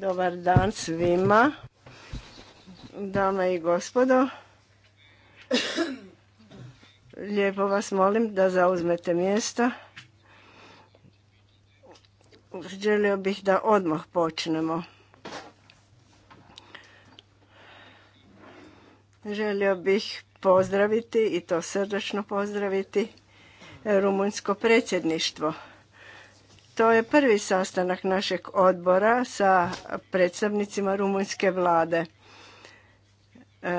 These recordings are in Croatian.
Dobar dan svima, dame i gospodo. Lijepo vas molim da zauzmete mjesta. Želio bih da odmah počnemo. Želio bih pozdraviti i to srdačno pozdraviti rumunjsko predsjedništvo – to je prvi sastanak našeg odbora sa predstavnicima rumunjske vlade. E,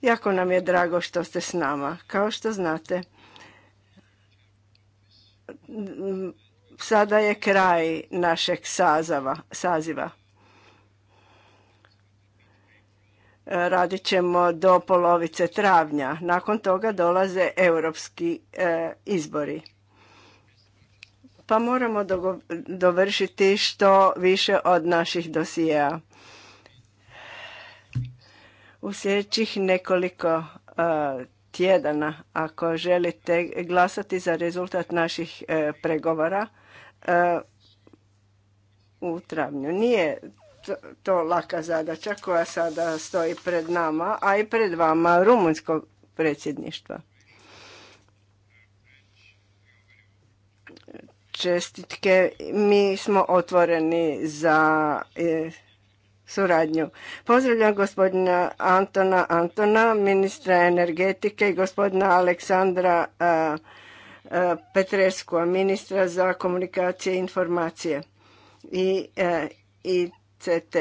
jako nam je drago što ste s nama. Kao što znate, sada je kraj našeg sazava, saziva. radit ćemo do polovice travnja. Nakon toga dolaze europski e, izbori pa moramo dovršiti što više od naših dosijeja. U sljedećih nekoliko e, tjedana, ako želite glasati za rezultat naših e, pregovora e, u travnju. Nije to laka zadaća koja sada stoji pred nama, a i pred vama rumunjskog predsjedništva. čestitke. Mi smo otvoreni za e, suradnju. Pozdravljam gospodina Antona Antona, ministra energetike i gospodina Aleksandra e, e, Petresku ministra za komunikacije i informacije i ICT,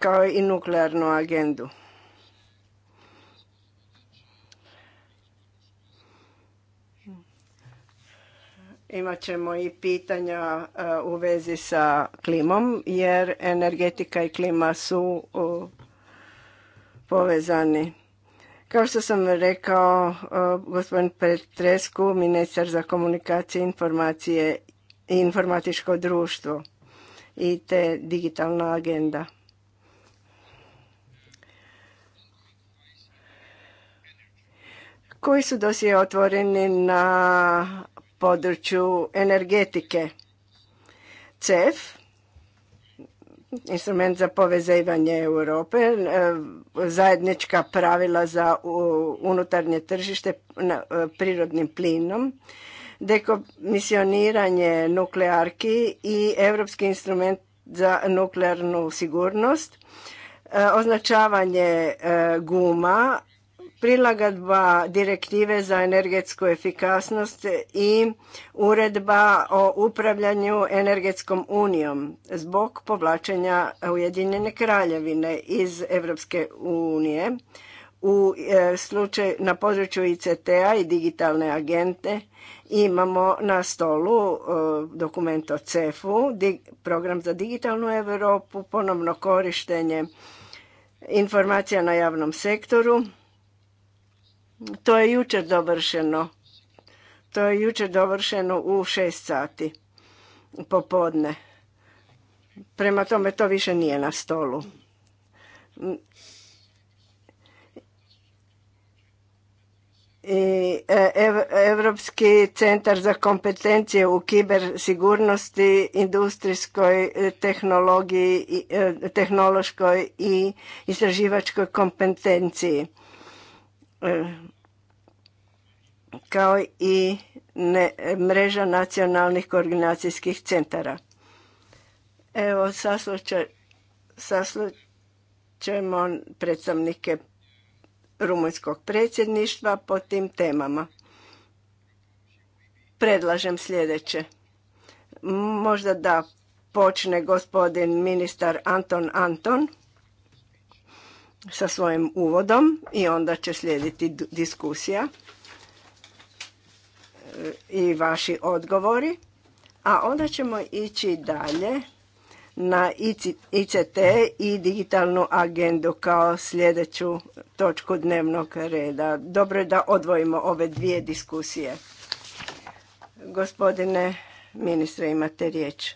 kao i nuklearnu agendu. Imat ćemo i pitanja uh, u vezi sa klimom, jer energetika i klima su uh, povezani. Kao što sam rekao, uh, gospodin Petresku, ministar za komunikacije, informacije i informatičko društvo i te digitalna agenda. Koji su dosije otvoreni na području energetike. CEF, instrument za povezivanje Europe, e, zajednička pravila za unutarnje tržište e, prirodnim plinom, dekomisioniranje nuklearki i Europski instrument za nuklearnu sigurnost, e, označavanje guma prilagadba direktive za energetsku efikasnost i uredba o upravljanju energetskom unijom zbog povlačenja Ujedinjene kraljevine iz Europske unije u e, slučaju na području ICT-a i digitalne agente imamo na stolu e, dokument o CEF-u, program za digitalnu Europu, ponovno korištenje informacija na javnom sektoru to je jučer dovršeno. To je jučer dovršeno u šest sati popodne. Prema tome to više nije na stolu. i Europski centar za kompetencije u kibersigurnosti, industrijskoj e, tehnologiji, e, tehnološkoj i istraživačkoj kompetenciji. E, kao i ne, mreža nacionalnih koordinacijskih centara. Evo, saslušat ćemo predstavnike rumunjskog predsjedništva po tim temama. Predlažem sljedeće. Možda da počne gospodin ministar Anton Anton sa svojim uvodom i onda će slijediti diskusija e, i vaši odgovori, a onda ćemo ići dalje na ICT i digitalnu agendu kao sljedeću točku dnevnog reda. Dobro je da odvojimo ove dvije diskusije. Gospodine ministre, imate riječ.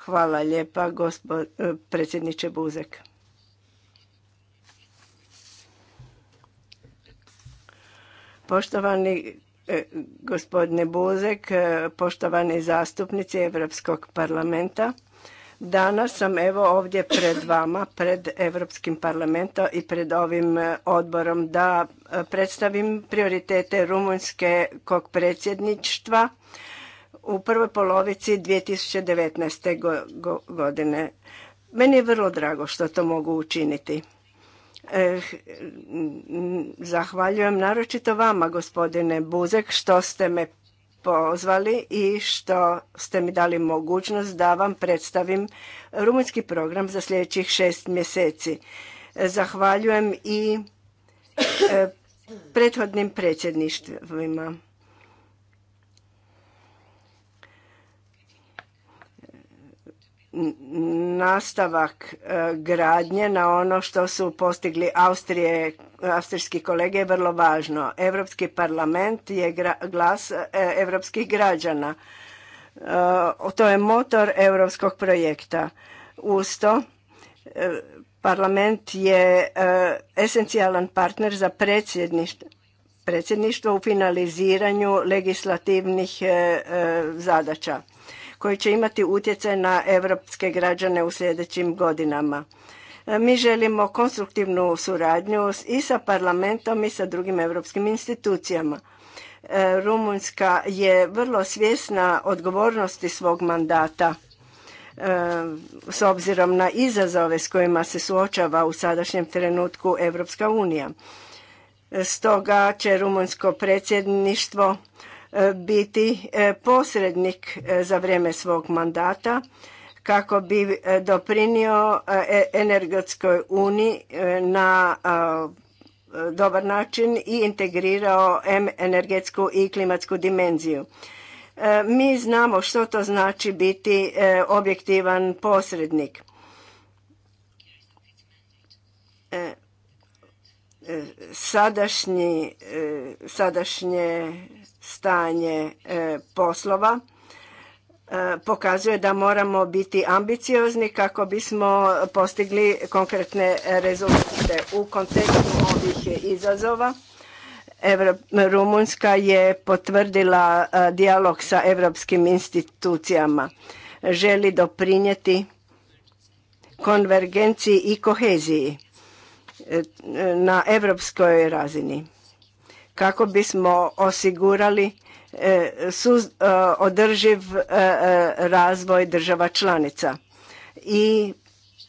Hvala lijepa, e, predsjedniče Buzek. Poštovani e, gospodine Buzek, e, poštovani zastupnici Europskog parlamenta. Danas sam evo ovdje pred vama, pred Europskim parlamentom i pred ovim e, odborom da predstavim prioritete Rumunjske kog predsjedništva u prvoj polovici 2019. godine. Meni je vrlo drago što to mogu učiniti. Eh, zahvaljujem naročito vama, gospodine Buzek, što ste me pozvali i što ste mi dali mogućnost da vam predstavim rumunjski program za sljedećih šest mjeseci. Eh, zahvaljujem i eh, prethodnim predsjedništvima. nastavak e, gradnje na ono što su postigli Austrije, austrijski kolege je vrlo važno. Europski parlament je glas europskih građana. E, to je motor europskog projekta. Uz to e, parlament je esencijalan partner za predsjedništvo predsjedništvo u finaliziranju legislativnih zadaća koji će imati utjecaj na europske građane u sljedećim godinama. E, mi želimo konstruktivnu suradnju i sa parlamentom i sa drugim europskim institucijama. E, Rumunjska je vrlo svjesna odgovornosti svog mandata e, s obzirom na izazove s kojima se suočava u sadašnjem trenutku Europska unija. Stoga će rumunjsko predsjedništvo E, biti e, posrednik e, za vrijeme svog mandata kako bi doprinio energetskoj uniji na dobar način i integrirao energetsku i klimatsku dimenziju. Mi znamo što to znači biti objektivan posrednik. Sadašnji, sadašnje stanje e, poslova e, pokazuje da moramo biti ambiciozni kako bismo postigli konkretne rezultate u kontekstu ovih izazova. Rumunjska je potvrdila e, dijalog sa europskim institucijama. Želi doprinijeti konvergenciji i koheziji na europskoj razini kako bismo osigurali e, e, održiv e, razvoj država članica i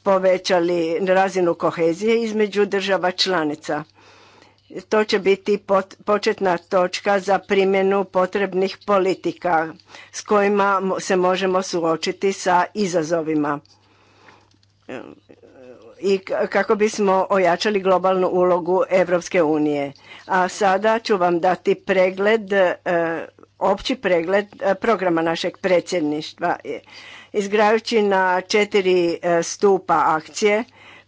povećali razinu kohezije između država članica. To će biti početna točka za primjenu potrebnih politika s kojima se možemo suočiti sa izazovima i kako bismo ojačali globalnu ulogu Europske unije. A sada ću vam dati pregled, e, opći pregled e, programa našeg predsjedništva. E, izgrajući na četiri stupa akcije,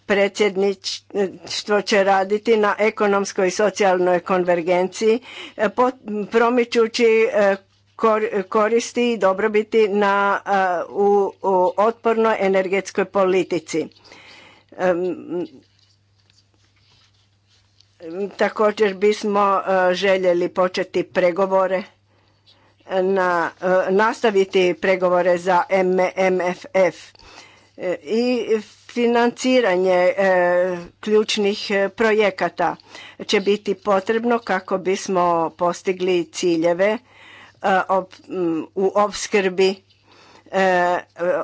predsjedništvo će raditi na ekonomskoj i socijalnoj konvergenciji, promičući koristi i dobrobiti na, u, u otpornoj energetskoj politici Također bismo e, željeli početi pregovore e, na e, nastaviti pregovore za MMFF i financiranje ključnih projekata će biti potrebno kako bismo postigli ciljeve u opskrbi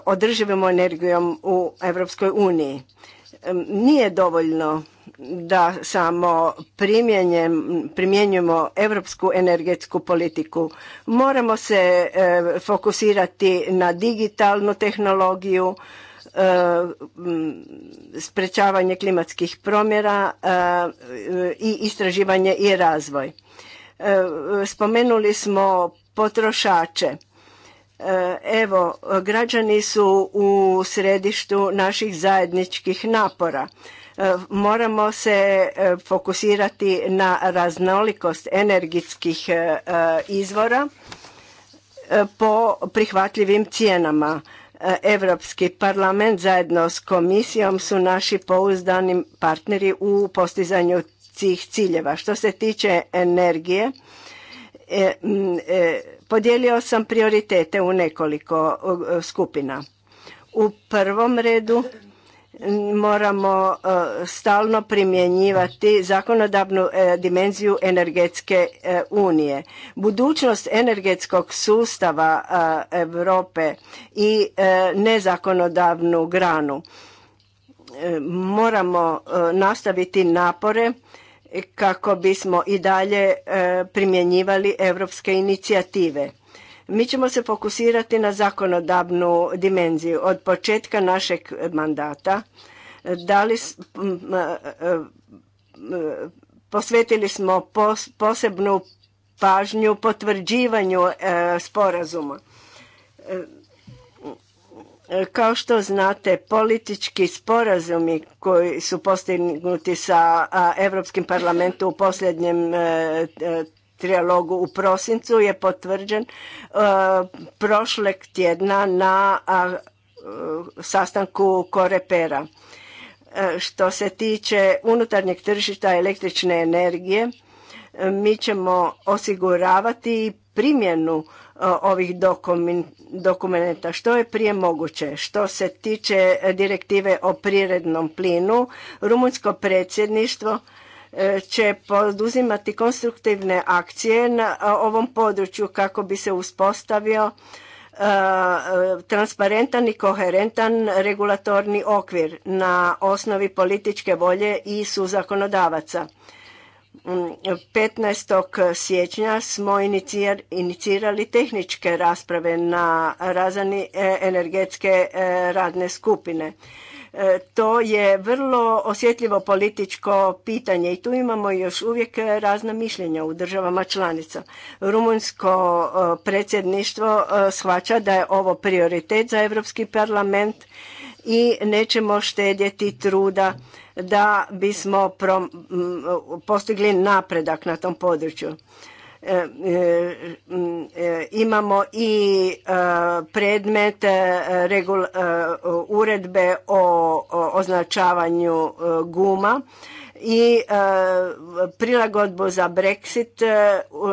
održivom energijom u Europskoj uniji. Nije dovoljno da samo primjenjujemo europsku energetsku politiku. Moramo se e, fokusirati na digitalnu tehnologiju, e, sprečavanje klimatskih promjera e, i istraživanje i razvoj. Spomenuli smo potrošače E, evo, građani su u središtu naših zajedničkih napora. E, moramo se e, fokusirati na raznolikost energetskih izvora po prihvatljivim cijenama. Europski parlament zajedno s komisijom su naši pouzdani partneri u postizanju tih ciljeva. Što se tiče energije, Podijelio sam prioritete u nekoliko e, skupina. U prvom redu moramo e, stalno primjenjivati zakonodavnu e, dimenziju energetske unije. Budućnost energetskog sustava Europe i nezakonodavnu granu moramo nastaviti napore kako bismo i dalje e, primjenjivali europske inicijative. Mi ćemo se fokusirati na zakonodavnu dimenziju. Od početka našeg mandata e, dali, e, posvetili smo posebnu pažnju potvrđivanju sporazuma. E, kao što znate, politički sporazumi koji su postignuti sa Europskim parlamentom u posljednjem e, e, trijalogu u prosincu je potvrđen prošlog tjedna na sastanku Korepera. Što se tiče unutarnjeg tržišta električne energije, mi ćemo osiguravati primjenu ovih dokumenta što je prije moguće. Što se tiče direktive o prirodnom plinu, rumunjsko predsjedništvo e, će poduzimati konstruktivne akcije na ovom području kako bi se uspostavio e, transparentan i koherentan regulatorni okvir na osnovi političke volje i zakonodavaca. 15. Mm, siječnja smo inicirali tehničke rasprave na razani e, energetske e, radne skupine. E, to je vrlo osjetljivo političko pitanje i tu imamo još uvijek razna mišljenja u državama članica. Rumunjsko predsjedništvo shvaća da je ovo prioritet za Europski parlament i nećemo štedjeti truda da bismo postigli napredak na tom području. E, e, e, imamo i predmet uredbe o, o označavanju guma i prilagodbu za Brexit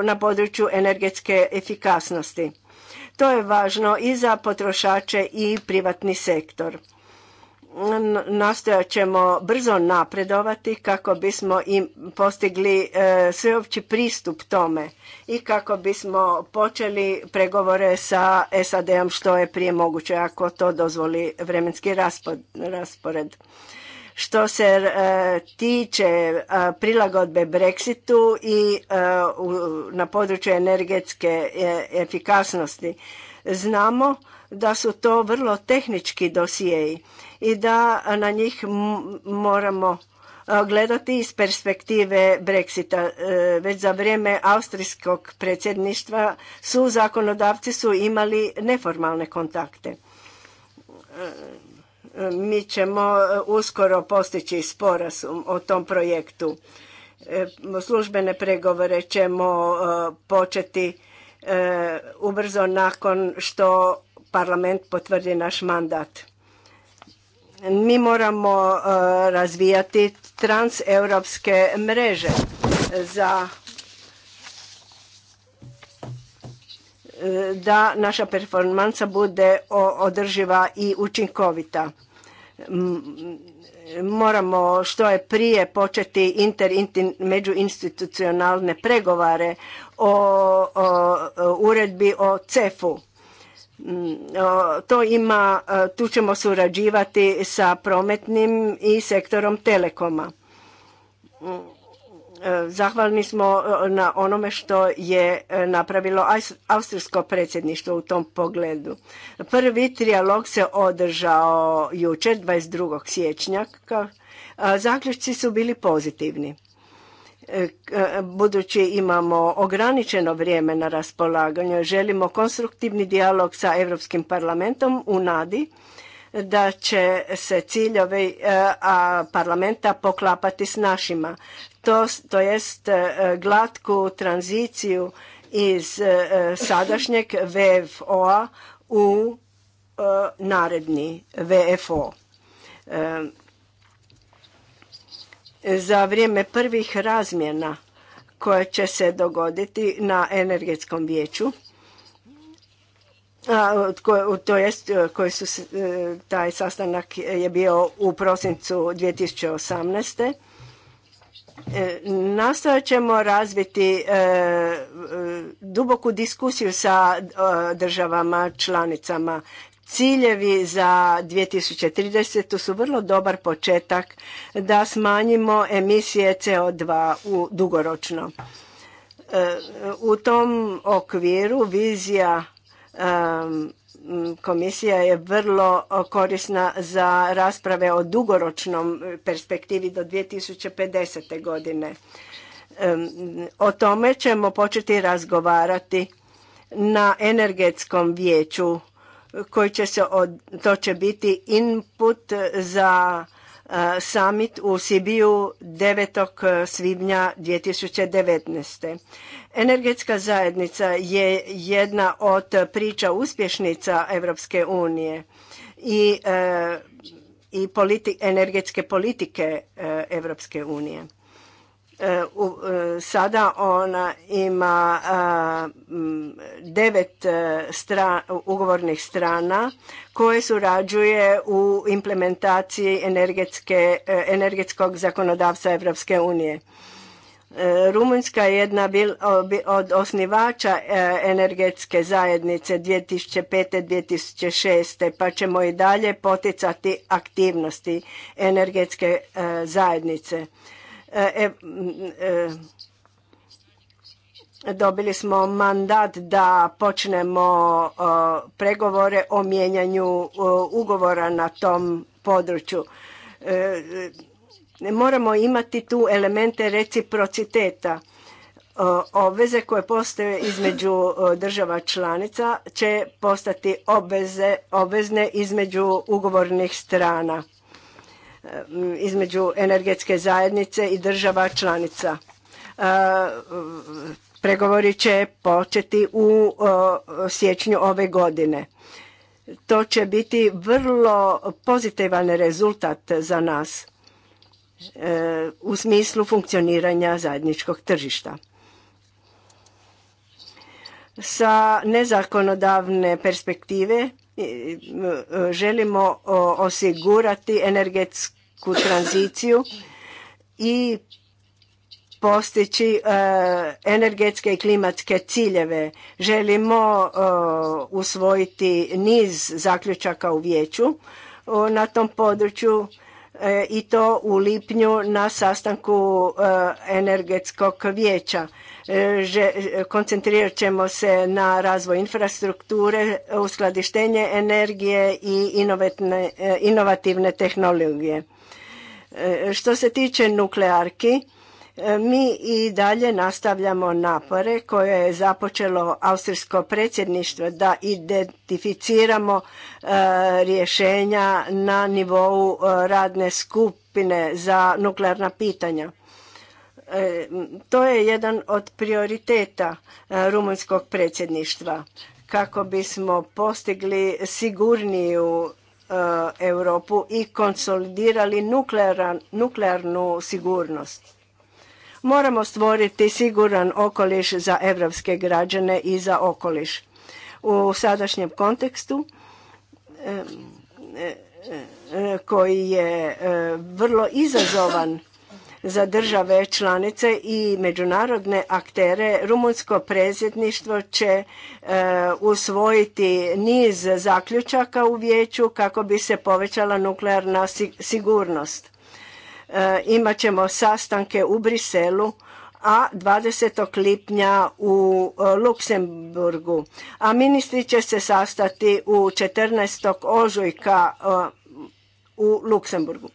na području energetske efikasnosti. To je važno i za potrošače i privatni sektor nastojat ćemo brzo napredovati kako bismo im postigli e, sveopći pristup tome i kako bismo počeli pregovore sa SAD-om što je prije moguće ako to dozvoli vremenski raspored. Što se e, tiče e, prilagodbe Brexitu i na području energetske efikasnosti, znamo da su to vrlo tehnički dosijeji i da na njih moramo e, gledati iz perspektive Brexita. E, već za vrijeme austrijskog predsjedništva su zakonodavci su imali neformalne kontakte. E, mi ćemo uskoro postići sporazum o tom projektu. Službene pregovore ćemo početi ubrzo nakon što parlament potvrdi naš mandat mi moramo e, razvijati transeuropske mreže za e, da naša performansa bude održiva i učinkovita. Moramo što je prije početi inter, međuinstitucionalne pregovare o, o uredbi o CEF-u Mm, to ima, e, tu ćemo surađivati sa prometnim i sektorom telekoma. Mm, e, zahvalni smo e, na onome što je napravilo austrijsko predsjedništvo u tom pogledu. Prvi trijalog se održao jučer, 22. siječnja. Zaključci su bili pozitivni. E, e, budući imamo ograničeno vrijeme na raspolaganju, želimo konstruktivni dijalog sa Europskim parlamentom u nadi da će se ciljevi e, parlamenta poklapati s našima. To, to jest glatku tranziciju iz sadašnjeg VFO-a u naredni VFO za vrijeme prvih razmjena koje će se dogoditi na energetskom vijeću to jest e, koji su e, taj sastanak je bio u prosincu 2018. E, nastojat ćemo razviti duboku diskusiju sa državama članicama Ciljevi za 2030. su vrlo dobar početak da smanjimo emisije CO2 u dugoročno. E, u tom okviru vizija komisija je vrlo korisna za rasprave o dugoročnom perspektivi do 2050. godine. O tome ćemo početi razgovarati na energetskom vijeću koji će se od, to će biti input za e, summit u Sibiju 9. svibnja 2019. Energetska zajednica je jedna od priča uspješnica Europske unije i, e, i energetske politike Europske unije. E, e, sada ona ima e, devet ugovornih strana koje surađuje u implementaciji energetskog zakonodavstva Europske unije. Rumunjska je jedna od osnivača energetske zajednice 2005-2006. pa ćemo i dalje poticati aktivnosti energetske zajednice. E, e, e, dobili smo mandat da počnemo pregovore o mijenjanju ugovora na tom području. Moramo imati tu elemente reciprociteta. Obveze koje postoje između država članica će postati obvezne između ugovornih strana. E, između energetske zajednice i država članica. E, pregovori će početi u siječnju ove godine. To će biti vrlo pozitivan rezultat za nas e, u smislu funkcioniranja zajedničkog tržišta. Sa nezakonodavne perspektive želimo osigurati energetsku energetsku tranziciju i postići e, energetske i klimatske ciljeve. Želimo e, usvojiti niz zaključaka u vijeću e, na tom području i to u lipnju na sastanku energetskog vijeća. Koncentrirat ćemo se na razvoj infrastrukture, uskladištenje energije i inovativne tehnologije što se tiče nuklearki, e, mi i dalje nastavljamo napore koje je započelo austrijsko predsjedništvo da identificiramo e, rješenja na nivou e, radne skupine za nuklearna pitanja. to je jedan od prioriteta rumunjskog predsjedništva kako bismo postigli sigurniju E, Europu i konsolidirali nuklearnu sigurnost. Moramo stvoriti siguran okoliš za evropske građane i za okoliš. U sadašnjem kontekstu e, e, koji je vrlo izazovan za države članice i međunarodne aktere Rumunsko predsjedništvo će e, usvojiti niz zaključaka u vijeću kako bi se povećala nuklearna sigurnost. E, imat ćemo sastanke u Briselu a 20. lipnja u e, Luksemburgu. A ministri će se sastati u 14. ožujka e, u Luksemburgu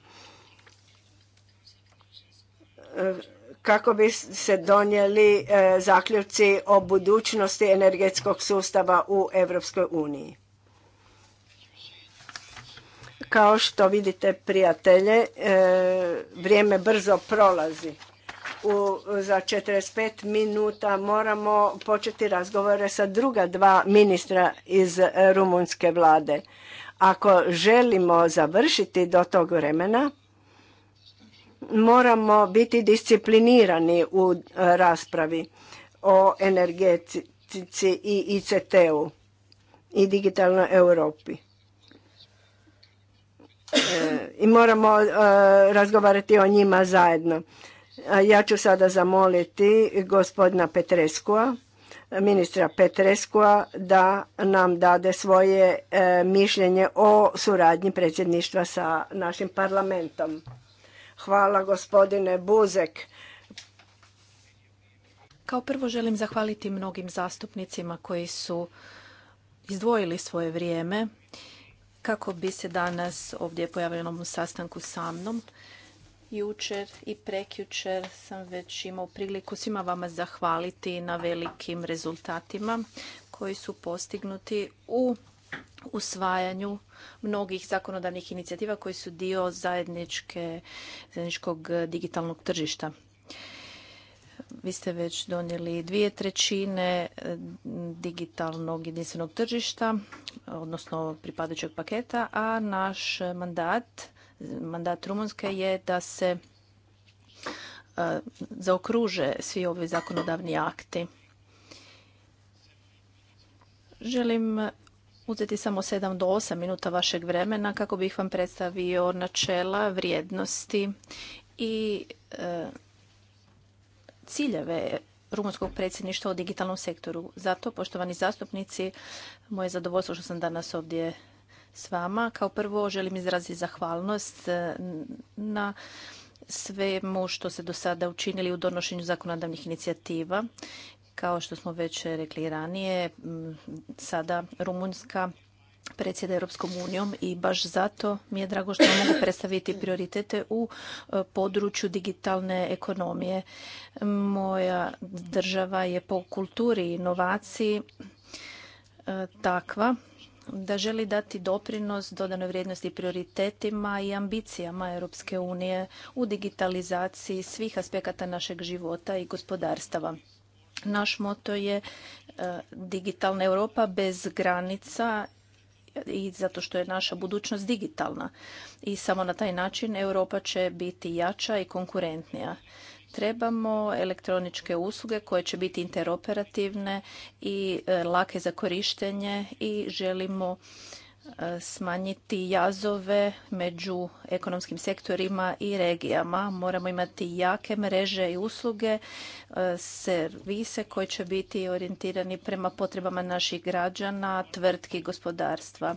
kako bi se donijeli e, zaključci o budućnosti energetskog sustava u Europskoj uniji. Kao što vidite, prijatelje, e, vrijeme brzo prolazi. U, za 45 minuta moramo početi razgovore sa druga dva ministra iz rumunske vlade. Ako želimo završiti do tog vremena, moramo biti disciplinirani u e, raspravi o energetici i ICT-u i digitalnoj Europi. E, I moramo e, razgovarati o njima zajedno. Ja ću sada zamoliti gospodina Petreskua, ministra Petreskua, da nam dade svoje mišljenje o suradnji predsjedništva sa našim parlamentom. Hvala gospodine Buzek. Kao prvo želim zahvaliti mnogim zastupnicima koji su izdvojili svoje vrijeme kako bi se danas ovdje pojavili na sastanku sa mnom. Jučer i prekjučer sam već imao priliku svima vama zahvaliti na velikim rezultatima koji su postignuti u usvajanju mnogih zakonodavnih inicijativa koji su dio zajedničke, zajedničkog digitalnog tržišta. Vi ste već donijeli dvije trećine e, digitalnog jedinstvenog tržišta, odnosno pripadajućeg paketa, a naš mandat, mandat Rumunske je da se e, zaokruže svi ovi zakonodavni akti. Želim uzeti samo 7 do 8 minuta vašeg vremena kako bih vam predstavio načela, vrijednosti i e, ciljeve rumunskog predsjedništva u digitalnom sektoru. Zato, poštovani zastupnici, moje zadovoljstvo što sam danas ovdje s vama. Kao prvo želim izraziti zahvalnost e, na svemu što se do sada učinili u donošenju zakonodavnih inicijativa kao što smo već rekli ranije, sada Rumunjska predsjeda Europskom unijom i baš zato mi je drago što mogu predstaviti prioritete u e, području digitalne ekonomije. Moja država je po kulturi i inovaciji e, takva da želi dati doprinos dodanoj vrijednosti prioritetima i ambicijama Europske unije u digitalizaciji svih aspekata našeg života i gospodarstava. Naš moto je e, digitalna Europa bez granica i zato što je naša budućnost digitalna. I samo na taj način Europa će biti jača i konkurentnija. Trebamo elektroničke usluge koje će biti interoperativne i e, lake za korištenje i želimo smanjiti jazove među ekonomskim sektorima i regijama. Moramo imati jake mreže i usluge, e, servise koji će biti orijentirani prema potrebama naših građana, tvrtki i gospodarstva.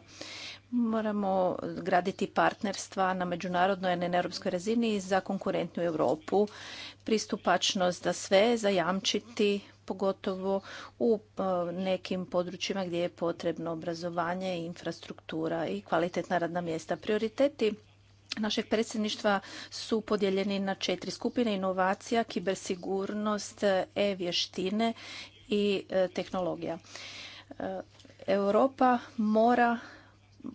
Moramo graditi partnerstva na međunarodnoj i na europskoj razini za konkurentnu Europu, pristupačnost za sve, zajamčiti pogotovo u e, nekim područjima gdje je potrebno obrazovanje, infrastruktura i kvalitetna radna mjesta. Prioriteti našeg predsjedništva su podijeljeni na četiri skupine inovacija, kibersigurnost, e-vještine i e, tehnologija. E, Europa mora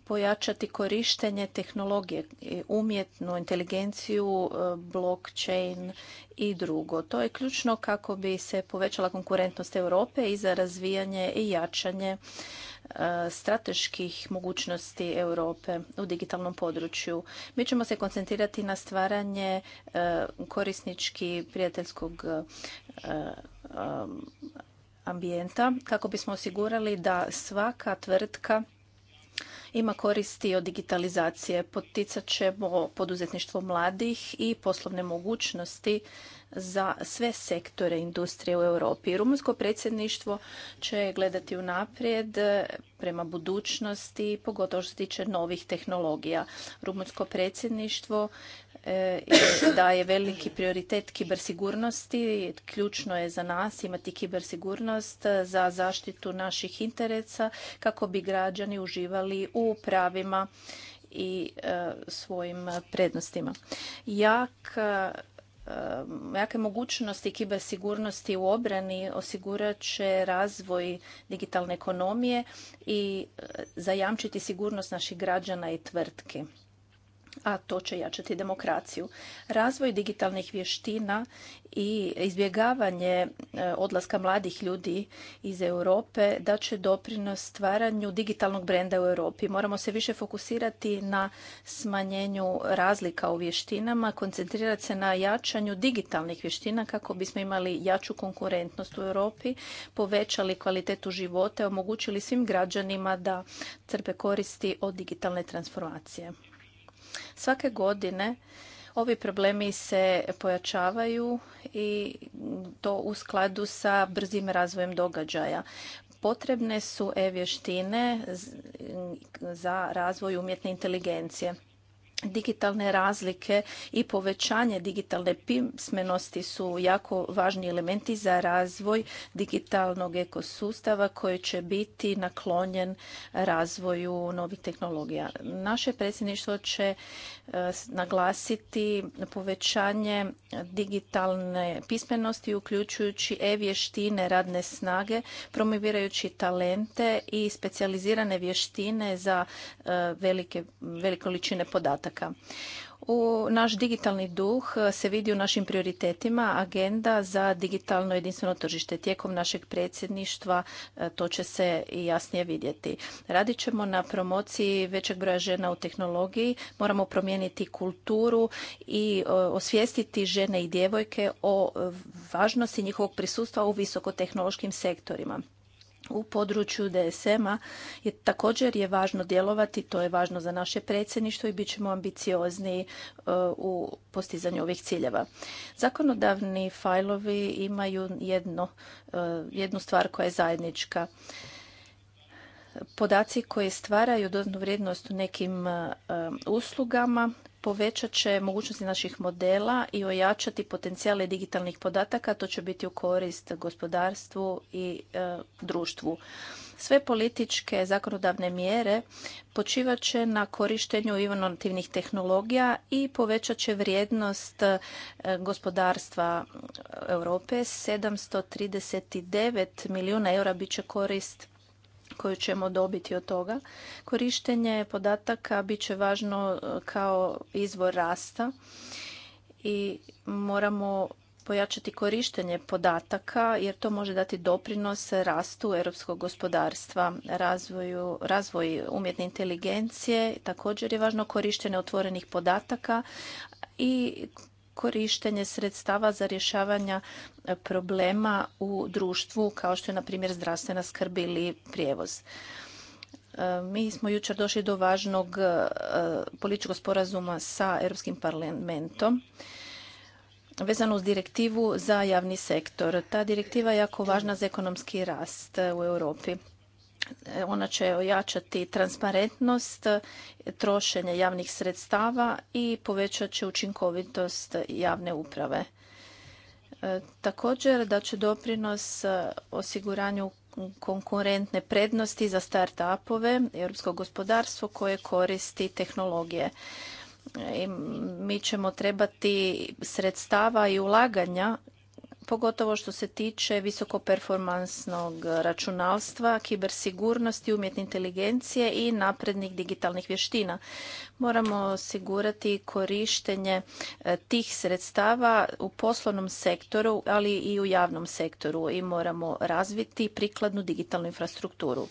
pojačati korištenje tehnologije, umjetnu inteligenciju, e, blockchain i drugo. To je ključno kako bi se povećala konkurentnost Europe i za razvijanje i jačanje e, strateških mogućnosti Europe u digitalnom području. Mi ćemo se koncentrirati na stvaranje e, korisnički prijateljskog ambijenta kako bismo osigurali da svaka tvrtka ima koristi od digitalizacije. Poticat ćemo poduzetništvo mladih i poslovne mogućnosti za sve sektore industrije u Europi. Rumunsko predsjedništvo će gledati u naprijed prema budućnosti, pogotovo što se tiče novih tehnologija. Rumunsko predsjedništvo E, da je veliki prioritet kibersigurnosti. Ključno je za nas imati kibersigurnost za zaštitu naših interesa kako bi građani uživali u pravima i e, svojim prednostima. Jak e, jake mogućnosti kibersigurnosti u obrani osigurat će razvoj digitalne ekonomije i zajamčiti sigurnost naših građana i tvrtki a to će jačati demokraciju. Razvoj digitalnih vještina i izbjegavanje e, odlaska mladih ljudi iz Europe da će doprinos stvaranju digitalnog brenda u Europi. Moramo se više fokusirati na smanjenju razlika u vještinama, koncentrirati se na jačanju digitalnih vještina kako bismo imali jaču konkurentnost u Europi, povećali kvalitetu života i omogućili svim građanima da crpe koristi od digitalne transformacije. Svake godine ovi problemi se pojačavaju i to u skladu sa brzim razvojem događaja. Potrebne su e-vještine za razvoj umjetne inteligencije digitalne razlike i povećanje digitalne pismenosti su jako važni elementi za razvoj digitalnog ekosustava koji će biti naklonjen razvoju novih tehnologija. Naše predsjedništvo će e, naglasiti povećanje digitalne pismenosti uključujući e-vještine radne snage, promovirajući talente i specijalizirane vještine za e, velike, velike količine podataka podataka. U naš digitalni duh se vidi u našim prioritetima agenda za digitalno jedinstveno tržište. Tijekom našeg predsjedništva e, to će se i jasnije vidjeti. Radit ćemo na promociji većeg broja žena u tehnologiji. Moramo promijeniti kulturu i e, osvijestiti žene i djevojke o e, važnosti njihovog prisustva u visokotehnološkim sektorima u području DSM-a je također je važno djelovati, to je važno za naše predsjedništvo i bit ćemo ambiciozni e, u postizanju ovih ciljeva. Zakonodavni fajlovi imaju jedno, e, jednu stvar koja je zajednička. Podaci koji stvaraju dodanu vrijednost u nekim e, uslugama povećat će mogućnosti naših modela i ojačati potencijale digitalnih podataka. To će biti u korist gospodarstvu i e, društvu. Sve političke zakonodavne mjere počivat će na korištenju inovativnih tehnologija i povećat će vrijednost e, gospodarstva Europe. 739 milijuna eura bit će korist koju ćemo dobiti od toga. Korištenje podataka bit će važno e, kao izvor rasta i moramo pojačati korištenje podataka jer to može dati doprinos rastu europskog gospodarstva, razvoju, razvoj umjetne inteligencije. Također je važno korištenje otvorenih podataka i korištenje sredstava za rješavanja e, problema u društvu kao što je na primjer zdravstvena skrb ili prijevoz. E, mi smo jučer došli do važnog e, političkog sporazuma sa Europskim parlamentom vezano uz direktivu za javni sektor. Ta direktiva je jako važna za ekonomski rast u Europi. Ona će ojačati transparentnost, trošenja javnih sredstava i povećat će učinkovitost javne uprave. E, također da će doprinos osiguranju konkurentne prednosti za start-upove, europsko gospodarstvo koje koristi tehnologije. E, mi ćemo trebati sredstava i ulaganja pogotovo što se tiče visokoperformansnog računalstva, kibersigurnosti, umjetne inteligencije i naprednih digitalnih vještina. Moramo osigurati korištenje e, tih sredstava u poslovnom sektoru, ali i u javnom sektoru i moramo razviti prikladnu digitalnu infrastrukturu.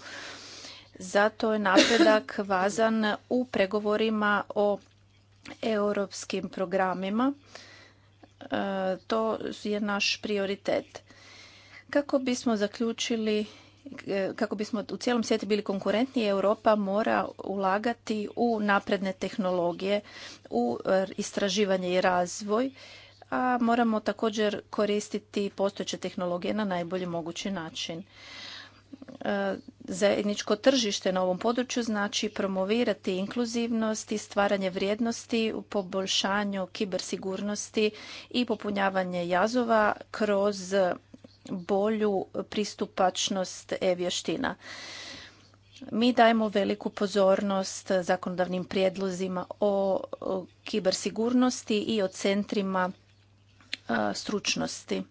Zato je napredak vazan u pregovorima o europskim programima to je naš prioritet. Kako bismo zaključili kako bismo u cijelom svijetu bili konkurentni, Europa mora ulagati u napredne tehnologije, u istraživanje i razvoj, a moramo također koristiti postojeće tehnologije na najbolji mogući način. E, zajedničko tržište na ovom području znači promovirati inkluzivnost i stvaranje vrijednosti u poboljšanju kibersigurnosti i popunjavanje jazova kroz bolju pristupačnost e-vještina. Mi dajemo veliku pozornost zakonodavnim prijedlozima o kibersigurnosti i o centrima e, stručnosti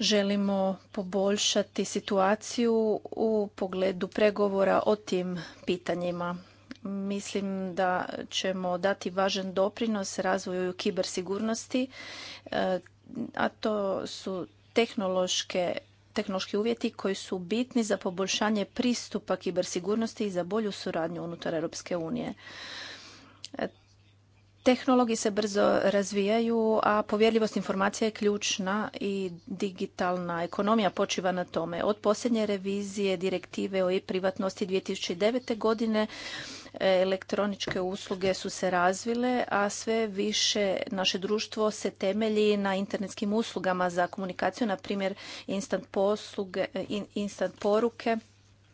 želimo poboljšati situaciju u pogledu pregovora o tim pitanjima. Mislim da ćemo dati važan doprinos razvoju kibersigurnosti, e, a to su tehnološke tehnološki uvjeti koji su bitni za poboljšanje pristupa kibersigurnosti i za bolju suradnju unutar Europske unije. Tehnologije se brzo razvijaju, a povjerljivost informacija je ključna i digitalna ekonomija počiva na tome. Od posljednje revizije direktive o privatnosti 2009. godine elektroničke usluge su se razvile, a sve više naše društvo se temelji na internetskim uslugama za komunikaciju, na primjer instant, posluge, instant poruke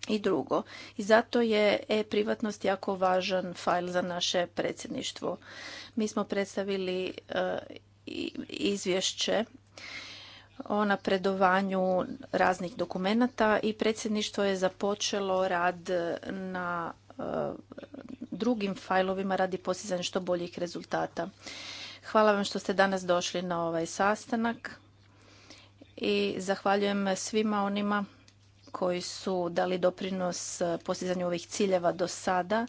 i drugo. I zato je e-privatnost jako važan fajl za naše predsjedništvo. Mi smo predstavili e, izvješće o napredovanju raznih dokumenata i predsjedništvo je započelo rad na e, drugim fajlovima radi postizanja što boljih rezultata. Hvala vam što ste danas došli na ovaj sastanak i zahvaljujem svima onima koji su dali doprinos eh, postizanju ovih ciljeva do sada.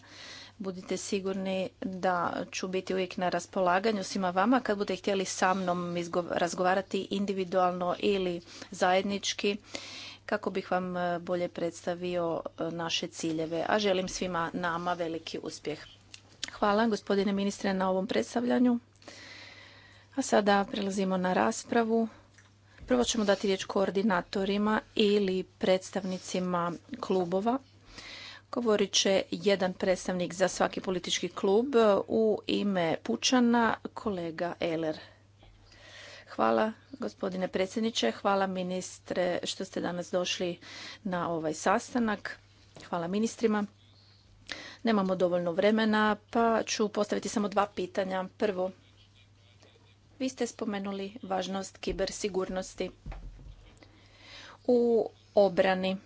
Budite sigurni da ću biti uvijek na raspolaganju svima vama kad budete htjeli sa mnom razgovarati individualno ili zajednički kako bih vam eh, bolje predstavio eh, naše ciljeve. A želim svima nama veliki uspjeh. Hvala gospodine ministre na ovom predstavljanju. A sada prelazimo na raspravu. Prvo ćemo dati riječ koordinatorima ili predstavnicima klubova. Govorit će jedan predstavnik za svaki politički klub u ime Pučana, kolega Eler. Hvala gospodine predsjedniče, hvala ministre što ste danas došli na ovaj sastanak. Hvala ministrima. Nemamo dovoljno vremena, pa ću postaviti samo dva pitanja. Prvo, vi ste spomenuli važnost kibersigurnosti u obrani.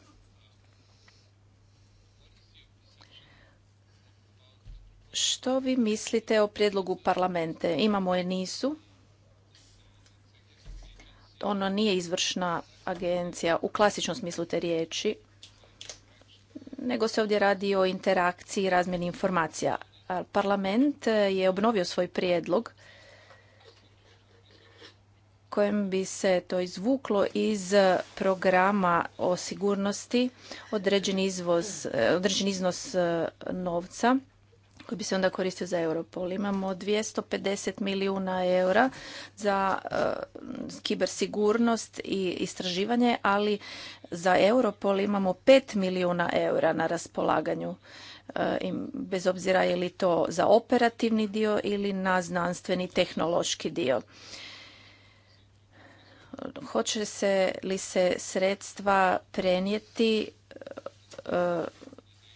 Što vi mislite o prijedlogu parlamente? Imamo je nisu. Ono nije izvršna agencija u klasičnom smislu te riječi, nego se ovdje radi o interakciji i razmjeni informacija. Parlament je obnovio svoj prijedlog kojem bi se to izvuklo iz programa o sigurnosti određeni izvoz, eh, određeni iznos eh, novca koji bi se onda koristio za Europol. Imamo 250 milijuna eura za eh, kibersigurnost i istraživanje, ali za Europol imamo 5 milijuna eura na raspolaganju bez obzira je li to za operativni dio ili na znanstveni tehnološki dio hoće se li se sredstva prenijeti e,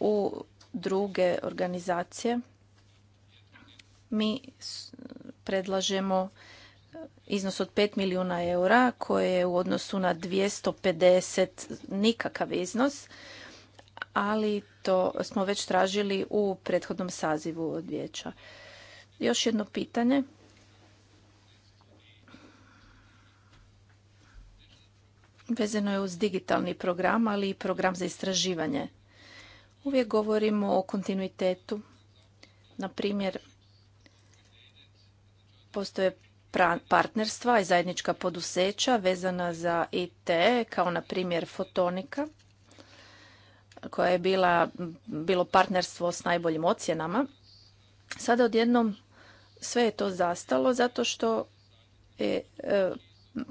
u druge organizacije. Mi predlažemo iznos od 5 milijuna eura koje je u odnosu na 250 nikakav iznos, ali to smo već tražili u prethodnom sazivu od vijeća. Još jedno pitanje. vezano je uz digitalni program, ali i program za istraživanje. Uvijek govorimo o kontinuitetu. Na primjer, postoje partnerstva i zajednička poduzeća vezana za IT, kao na primjer Fotonika, koja je bila, bilo partnerstvo s najboljim ocjenama. Sada odjednom sve je to zastalo zato što je e,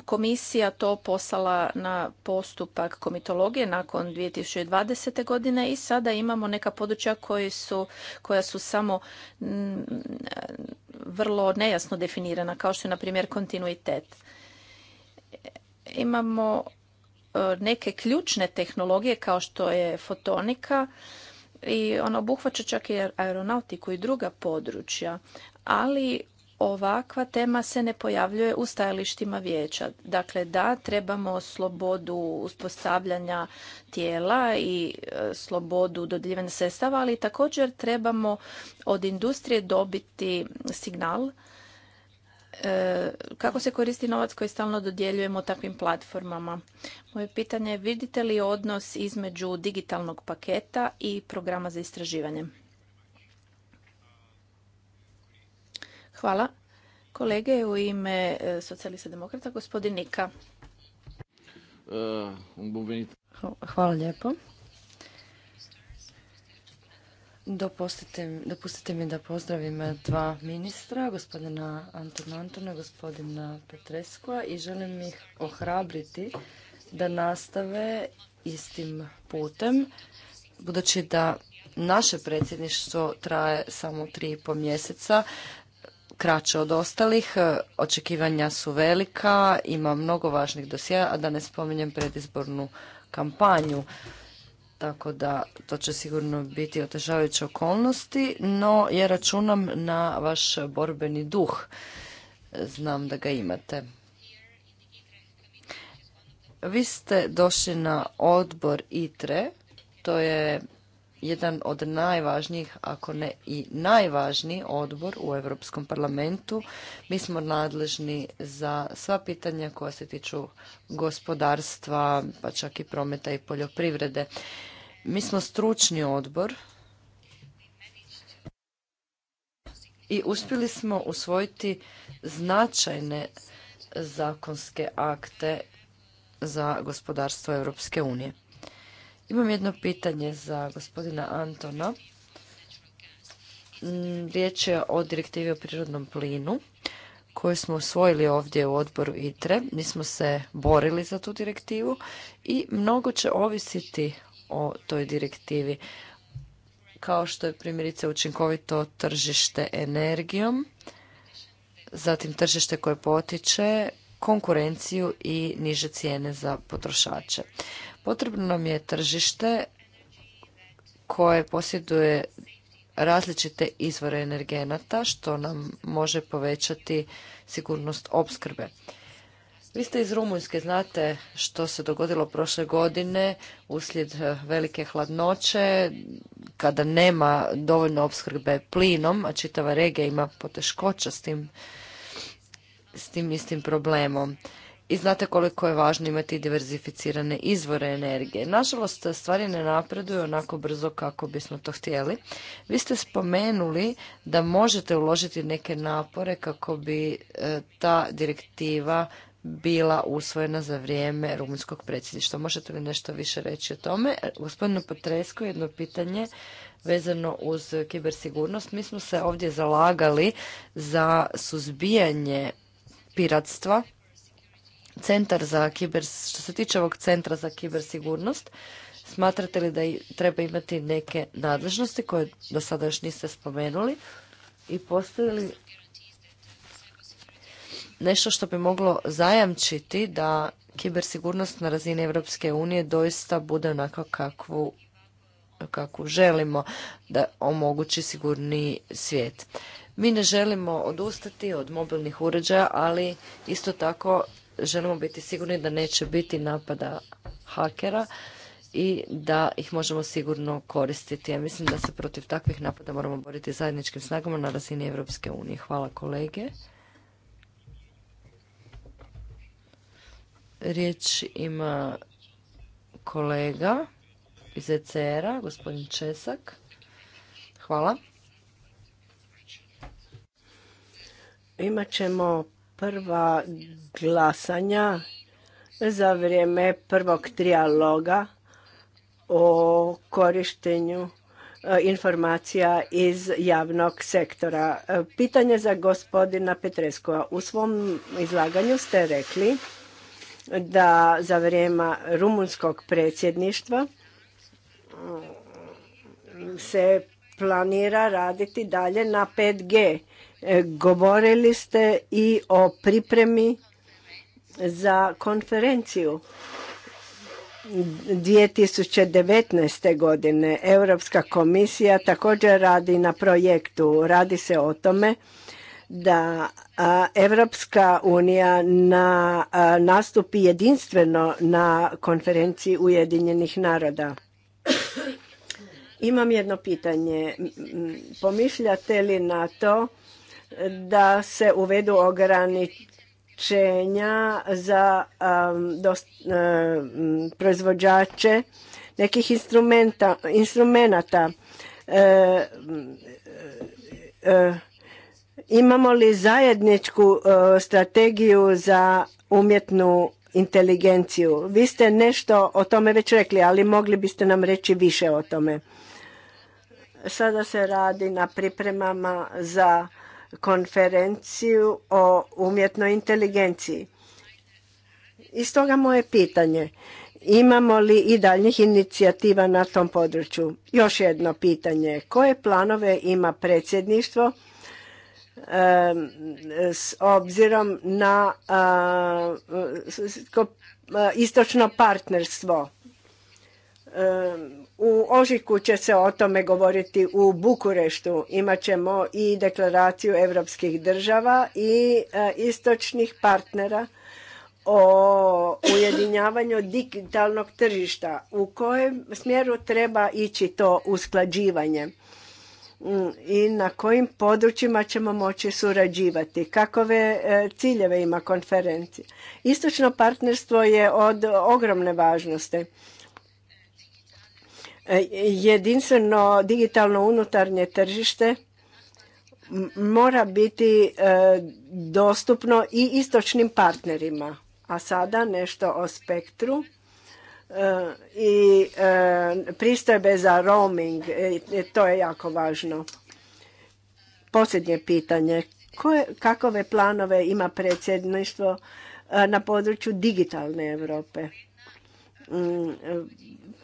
komisija to poslala na postupak komitologije nakon 2020. godine i sada imamo neka područja koji su, koja su samo mm, vrlo nejasno definirana, kao što je, na primjer, kontinuitet. Imamo e, neke ključne tehnologije kao što je fotonika i ona obuhvaća čak i aeronautiku i druga područja, ali ovakva tema se ne pojavljuje u stajalištima vijeća. Dakle, da, trebamo slobodu uspostavljanja tijela i e, slobodu dodjeljivanja sredstava, ali također trebamo od industrije dobiti signal e, kako se koristi novac koji stalno dodjeljujemo takvim platformama. Moje pitanje je vidite li odnos između digitalnog paketa i programa za istraživanje? Hvala. Kolege u ime e, socijalista demokrata, gospodin Nika. E, hvala lijepo. Dopustite, mi da pozdravim dva ministra, gospodina Antona Antona i gospodina Petreskova i želim ih ohrabriti da nastave istim putem, budući da naše predsjedništvo traje samo tri i po mjeseca kraće od ostalih, e, očekivanja su velika, ima mnogo važnih dosija, a da ne spominjem predizbornu kampanju. Tako da to će sigurno biti otežavajuće okolnosti, no ja računam na vaš borbeni duh. Znam da ga imate. Vi ste došli na odbor ITRE, to je jedan od najvažnijih, ako ne i najvažniji odbor u Europskom parlamentu. Mi smo nadležni za sva pitanja koja se tiču gospodarstva, pa čak i prometa i poljoprivrede. Mi smo stručni odbor i uspjeli smo usvojiti značajne zakonske akte za gospodarstvo Europske unije. Imam jedno pitanje za gospodina Antona. Mm, riječ je o direktivi o prirodnom plinu koju smo usvojili ovdje u odboru ITRE. Mi smo se borili za tu direktivu i mnogo će ovisiti o toj direktivi kao što je primjerice učinkovito tržište energijom, zatim tržište koje potiče konkurenciju i niže cijene za potrošače. Potrebno nam je tržište koje posjeduje različite izvore energenata što nam može povećati sigurnost opskrbe. Vi ste iz Rumunjske, znate što se dogodilo prošle godine uslijed eh, velike hladnoće, kada nema dovoljno opskrbe plinom, a čitava regija ima poteškoća s tim, s tim istim problemom i znate koliko je važno imati diverzificirane izvore energije. Nažalost, stvari ne napreduju onako brzo kako bismo to htjeli. Vi ste spomenuli da možete uložiti neke napore kako bi e, ta direktiva bila usvojena za vrijeme rumunjskog predsjedništva. Možete li nešto više reći o tome? E, gospodinu Potresko, jedno pitanje vezano uz kibersigurnost. Mi smo se ovdje zalagali za suzbijanje piratstva centar za kiber, što se tiče ovog centra za kibersigurnost, smatrate li da treba imati neke nadležnosti koje do sada još niste spomenuli i postoji li nešto što bi moglo zajamčiti da kibersigurnost na razini Europske unije doista bude onako kakvu, kakvu želimo da omogući sigurniji svijet. Mi ne želimo odustati od mobilnih uređaja, ali isto tako želimo biti sigurni da neće biti napada hakera i da ih možemo sigurno koristiti. Ja mislim da se protiv takvih napada moramo boriti zajedničkim snagama na razini Europske unije. Hvala kolege. Riječ ima kolega iz ECR-a, gospodin Česak. Hvala. Imat ćemo prva glasanja za vrijeme prvog trijaloga o korištenju e, informacija iz javnog sektora. E, pitanje za gospodina Petreskova. U svom izlaganju ste rekli da za vrijeme rumunskog predsjedništva mm, se planira raditi dalje na 5G E, govorili ste i o pripremi za konferenciju 2019. godine. Europska komisija također radi na projektu. Radi se o tome da Europska unija na, nastupi jedinstveno na konferenciji Ujedinjenih naroda. Imam jedno pitanje. Pomišljate li na to da se uvedu ograničenja za um, um, proizvođače nekih instrumenta, instrumenata. E, e, imamo li zajedničku e, strategiju za umjetnu inteligenciju? Vi ste nešto o tome već rekli, ali mogli biste nam reći više o tome. Sada se radi na pripremama za konferenciju o umjetnoj inteligenciji. I stoga moje pitanje, imamo li i daljnjih inicijativa na tom području? Još jedno pitanje, koje planove ima predsjedništvo s obzirom na istočno partnerstvo? U Ožiku će se o tome govoriti u Bukureštu. ćemo i deklaraciju evropskih država i e, istočnih partnera o ujedinjavanju digitalnog tržišta. U kojem smjeru treba ići to usklađivanje mm, i na kojim područjima ćemo moći surađivati, kakove e, ciljeve ima konferencija. Istočno partnerstvo je od ogromne važnosti E, jedinstveno digitalno unutarnje tržište mora biti e, dostupno i istočnim partnerima. A sada nešto o spektru e, i pristojbe za roaming. To je jako važno. Posljednje pitanje. Koje, kakove planove ima predsjedništvo na području digitalne Europe? Mm,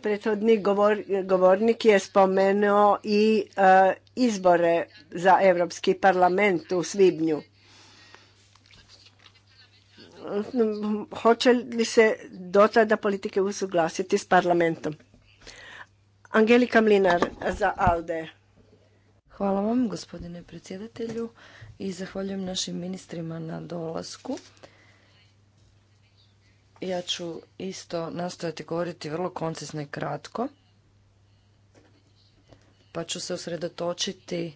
Prethodni govor, govornik je spomenuo i e, izbore za Europski parlament u svibnju. Hoće li se do tada politike usuglasiti s parlamentom? Angelika Mlinar za ALDE. Hvala vam gospodine predsjedatelju i zahvaljujem našim ministrima na dolasku. Ja ću isto nastojati govoriti vrlo koncizno i kratko, pa ću se usredotočiti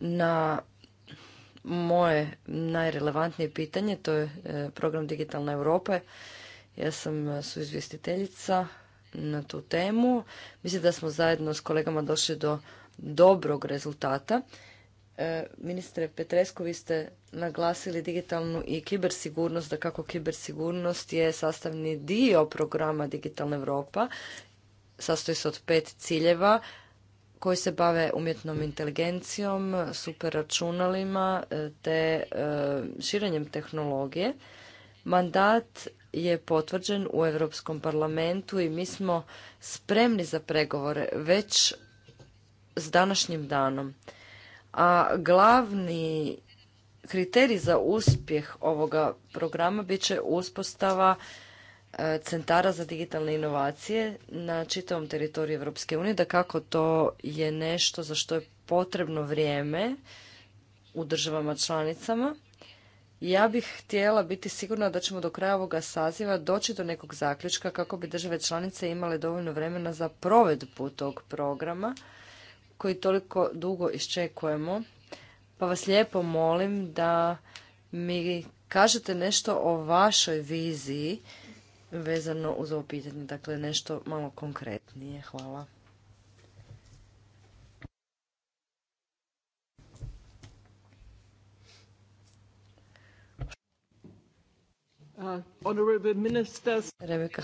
na moje najrelevantnije pitanje, to je e, program Digitalna Europe. Ja sam e, suizvjestiteljica na tu temu. Mislim da smo zajedno s kolegama došli do dobrog rezultata E, ministre Petresku, vi ste naglasili digitalnu i kibersigurnost, da kako kibersigurnost je sastavni dio programa Digitalna Europa, sastoji se od pet ciljeva koji se bave umjetnom inteligencijom, superračunalima e, te e, širenjem tehnologije. Mandat je potvrđen u Europskom parlamentu i mi smo spremni za pregovore već s današnjim danom a glavni kriterij za uspjeh ovoga programa bit će uspostava e, centara za digitalne inovacije na čitavom teritoriju Europske unije, da kako to je nešto za što je potrebno vrijeme u državama članicama. Ja bih htjela biti sigurna da ćemo do kraja ovoga saziva doći do nekog zaključka kako bi države članice imale dovoljno vremena za provedbu tog programa koji toliko dugo iščekujemo, pa vas lijepo molim da mi kažete nešto o vašoj viziji vezano uz ovo pitanje, dakle nešto malo konkretnije. Hvala. Uh,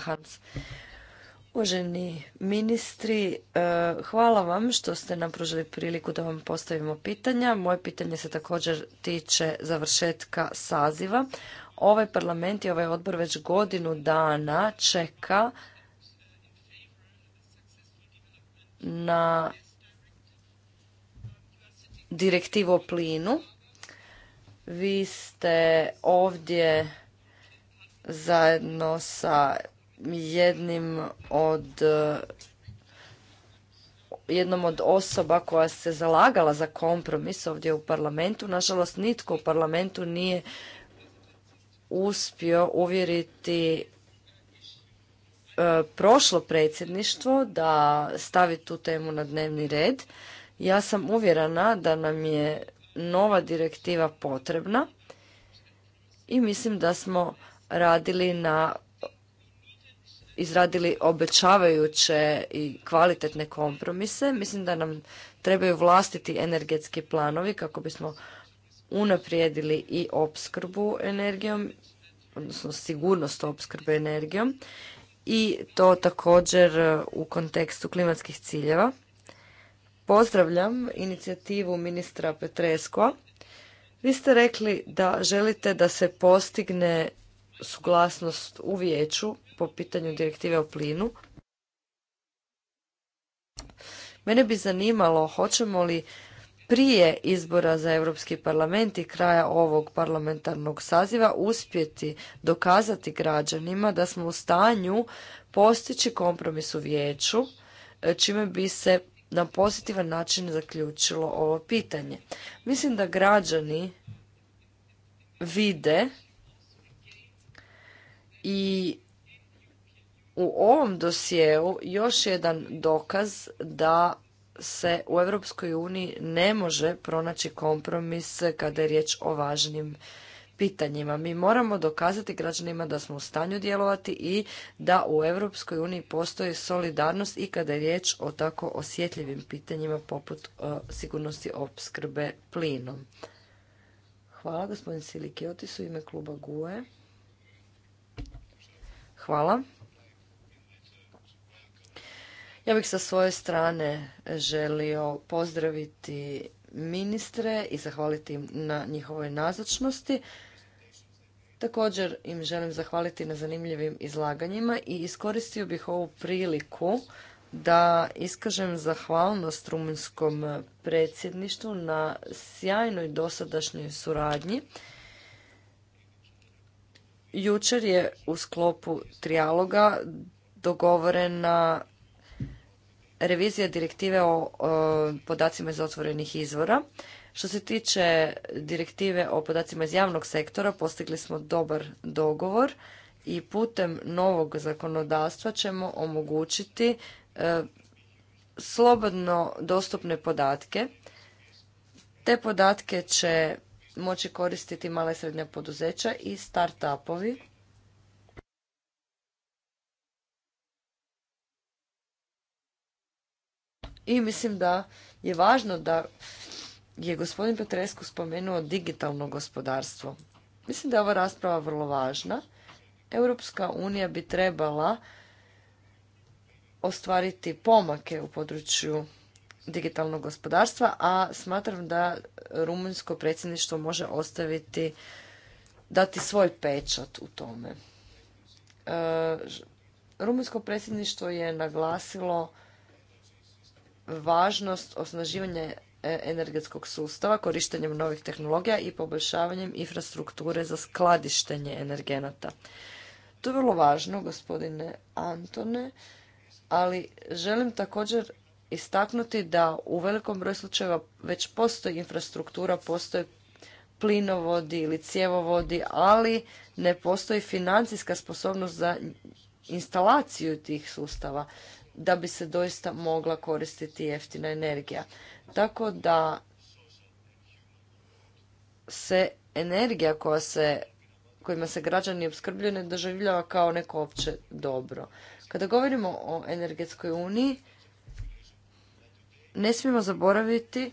Hans. Uvaženi ministri, e, hvala vam što ste nam pružili priliku da vam postavimo pitanja. Moje pitanje se također tiče završetka saziva. Ovaj parlament i ovaj odbor već godinu dana čeka na direktivu o plinu. Vi ste ovdje zajedno sa jednim od eh, jednom od osoba koja se zalagala za kompromis ovdje u parlamentu. Nažalost, nitko u parlamentu nije uspio uvjeriti eh, prošlo predsjedništvo da stavi tu temu na dnevni red. Ja sam uvjerena da nam je nova direktiva potrebna i mislim da smo radili na izradili obećavajuće i kvalitetne kompromise. Mislim da nam trebaju vlastiti energetski planovi kako bismo unaprijedili i opskrbu energijom, odnosno sigurnost opskrbe energijom i to također u kontekstu klimatskih ciljeva. Pozdravljam inicijativu ministra Petreskova. Vi ste rekli da želite da se postigne suglasnost u vijeću po pitanju direktive o plinu. Mene bi zanimalo hoćemo li prije izbora za Europski parlament i kraja ovog parlamentarnog saziva uspjeti dokazati građanima da smo u stanju postići kompromis u vijeću e, čime bi se na pozitivan način zaključilo ovo pitanje. Mislim da građani vide i u ovom dosjeu još jedan dokaz da se u Europskoj uniji ne može pronaći kompromis kada je riječ o važnim pitanjima. Mi moramo dokazati građanima da smo u stanju djelovati i da u Europskoj uniji postoji solidarnost i kada je riječ o tako osjetljivim pitanjima poput e, sigurnosti opskrbe plinom. Hvala gospodin Silikiotis u ime kluba GUE. Hvala. Ja bih sa svoje strane želio pozdraviti ministre i zahvaliti im na njihovoj nazočnosti. Također im želim zahvaliti na zanimljivim izlaganjima i iskoristio bih ovu priliku da iskažem zahvalnost rumunskom predsjedništvu na sjajnoj dosadašnjoj suradnji. Jučer je u sklopu trijaloga dogovorena revizija direktive o podacima iz otvorenih izvora. Što se tiče direktive o podacima iz javnog sektora, postigli smo dobar dogovor i putem novog zakonodavstva ćemo omogućiti e, slobodno dostupne podatke. Te podatke će moći koristiti male i srednja poduzeća i start-upovi I mislim da je važno da je gospodin Petresku spomenuo digitalno gospodarstvo. Mislim da je ova rasprava vrlo važna. Europska unija bi trebala ostvariti pomake u području digitalnog gospodarstva, a smatram da rumunjsko predsjedništvo može ostaviti, dati svoj pečat u tome. E, rumunjsko predsjedništvo je naglasilo važnost osnaživanja e, energetskog sustava korištenjem novih tehnologija i poboljšavanjem infrastrukture za skladištenje energenata. To je vrlo važno, gospodine Antone, ali želim također istaknuti da u velikom broju slučajeva već postoji infrastruktura, postoje plinovodi ili cjevovodi, ali ne postoji financijska sposobnost za instalaciju tih sustava da bi se doista mogla koristiti jeftina energija. Tako da se energija koja se kojima se građani opskrbljuju ne doživljava kao neko opće dobro. Kada govorimo o energetskoj uniji, ne smijemo zaboraviti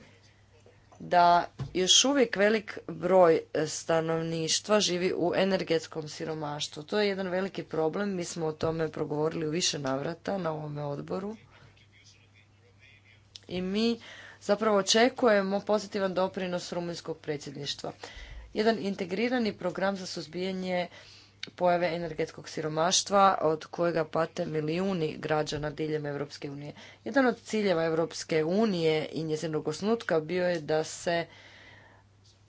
da još uvijek velik broj e, stanovništva živi u energetskom siromaštvu. To je jedan veliki problem, mi smo o tome progovorili u više navrata na ovome odboru. I mi zapravo očekujemo pozitivan doprinos rumunjskog predsjedništva. Jedan integrirani program za suzbijanje pojave energetskog siromaštva od kojega pate milijuni građana diljem Europske unije. Jedan od ciljeva Europske unije i njezinog osnutka bio je da se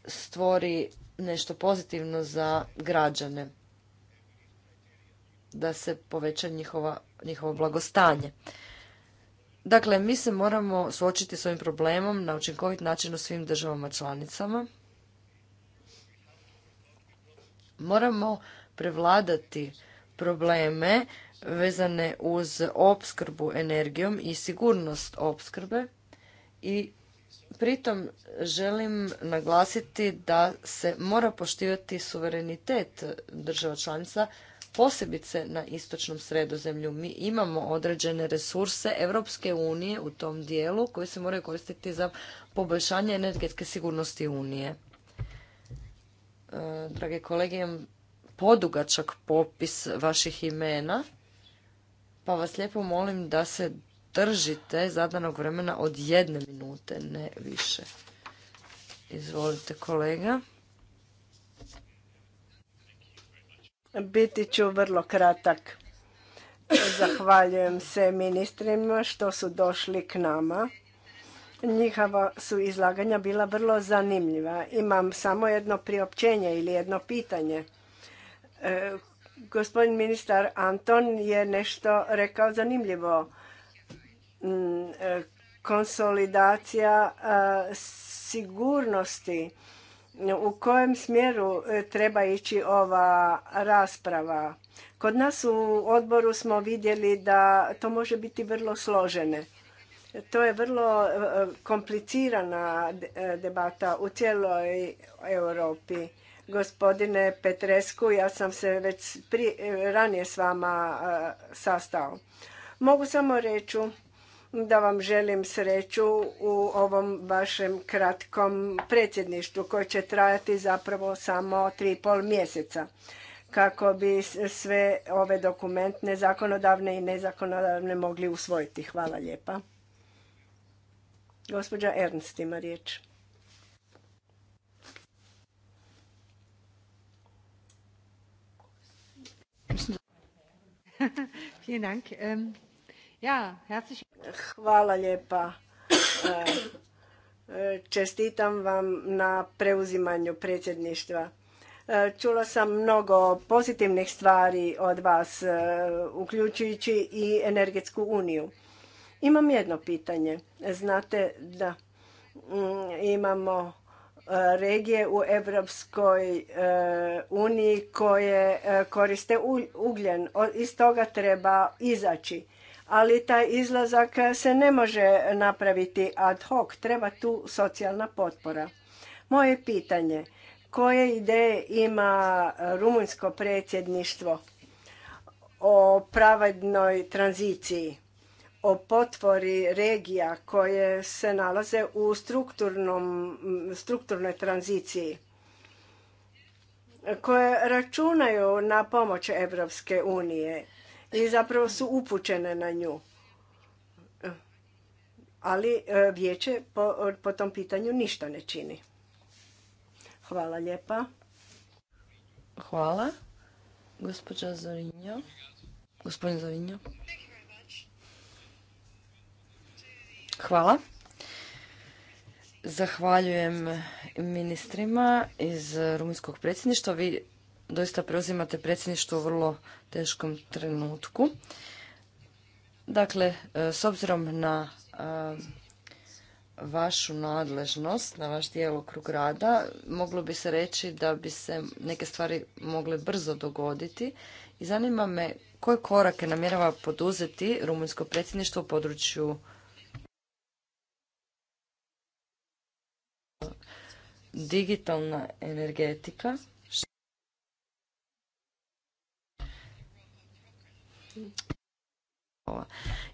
stvori nešto pozitivno za građane, da se poveća njihovo blagostanje. Dakle, mi se moramo suočiti s ovim problemom na učinkovit način u svim državama članicama. Moramo prevladati probleme vezane uz opskrbu energijom i sigurnost opskrbe i pritom želim naglasiti da se mora poštivati suverenitet država članica posebice na istočnom sredozemlju. Mi imamo određene resurse Europske unije u tom dijelu koji se moraju koristiti za poboljšanje energetske sigurnosti unije. E, drage kolege, imam podugačak popis vaših imena, pa vas lijepo molim da se držite zadanog vremena od jedne minute, ne više. Izvolite kolega. Biti ću vrlo kratak. Zahvaljujem se ministrima što su došli k nama. Njihova su izlaganja bila vrlo zanimljiva. Imam samo jedno priopćenje ili jedno pitanje. Gospodin ministar Anton je nešto rekao zanimljivo. Mm, e, konsolidacija e, sigurnosti. U kojem smjeru e, treba ići ova rasprava? Kod nas u odboru smo vidjeli da to može biti vrlo složene. To je vrlo komplicirana debata u cijeloj Europi Gospodine Petresku, ja sam se već ranije s vama e, sastao. Mogu samo reći da vam želim sreću u ovom vašem kratkom predsjedništvu koje će trajati zapravo samo tri pol mjeseca kako bi sve ove dokumente zakonodavne i nezakonodavne mogli usvojiti. Hvala lijepa. Gospođa Ernst ima riječ. Ähm, Hvala lijepa. Eh, eh, čestitam vam na preuzimanju predsjedništva. Eh, čula sam mnogo pozitivnih stvari od vas, uključujući i energetsku uniju. Imam jedno pitanje. Znate da mm, imamo regije u Europskoj e, uniji koje e, koriste ugljen. Iz toga treba izaći. Ali taj izlazak se ne može napraviti ad hoc. Treba tu socijalna potpora. Moje pitanje. Koje ideje ima rumunjsko predsjedništvo o pravednoj tranziciji? o potvori regija koje se nalaze u strukturnoj tranziciji koje računaju na pomoć Evropske unije i zapravo su upućene na nju. Ali e, vijeće po, tom pitanju ništa ne čini. Hvala lijepa. Hvala. Gospodin Zorinjo. Gospodin Zorinjo. Hvala. Zahvaljujem ministrima iz rumunjskog predsjedništva. Vi doista preuzimate predsjedništvo u vrlo teškom trenutku. Dakle, s obzirom na vašu nadležnost, na vaš djelokrug rada, moglo bi se reći da bi se neke stvari mogle brzo dogoditi i zanima me koje korake namjerava poduzeti rumunjsko predsjedništvo u području digitalna energetika.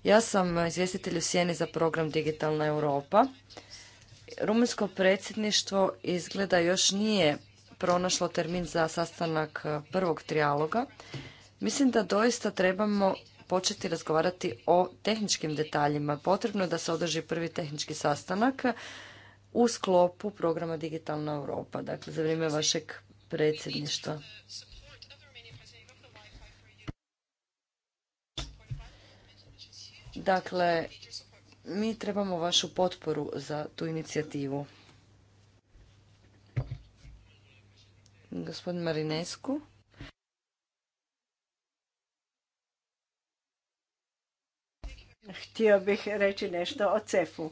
Ja sam izvjestitelj u Sjeni za program Digitalna Europa. Rumunjsko predsjedništvo izgleda još nije pronašlo termin za sastanak prvog trijaloga. Mislim da doista trebamo početi razgovarati o tehničkim detaljima. Potrebno je da se održi prvi tehnički sastanak u sklopu programa Digitalna Europa, dakle za vrijeme vašeg predsjedništva. Dakle, mi trebamo vašu potporu za tu inicijativu. Gospodin Marinesku? Htio bih reći nešto o CEF-u.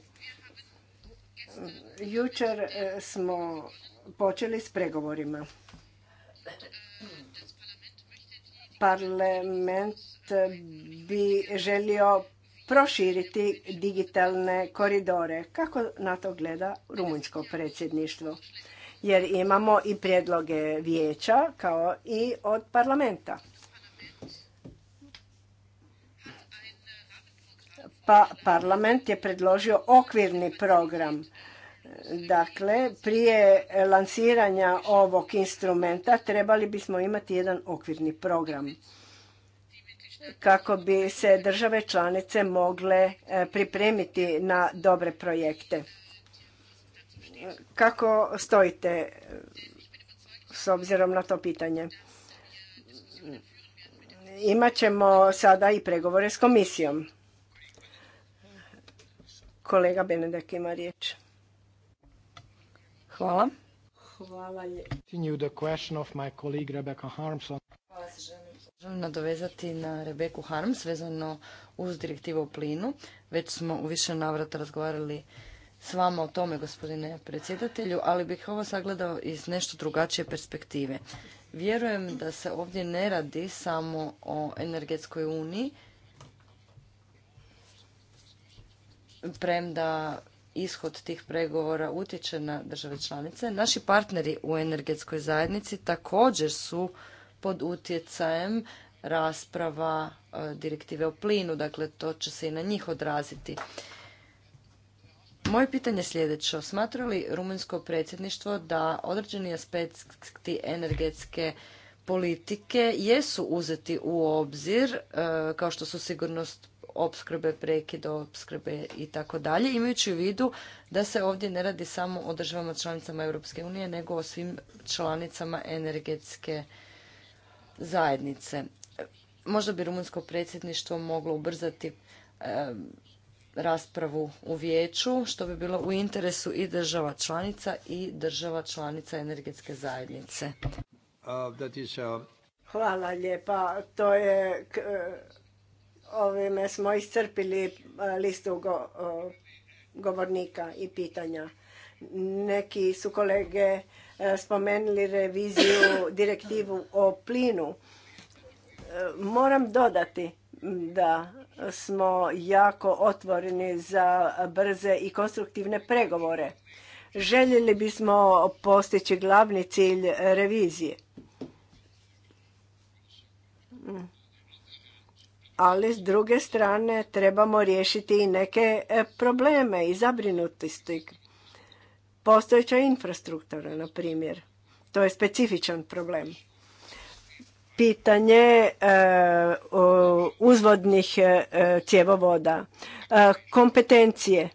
Jučer e, smo počeli s pregovorima. Parlament bi želio proširiti digitalne koridore. Kako na to gleda rumunjsko predsjedništvo? Jer imamo i prijedloge vijeća kao i od parlamenta. pa parlament je predložio okvirni program. Dakle, prije lansiranja ovog instrumenta trebali bismo imati jedan okvirni program kako bi se države članice mogle e, pripremiti na dobre projekte. Kako stojite e, s obzirom na to pitanje? Imaćemo sada i pregovore s komisijom Kolega Benedek ima riječ. Hvala. Hvala Želim nadovezati na Rebeku Harms vezano uz direktivu o plinu. Već smo u više navrata razgovarali s vama o tome, gospodine predsjedatelju, ali bih ovo sagledao iz nešto drugačije perspektive. Vjerujem da se ovdje ne radi samo o energetskoj uniji, premda ishod tih pregovora utječe na države članice. Naši partneri u energetskoj zajednici također su pod utjecajem rasprava e, direktive o plinu, dakle to će se i na njih odraziti. Moje pitanje je sljedeće. Smatra li rumunjsko predsjedništvo da određeni aspekti energetske politike jesu uzeti u obzir, e, kao što su sigurnost opskrbe, prekida opskrbe i tako dalje, imajući u vidu da se ovdje ne radi samo o državama članicama Europske unije, nego o svim članicama energetske zajednice. Možda bi rumunsko predsjedništvo moglo ubrzati raspravu u vijeću, što bi bilo u interesu i država članica i država članica energetske zajednice. Uh, uh, Hvala lijepa. To je Ovime smo iscrpili e, listu e, govornika i pitanja. Neki su kolege e, spomenuli reviziju direktivu o plinu. Moram dodati da smo jako otvoreni za brze i konstruktivne pregovore. Željeli bismo postići glavni cilj revizije. Mm ali s druge strane trebamo riješiti i neke e, probleme i zabrinutosti. Postojeća infrastruktura, na primjer. To je specifičan problem. Pitanje e, uzvodnih e, cjevovoda, kompetencije,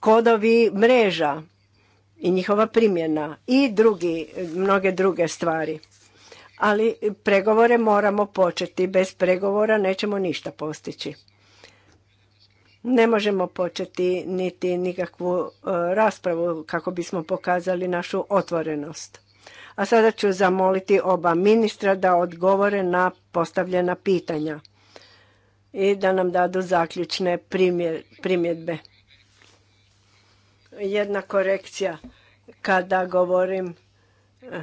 kodovi mreža i njihova primjena i drugi, mnoge druge stvari ali pregovore moramo početi. Bez pregovora nećemo ništa postići. Ne možemo početi niti nikakvu e, raspravu kako bismo pokazali našu otvorenost. A sada ću zamoliti oba ministra da odgovore na postavljena pitanja i da nam dadu zaključne primjedbe. Jedna korekcija kada govorim e,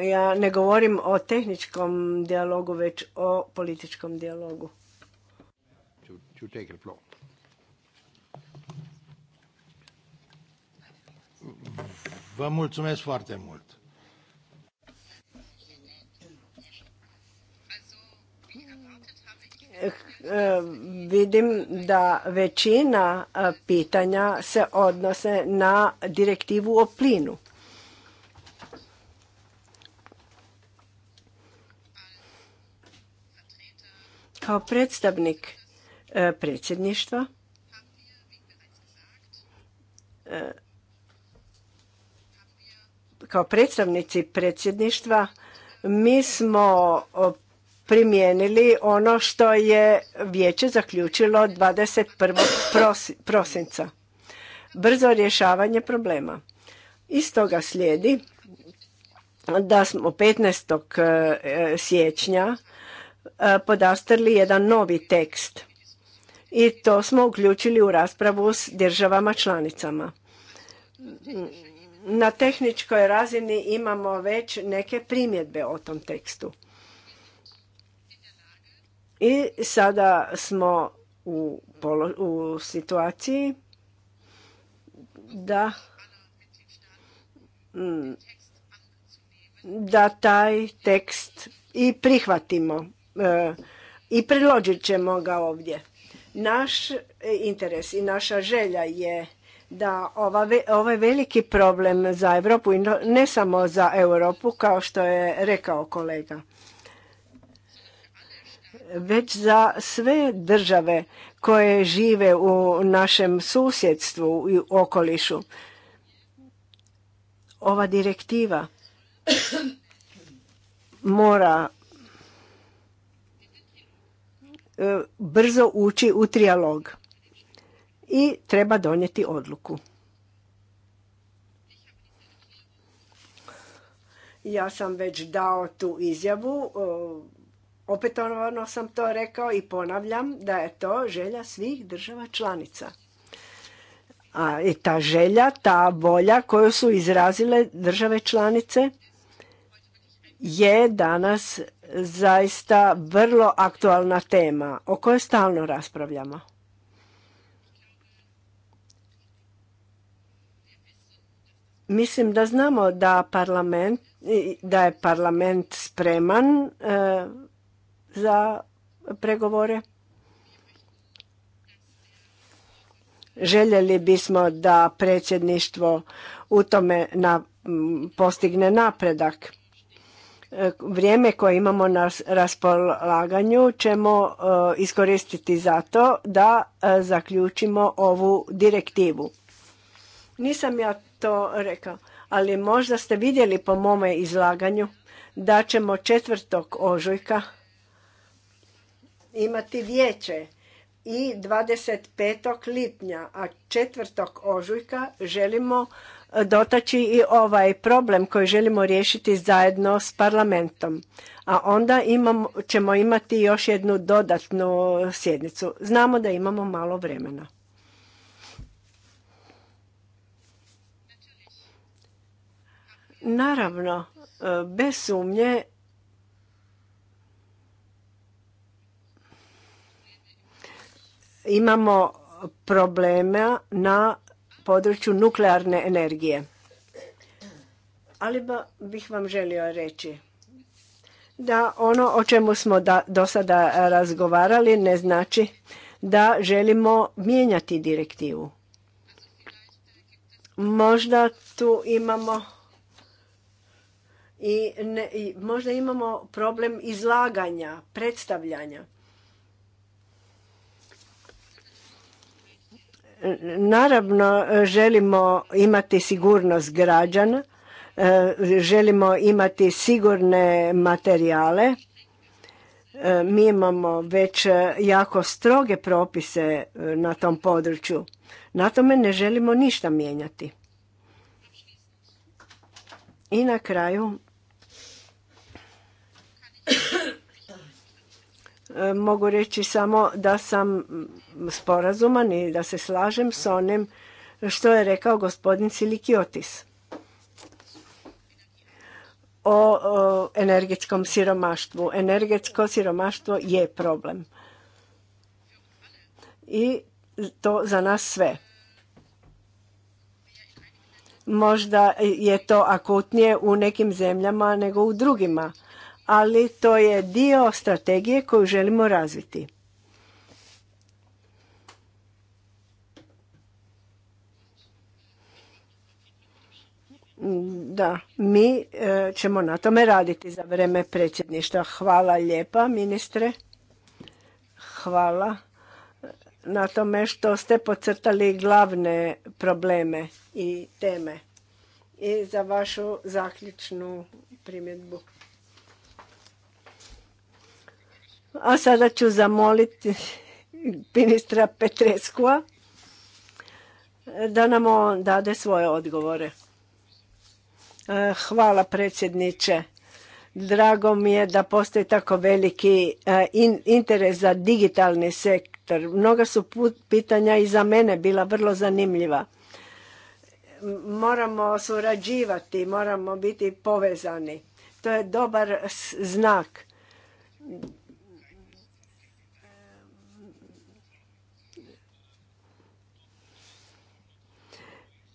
Ja ne govorim o tehničkom dijalogu, već o političkom dijalogu. Vă mulțumesc foarte mult. Vidim da većina eh, pitanja se odnose na direktivu o plinu. Kao predstavnik e, predsjedništva e, kao predstavnici predsjedništva mi smo primijenili ono što je vijeće zaključilo 21. prosinca. Brzo rješavanje problema. Iz toga slijedi da smo 15. E, siječnja E, podastrli jedan novi tekst i to smo uključili u raspravu s državama članicama. Na tehničkoj razini imamo već neke primjedbe o tom tekstu. I sada smo u, u situaciji da mm, da taj tekst i prihvatimo E, i priložit ćemo ga ovdje. Naš e, interes i naša želja je da ova, ovaj veliki problem za Europu i ne samo za Europu kao što je rekao kolega već za sve države koje žive u našem susjedstvu i okolišu. Ova direktiva mora E, brzo ući u trijalog i treba donijeti odluku. Ja sam već dao tu izjavu, e, opetovano sam to rekao i ponavljam da je to želja svih država članica. A i ta želja, ta volja koju su izrazile države članice je danas zaista vrlo aktualna tema o kojoj stalno raspravljamo. Mislim da znamo da, parlament, da je parlament spreman e, za pregovore. Željeli bismo da predsjedništvo u tome na, postigne napredak Vrijeme koje imamo na raspolaganju ćemo e, iskoristiti za to da e, zaključimo ovu direktivu. Nisam ja to rekao, ali možda ste vidjeli po mome izlaganju da ćemo četvrtog ožujka imati vijeće i 25. lipnja, a četvrtog ožujka želimo dotaći i ovaj problem koji želimo riješiti zajedno s parlamentom. A onda ćemo imati još jednu dodatnu sjednicu. Znamo da imamo malo vremena. Naravno, bez sumnje imamo problema na području nuklearne energije. Ali bih vam želio reći da ono o čemu smo do sada razgovarali ne znači da želimo mijenjati direktivu. Možda tu imamo i, i možda imamo problem izlaganja, predstavljanja. Naravno, želimo imati sigurnost građana, e, želimo imati sigurne materijale. E, mi imamo već jako stroge propise e, na tom području. Na tome ne želimo ništa mijenjati. I na kraju E, mogu reći samo da sam sporazuman i da se slažem s onim što je rekao gospodin Silikiotis o, o energetskom siromaštvu. Energetsko siromaštvo je problem. I to za nas sve. Možda je to akutnije u nekim zemljama nego u drugima ali to je dio strategije koju želimo razviti. Da, mi e, ćemo na tome raditi za vreme predsjedništva. Hvala lijepa, ministre. Hvala na tome što ste pocrtali glavne probleme i teme i za vašu zaključnu primjedbu. A sada ću zamoliti ministra Petreskova da nam on dade svoje odgovore. E, hvala predsjedniče. Drago mi je da postoji tako veliki e, interes za digitalni sektor. Mnoga su pitanja i za mene bila vrlo zanimljiva. Moramo surađivati, moramo biti povezani. To je dobar znak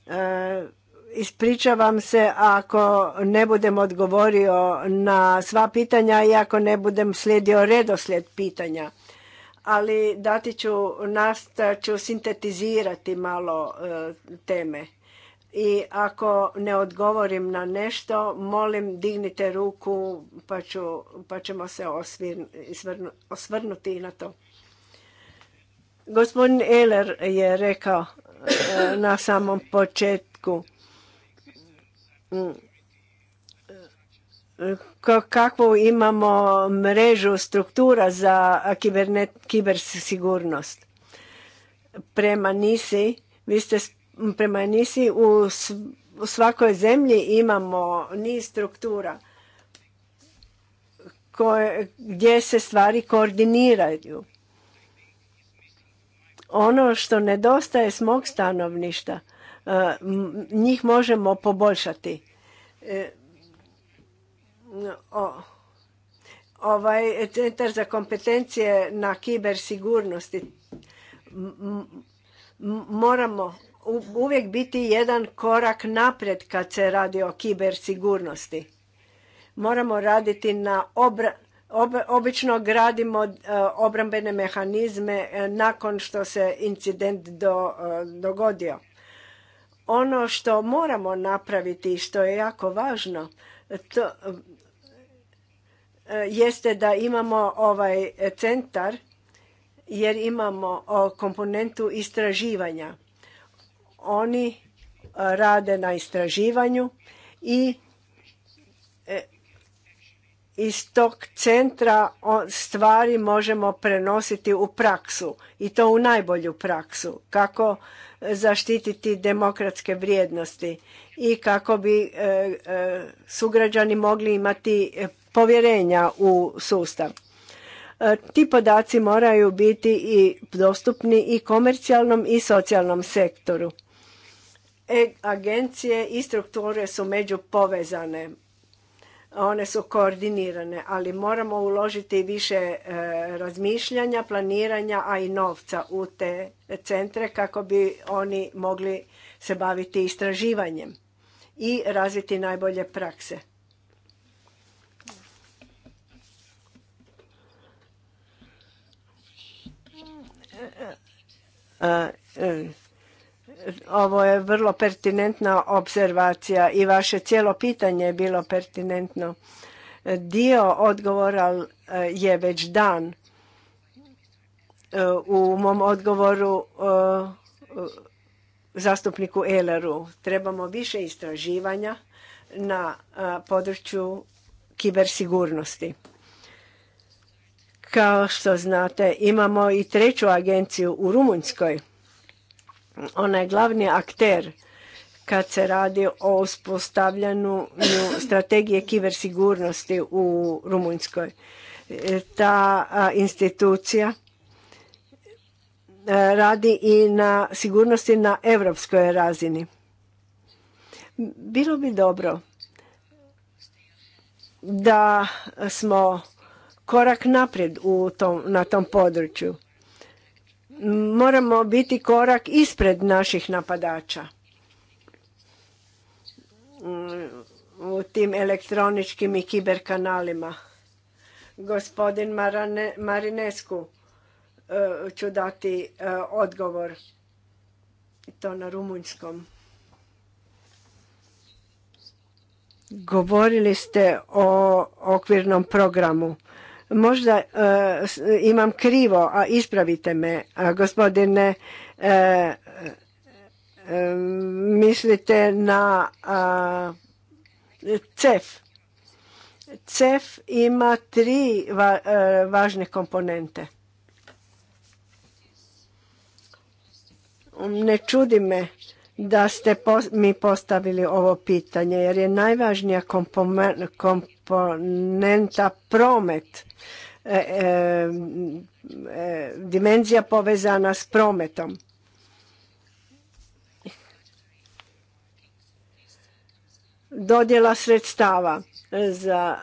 E, ispričavam se ako ne budem odgovorio na sva pitanja i ako ne budem slijedio redoslijed pitanja. Ali dati ću, nastat ću sintetizirati malo e, teme. I ako ne odgovorim na nešto, molim dignite ruku pa, pa ćemo se osvrnuti na to. Gospodin Eler je rekao Eh, na samom početku kakvu imamo mrežu struktura za kibersigurnost. Prema NISI, vi ste prema NISI u, svakoj zemlji imamo niz struktura gdje se stvari koordiniraju ono što nedostaje s mog stanovništa, e, njih možemo poboljšati. E, o, ovaj centar za kompetencije na kibersigurnosti moramo uvijek biti jedan korak naprijed kad se radi o kibersigurnosti. Moramo raditi na obra Obično gradimo e, obrambene mehanizme e, nakon što se incident e, dogodio. Ono što moramo napraviti i što je jako važno to jeste da imamo ovaj centar jer imamo komponentu istraživanja. Oni rade na istraživanju i iz tog centra stvari možemo prenositi u praksu i to u najbolju praksu kako e, zaštititi demokratske vrijednosti i kako bi e, e, sugrađani mogli imati povjerenja u sustav. Ti podaci moraju biti i dostupni i komercijalnom i socijalnom sektoru. E, agencije i strukture su međupovezane one su koordinirane, ali moramo uložiti više e, razmišljanja, planiranja, a i novca u te centre kako bi oni mogli se baviti istraživanjem i razviti najbolje prakse. E, e, ovo je vrlo pertinentna observacija i vaše cijelo pitanje je bilo pertinentno. Dio odgovora e, je već dan. E, u mom odgovoru e, zastupniku Eleru trebamo više istraživanja na području kibersigurnosti. Kao što znate, imamo i treću agenciju u Rumunjskoj ona je glavni akter kad se radi o uspostavljanju strategije sigurnosti u Rumunjskoj. E, ta institucija e, radi i na sigurnosti na europskoj razini. Bilo bi dobro da smo korak naprijed u tom, na tom području moramo biti korak ispred naših napadača mm, u tim elektroničkim i kanalima. Gospodin Marane, Marinesku e, ću dati e, odgovor. To na rumunjskom. Govorili ste o okvirnom programu. Možda e, imam krivo, a ispravite me, a gospodine e, e, mislite na CEF. CEF ima tri važne komponente. Ne čudi me da ste mi postavili ovo pitanje jer je najvažnija komponenta promet E, e, e, dimenzija povezana s prometom. Dodjela sredstava za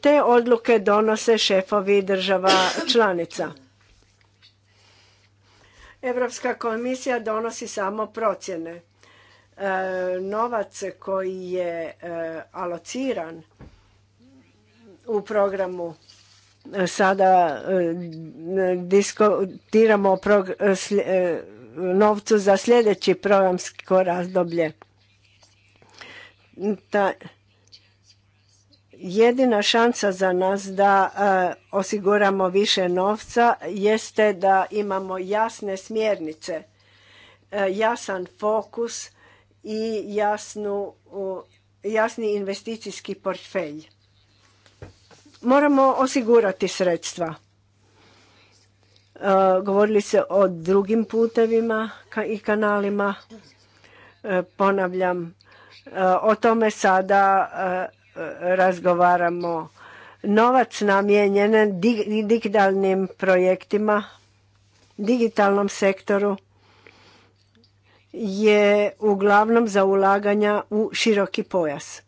Te odluke donose šefovi država članica. Europska komisija donosi samo procjene. Novac koji je alociran u programu. E, sada e, diskutiramo e, novcu za sljedeći programsko razdoblje. Ta jedina šansa za nas da osiguramo više novca jeste da imamo jasne smjernice, jasan fokus i jasnu, jasni investicijski portfelj. Moramo osigurati sredstva. E, govorili se o drugim putevima i kanalima. E, ponavljam, e, o tome sada razgovaramo. Novac namijenjen digitalnim projektima, digitalnom sektoru je uglavnom za ulaganja u široki pojas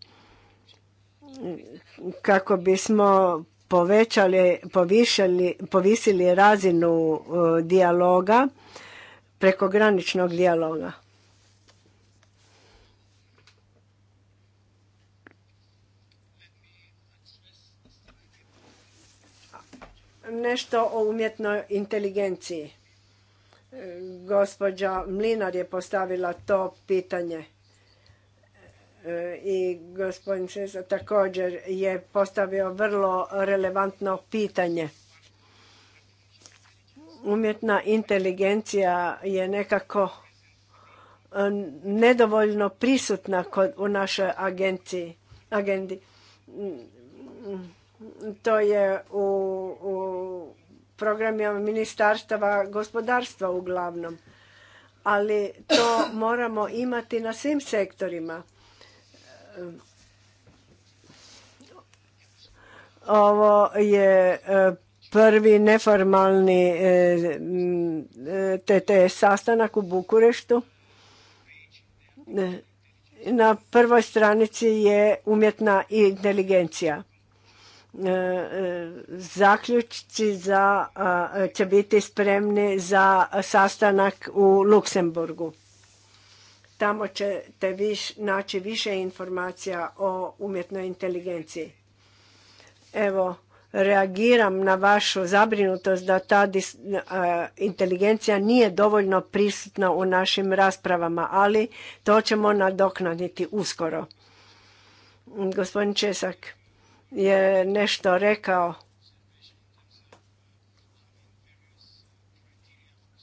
kako bismo povećali, povisili razinu e, dijaloga, prekograničnog dijaloga. Nešto o umjetnoj inteligenciji. E, gospođa Mlinar je postavila to pitanje. E, i gospodin Sesa također je postavio vrlo relevantno pitanje. Umjetna inteligencija je nekako e, nedovoljno prisutna kod, u našoj agenciji, agendi. To je u, u programima ministarstva gospodarstva uglavnom. Ali to moramo imati na svim sektorima ovo je e, prvi neformalni TT e, e, sastanak u Bukureštu. Na prvoj stranici je umjetna inteligencija. Zaključci za, će biti spremni za sastanak u Luksemburgu. Tamo ćete viš, naći više informacija o umjetnoj inteligenciji. Evo, reagiram na vašu zabrinutost da ta inteligencija nije dovoljno prisutna u našim raspravama, ali to ćemo nadoknaditi uskoro. Gospodin Česak je nešto rekao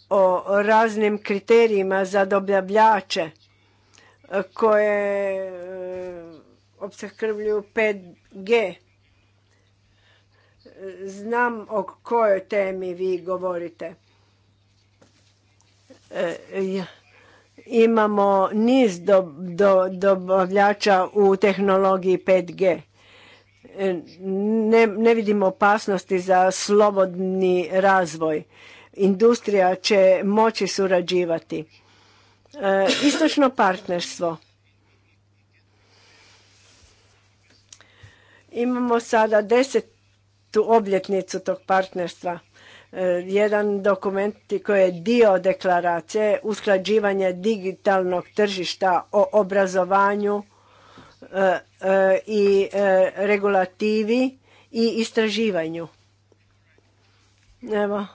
o raznim kriterijima za dobavljače koje e, opskrbljuju 5G. Znam o kojoj temi vi govorite. E, imamo niz dobavljača u tehnologiji 5G. E, ne, ne opasnosti za slobodni razvoj. Industrija će moći surađivati E, istočno partnerstvo. Imamo sada desetu obljetnicu tog partnerstva. E, jedan dokument koji je dio deklaracije, usklađivanja digitalnog tržišta o obrazovanju e, i regulativi i istraživanju. Evo,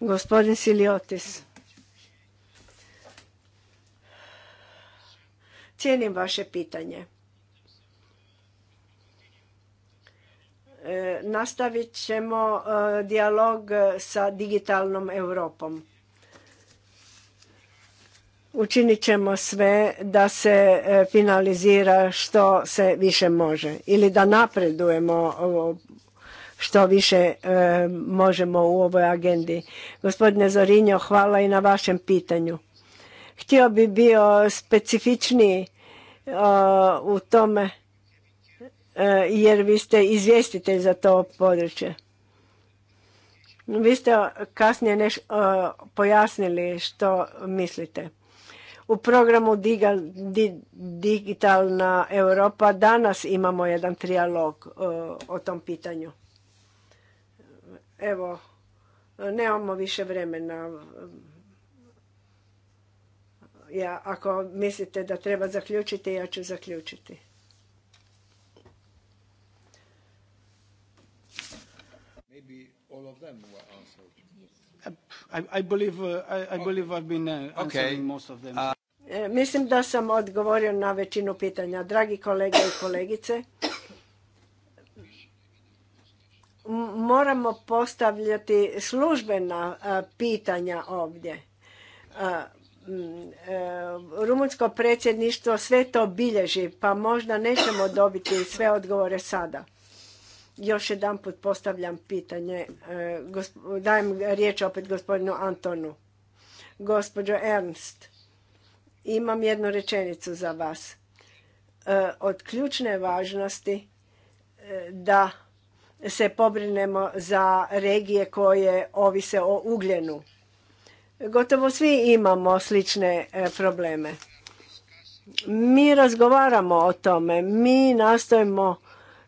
Gospodin Siliotis. Cijenim vaše pitanje. E, nastavit ćemo e, dijalog sa digitalnom Europom. Učinit ćemo sve da se e, finalizira što se više može ili da napredujemo što više e, možemo u ovoj agendi. Gospodine Zorinjo, hvala i na vašem pitanju. Htio bi bio specifičniji e, u tome e, jer vi ste izvjestitelj za to područje. Vi ste kasnije neš, pojasnili što mislite. U programu Digitalna Europa danas imamo jedan trijalog o tom pitanju. Evo, nemamo više vremena. Ja, ako mislite da treba zaključiti, ja ću zaključiti. Maybe Mislim da sam odgovorio na većinu pitanja. Dragi kolege i kolegice, moramo postavljati službena e, pitanja ovdje. E, e, Rumunsko predsjedništvo sve to bilježi, pa možda nećemo dobiti sve odgovore sada. Još jedanput postavljam pitanje, dajem riječ opet gospodinu Antonu. Gospođo Ernst, imam jednu rečenicu za vas. Od ključne važnosti da se pobrinemo za regije koje ovise o ugljenu. Gotovo svi imamo slične e, probleme. Mi razgovaramo o tome, mi nastojimo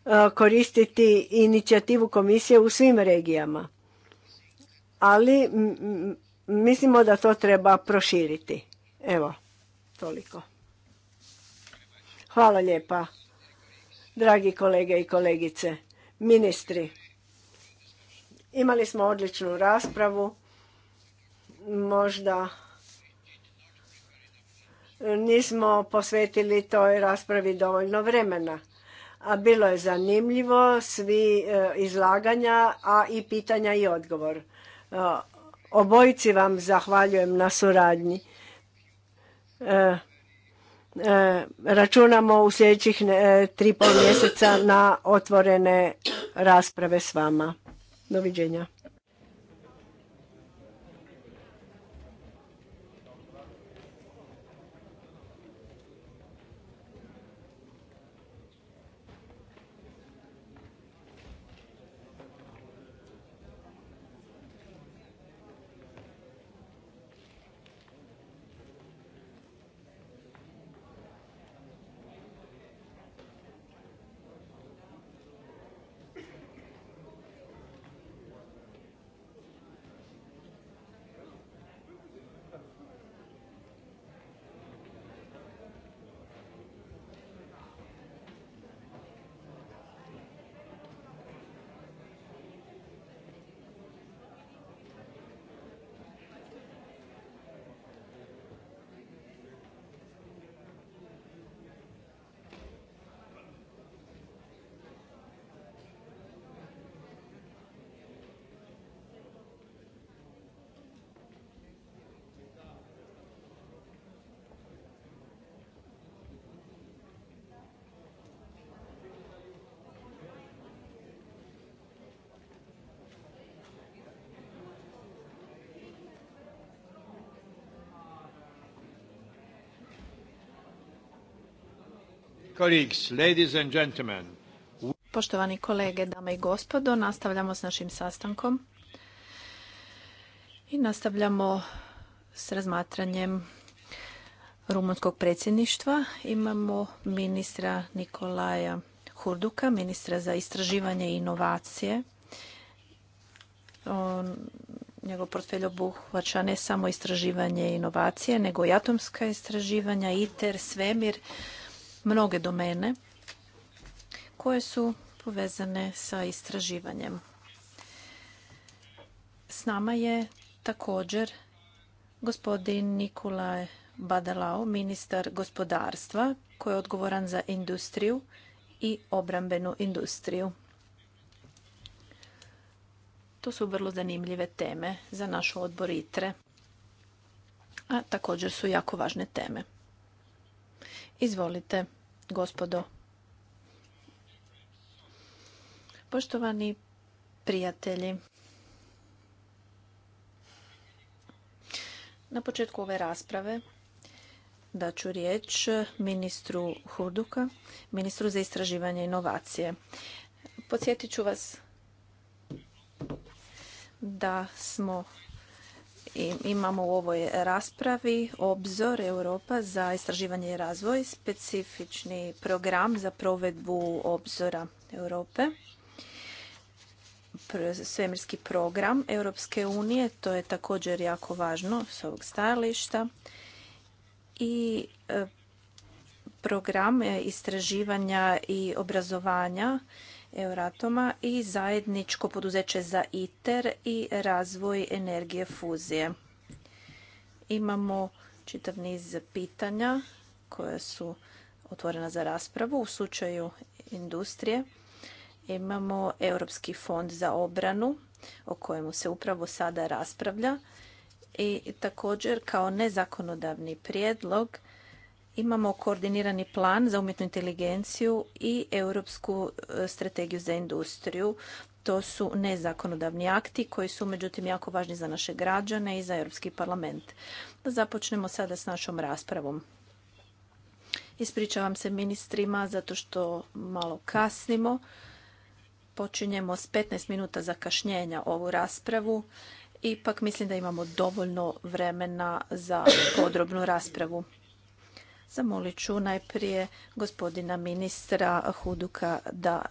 e, koristiti inicijativu komisije u svim regijama. Ali mislimo da to treba proširiti. Evo, toliko. Hvala lijepa, dragi kolege i kolegice ministri. Imali smo odličnu raspravu. Možda nismo posvetili toj raspravi dovoljno vremena. A bilo je zanimljivo, svi e, izlaganja, a i pitanja i odgovor. E, obojici vam zahvaljujem na suradnji. E, E, računamo u sljedećih e, tri pol mjeseca na otvorene rasprave s vama. Doviđenja. Poštovani kolege, dame i gospodo, nastavljamo s našim sastankom i nastavljamo s razmatranjem rumunskog predsjedništva. Imamo ministra Nikolaja Hurduka, ministra za istraživanje i inovacije. njegov portfelj obuhvaća ne samo istraživanje i inovacije, nego i atomska istraživanja, ITER, svemir, mnoge domene koje su povezane sa istraživanjem. S nama je također gospodin Nikolaj Badalao, ministar gospodarstva koji je odgovoran za industriju i obrambenu industriju. To su vrlo zanimljive teme za naš odbor ITRE, a također su jako važne teme. Izvolite, gospodo. Poštovani prijatelji, na početku ove rasprave daću riječ ministru Hurduka, ministru za istraživanje i inovacije. Podsjetit ću vas da smo imamo u ovoj raspravi obzor Europa za istraživanje i razvoj, specifični program za provedbu obzora Europe svemirski program Europske unije. To je također jako važno s ovog stajališta. I e, program e, istraživanja i obrazovanja Euratoma i zajedničko poduzeće za ITER i razvoj energije fuzije. Imamo čitav niz pitanja koja su otvorena za raspravu u slučaju industrije. Imamo Europski fond za obranu o kojemu se upravo sada raspravlja i također kao nezakonodavni prijedlog Imamo koordinirani plan za umjetnu inteligenciju i europsku e, strategiju za industriju. To su nezakonodavni akti koji su međutim jako važni za naše građane i za Europski parlament. Da započnemo sada s našom raspravom. Ispričavam se ministrima zato što malo kasnimo. Počinjemo s 15 minuta zakašnjenja ovu raspravu. Ipak mislim da imamo dovoljno vremena za podrobnu raspravu. Zamolit ću najprije gospodina ministra Huduka da,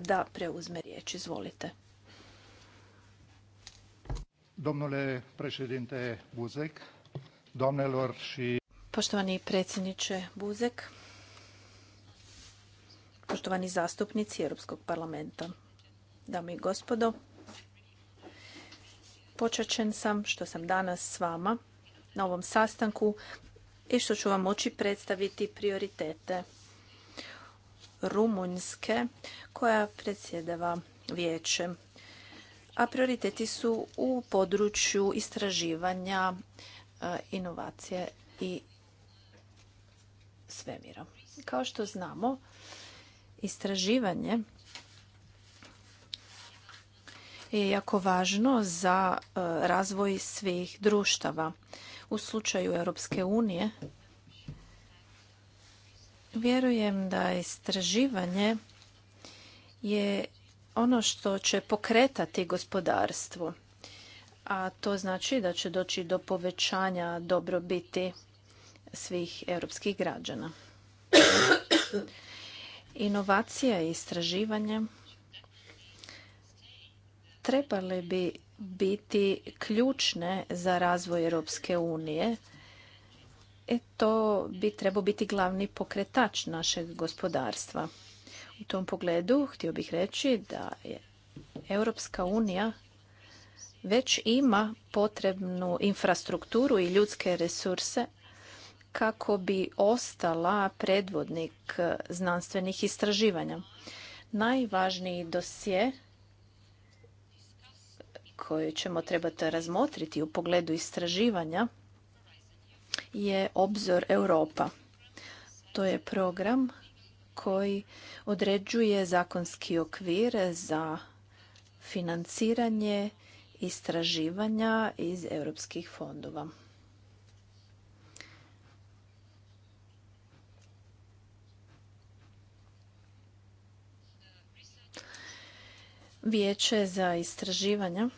da preuzme riječ. Izvolite. Domnule Buzek, domnelor Poštovani predsjedniče Buzek, poštovani zastupnici Europskog parlamenta, dame i gospodo, počećen sam što sam danas s vama na ovom sastanku i što ću vam moći predstaviti prioritete Rumunjske koja predsjedava vijećem. A prioriteti su u području istraživanja, e, inovacije i svemira. Kao što znamo, istraživanje je jako važno za e, razvoj svih društava u slučaju Europske unije. Vjerujem da istraživanje je ono što će pokretati gospodarstvo, a to znači da će doći do povećanja dobrobiti svih europskih građana. Inovacija i istraživanje trebali bi biti ključne za razvoj Europske unije. E to bi trebao biti glavni pokretač našeg gospodarstva. U tom pogledu htio bih reći da je Europska unija već ima potrebnu infrastrukturu i ljudske resurse kako bi ostala predvodnik znanstvenih istraživanja. Najvažniji dosje koju ćemo trebati razmotriti u pogledu istraživanja je Obzor Europa. To je program koji određuje zakonski okvir za financiranje istraživanja iz europskih fondova. Vijeće za istraživanja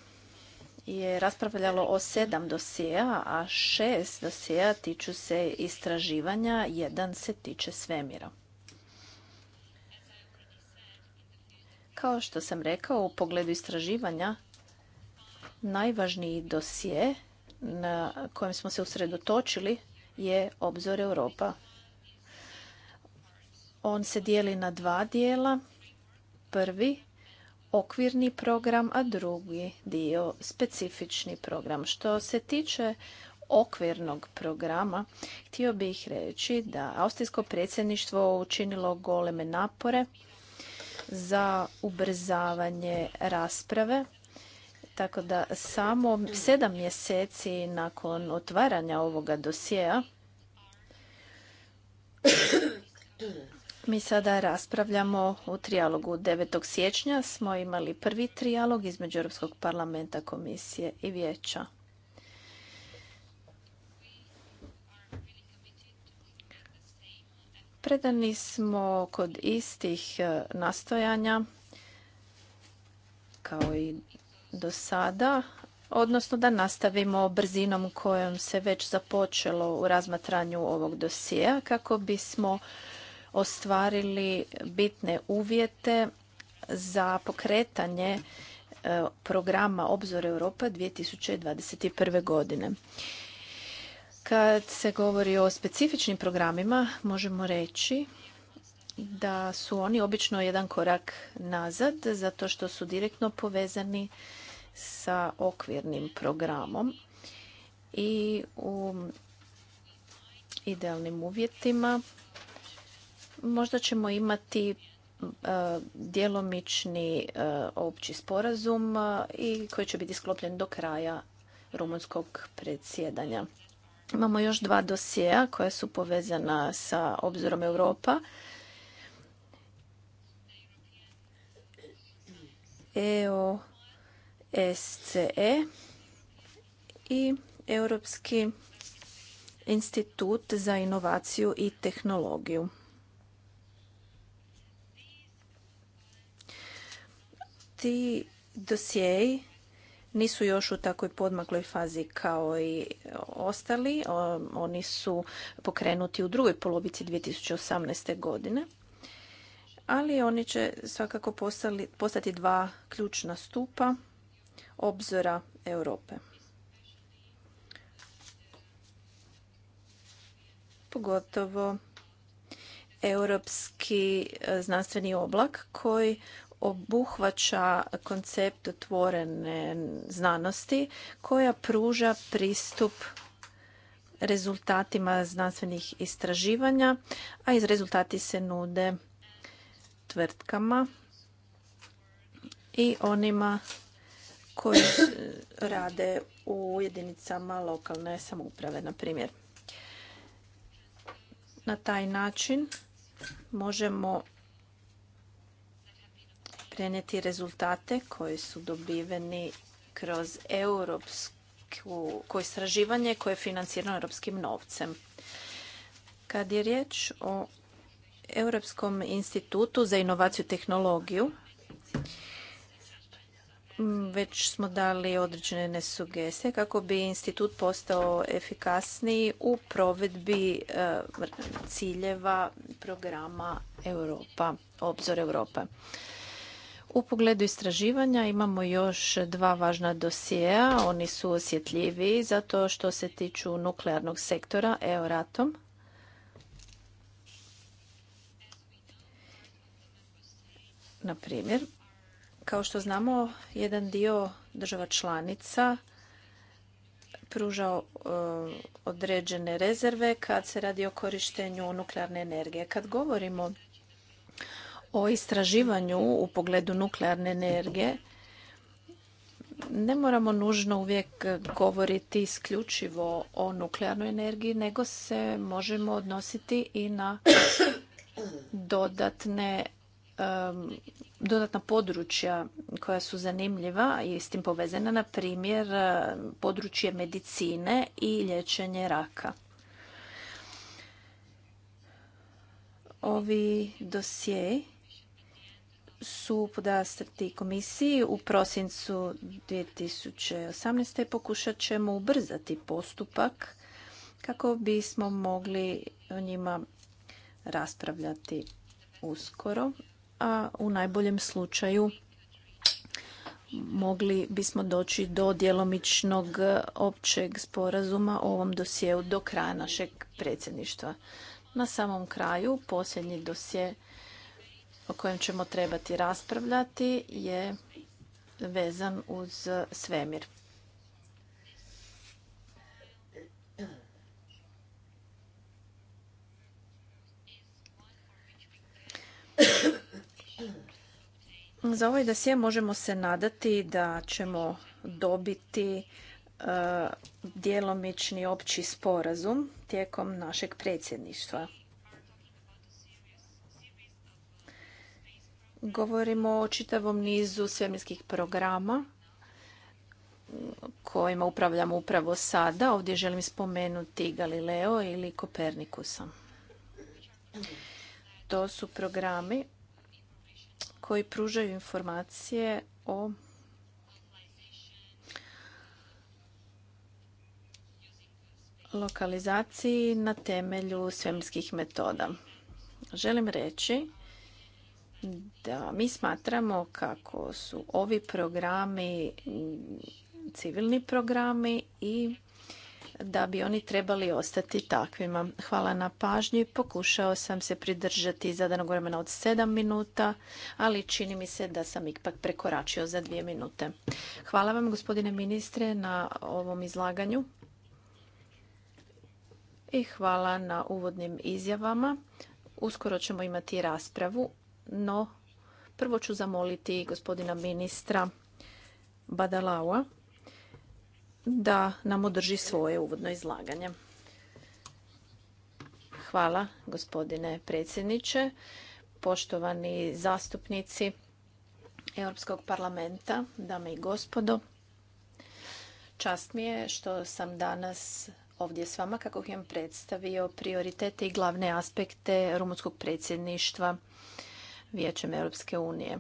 je raspravljalo o sedam dosija, a šest dosija tiču se istraživanja, jedan se tiče svemira. Kao što sam rekao, u pogledu istraživanja, najvažniji dosije na kojem smo se usredotočili je obzor Europa. On se dijeli na dva dijela. Prvi okvirni program, a drugi dio specifični program. Što se tiče okvirnog programa, htio bih reći da Austrijsko predsjedništvo učinilo goleme napore za ubrzavanje rasprave tako da samo sedam mjeseci nakon otvaranja ovoga dosjea mi sada raspravljamo u trijalogu 9. siječnja. Smo imali prvi trijalog između Europskog parlamenta, komisije i vijeća. Predani smo kod istih e, nastojanja kao i do sada, odnosno da nastavimo brzinom kojom se već započelo u razmatranju ovog dosija kako bismo ostvarili bitne uvjete za pokretanje e, programa Obzor Europa 2021. godine. Kad se govori o specifičnim programima, možemo reći da su oni obično jedan korak nazad zato što su direktno povezani sa okvirnim programom i u idealnim uvjetima možda ćemo imati e, djelomični e, opći sporazum e, i koji će biti sklopljen do kraja rumunskog predsjedanja. Imamo još dva dosjea koja su povezana sa obzorom Europa. EO SCE i Europski institut za inovaciju i tehnologiju. ti dosjeji nisu još u takvoj podmakloj fazi kao i ostali. Oni su pokrenuti u drugoj polovici 2018. godine, ali oni će svakako postali, postati dva ključna stupa obzora Europe. Pogotovo europski znanstveni oblak koji obuhvaća koncept otvorene znanosti koja pruža pristup rezultatima znanstvenih istraživanja, a iz rezultati se nude tvrtkama i onima koji rade u jedinicama lokalne samouprave, na primjer. Na taj način možemo prenijeti rezultate koji su dobiveni kroz ko istraživanje koje je financirano europskim novcem. Kad je riječ o Europskom institutu za inovaciju i tehnologiju, već smo dali određene sugestije kako bi institut postao efikasniji u provedbi e, ciljeva programa Europa, obzor Europa. U pogledu istraživanja imamo još dva važna dosijeja. Oni su osjetljiviji zato što se tiču nuklearnog sektora eoratom Na primjer, kao što znamo, jedan dio država članica pruža e, određene rezerve kad se radi o korištenju nuklearne energije. Kad govorimo o istraživanju u pogledu nuklearne energije ne moramo nužno uvijek govoriti isključivo o nuklearnoj energiji, nego se možemo odnositi i na dodatne dodatna područja koja su zanimljiva i s tim povezana, na primjer područje medicine i liječenje raka. Ovi dosjei su podastrti komisiji u prosincu 2018. pokušat ćemo ubrzati postupak kako bismo mogli o njima raspravljati uskoro, a u najboljem slučaju mogli bismo doći do djelomičnog općeg sporazuma o ovom dosjeu do kraja našeg predsjedništva. Na samom kraju posljednji dosje o kojem ćemo trebati raspravljati je vezan uz svemir. Za ovaj dosje možemo se nadati da ćemo dobiti e, djelomični opći sporazum tijekom našeg predsjedništva. Govorimo o čitavom nizu svemirskih programa kojima upravljamo upravo sada. Ovdje želim spomenuti Galileo ili Kopernikusa. To su programi koji pružaju informacije o lokalizaciji na temelju svemirskih metoda. Želim reći da mi smatramo kako su ovi programi civilni programi i da bi oni trebali ostati takvima. Hvala na pažnji. Pokušao sam se pridržati zadanog vremena od sedam minuta, ali čini mi se da sam ipak prekoračio za dvije minute. Hvala vam, gospodine ministre, na ovom izlaganju i hvala na uvodnim izjavama. Uskoro ćemo imati raspravu no prvo ću zamoliti gospodina ministra Badalaua da nam održi svoje uvodno izlaganje. Hvala gospodine predsjedniče, poštovani zastupnici Europskog parlamenta, dame i gospodo. Čast mi je što sam danas ovdje s vama kako bih predstavio prioritete i glavne aspekte rumunskog predsjedništva Vijećem Europske unije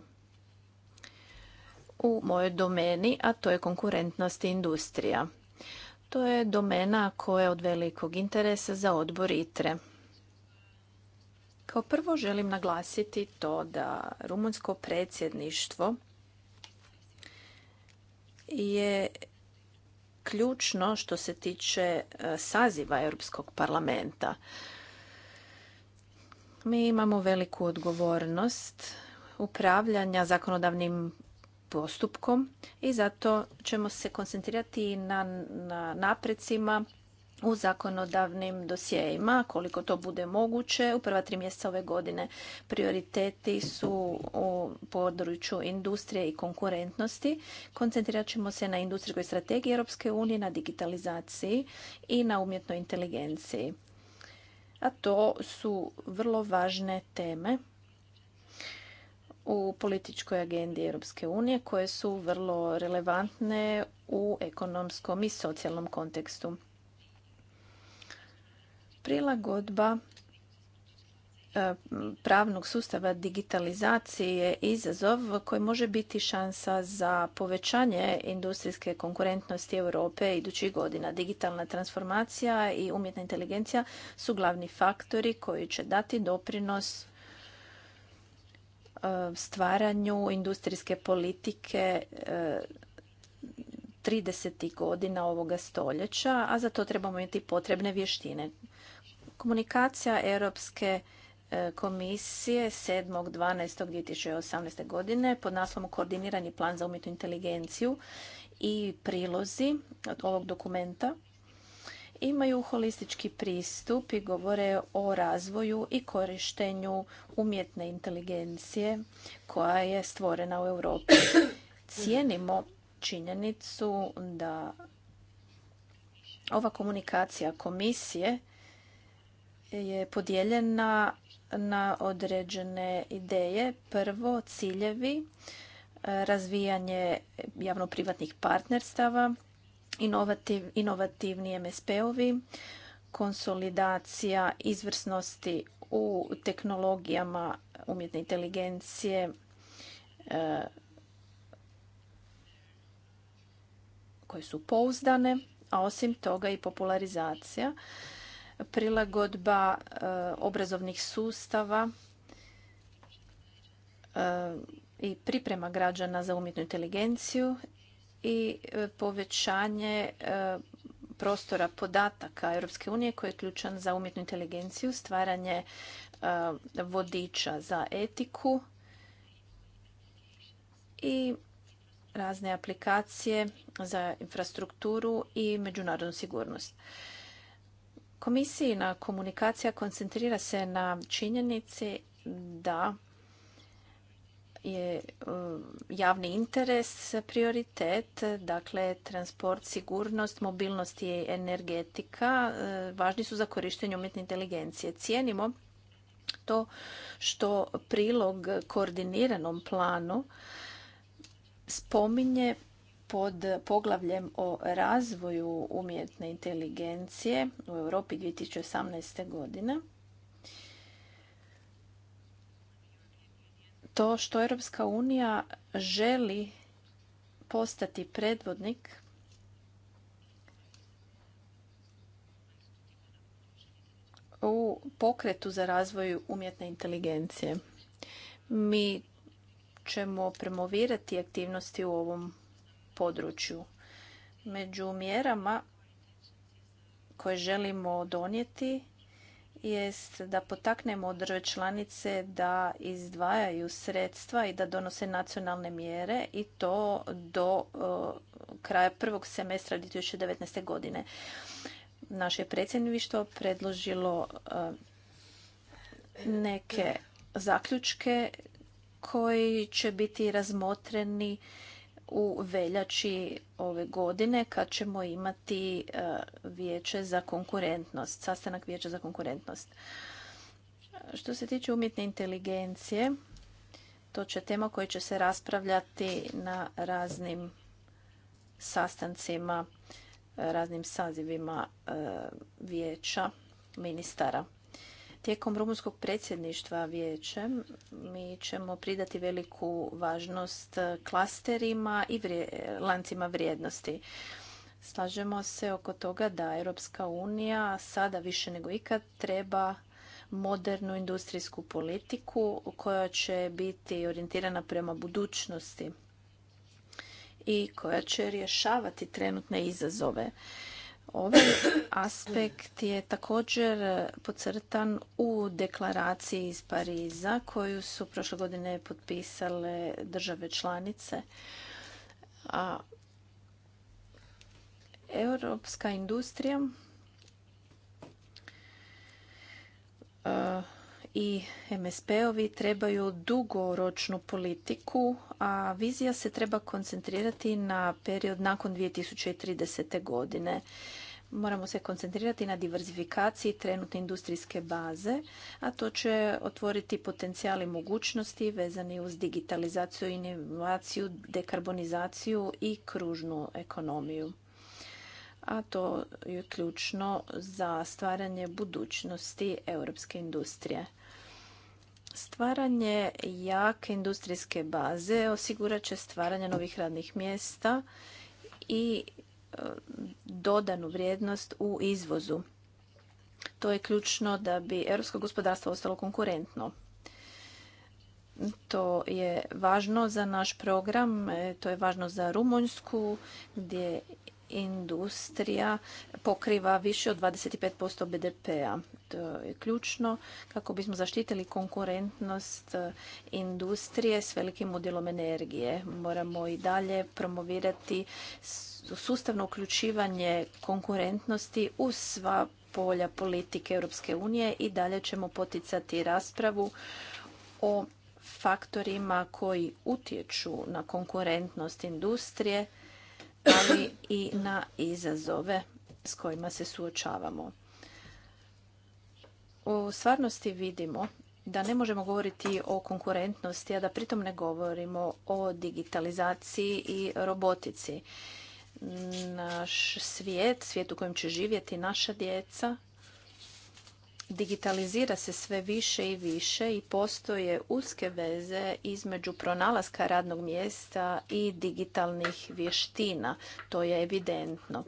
u mojoj domeni, a to je konkurentnost i industrija. To je domena koja je od velikog interesa za odbor ITRE. Kao prvo želim naglasiti to da rumunsko predsjedništvo je ključno što se tiče e, saziva Europskog parlamenta. Mi imamo veliku odgovornost upravljanja zakonodavnim postupkom i zato ćemo se koncentrirati na, na naprecima u zakonodavnim dosjejima, koliko to bude moguće. U prva tri mjeseca ove godine prioriteti su u području industrije i konkurentnosti. Koncentrirat ćemo se na industrijskoj strategiji Europske unije, na digitalizaciji i na umjetnoj inteligenciji a to su vrlo važne teme u političkoj agendi Europske unije koje su vrlo relevantne u ekonomskom i socijalnom kontekstu. Prilagodba E, pravnog sustava digitalizacije je izazov koji može biti šansa za povećanje industrijske konkurentnosti Europe idućih godina. Digitalna transformacija i umjetna inteligencija su glavni faktori koji će dati doprinos e, stvaranju industrijske politike 30. E, godina ovoga stoljeća, a za to trebamo imati potrebne vještine. Komunikacija europske E, komisije 7.12.2018. godine pod naslovom Koordinirani plan za umjetnu inteligenciju i prilozi od ovog dokumenta imaju holistički pristup i govore o razvoju i korištenju umjetne inteligencije koja je stvorena u Europi. Cijenimo činjenicu da ova komunikacija komisije je podijeljena na određene ideje. Prvo, ciljevi, e, razvijanje javno-privatnih partnerstava, inovativ, inovativni MSP-ovi, konsolidacija izvrsnosti u tehnologijama umjetne inteligencije, e, koje su pouzdane, a osim toga i popularizacija prilagodba eh, obrazovnih sustava eh, i priprema građana za umjetnu inteligenciju i eh, povećanje prostora podataka Europske unije koji je ključan za umjetnu inteligenciju, stvaranje vodiča za etiku i razne aplikacije za infrastrukturu i međunarodnu sigurnost. Komisijina komunikacija koncentrira se na činjenici da je e, javni interes prioritet, dakle transport, sigurnost, mobilnost i energetika e, važni su za korištenje umjetne inteligencije. Cijenimo to što prilog koordiniranom planu spominje pod poglavljem o razvoju umjetne inteligencije u Europi 2018. godine. To što Europska unija želi postati predvodnik u pokretu za razvoj umjetne inteligencije. Mi ćemo promovirati aktivnosti u ovom području. Među mjerama koje želimo donijeti jest da potaknemo države članice da izdvajaju sredstva i da donose nacionalne mjere i to do e, kraja prvog semestra 2019. godine. Naše predsjedništvo predložilo e, neke zaključke koji će biti razmotreni u veljači ove godine kad ćemo imati e, vijeće za konkurentnost, sastanak vijeća za konkurentnost. Što se tiče umjetne inteligencije, to će tema koja će se raspravljati na raznim sastancima, raznim sazivima e, vijeća ministara. Tijekom rumunskog predsjedništva vijećem mi ćemo pridati veliku važnost klasterima i lancima vrijednosti. Slažemo se oko toga da Europska unija sada više nego ikad treba modernu industrijsku politiku koja će biti orijentirana prema budućnosti i koja će rješavati trenutne izazove. Ovaj aspekt je također pocrtan u deklaraciji iz Pariza koju su prošle godine potpisale države članice. A europska industrija i MSP-ovi trebaju dugoročnu politiku, a vizija se treba koncentrirati na period nakon 2030. godine. Moramo se koncentrirati na diverzifikaciji trenutne industrijske baze, a to će otvoriti potencijali mogućnosti vezani uz digitalizaciju, inovaciju, dekarbonizaciju i kružnu ekonomiju. A to je ključno za stvaranje budućnosti europske industrije. Stvaranje jake industrijske baze osigurat će stvaranje novih radnih mjesta i e, dodanu vrijednost u izvozu. To je ključno da bi europsko gospodarstvo ostalo konkurentno. To je važno za naš program, e, to je važno za Rumunjsku gdje industrija pokriva više od 25% BDP-a. To je ključno kako bismo zaštitili konkurentnost e, industrije s velikim udjelom energije. Moramo i dalje promovirati sustavno uključivanje konkurentnosti u sva polja politike Europske unije i dalje ćemo poticati raspravu o faktorima koji utječu na konkurentnost industrije ali i na izazove s kojima se suočavamo. U stvarnosti vidimo da ne možemo govoriti o konkurentnosti, a da pritom ne govorimo o digitalizaciji i robotici. Naš svijet, svijet u kojem će živjeti naša djeca, digitalizira se sve više i više i postoje uske veze između pronalaska radnog mjesta i digitalnih vještina. To je evidentno.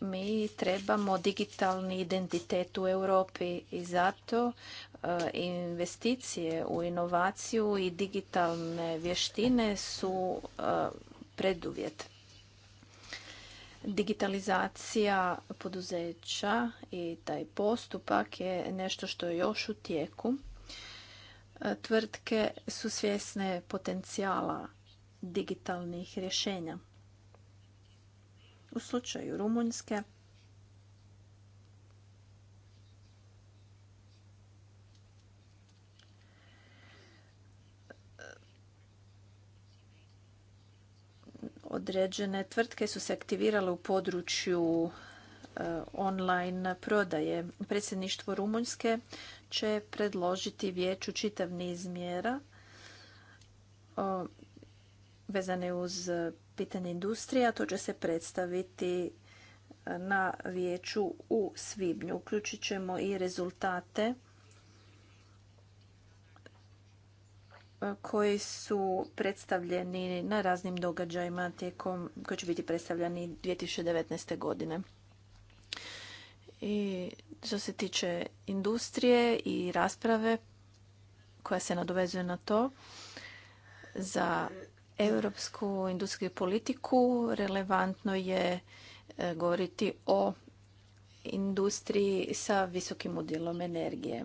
Mi trebamo digitalni identitet u Europi i zato e, investicije u inovaciju i digitalne vještine su e, preduvjet Digitalizacija poduzeća i taj postupak je nešto što je još u tijeku. E, tvrtke su svjesne potencijala digitalnih rješenja. U slučaju Rumunjske Određene tvrtke su se aktivirale u području e, online prodaje. Predsjedništvo Rumunjske će predložiti vijeću čitav niz mjera vezane uz pitanje industrija. To će se predstaviti na vijeću u svibnju. Uključit ćemo i rezultate koji su predstavljeni na raznim događajima tijekom, koji će biti predstavljeni 2019. godine. I što se tiče industrije i rasprave koja se nadovezuje na to, za europsku industrijsku politiku relevantno je e, govoriti o industriji sa visokim udjelom energije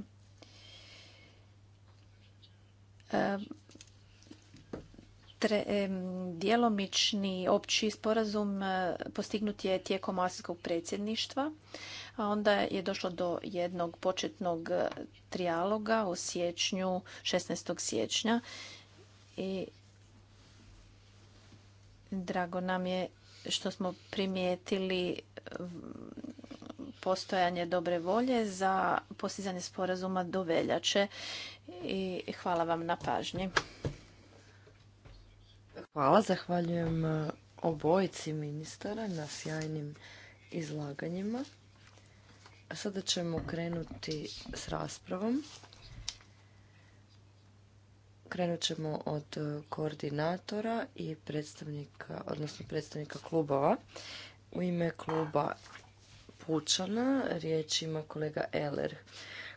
djelomični opći sporazum e, postignut je tijekom Asijskog predsjedništva, a onda je došlo do jednog početnog e, trijaloga u siječnju, 16. siječnja i drago nam je što smo primijetili postojanje dobre volje za postizanje sporazuma do veljače i hvala vam na pažnji. Hvala, zahvaljujem e, obojici ministara na sjajnim izlaganjima. sada ćemo krenuti s raspravom. Krenut ćemo od e, koordinatora i predstavnika, odnosno predstavnika klubova. U ime kluba pučana. Riječ kolega Eller.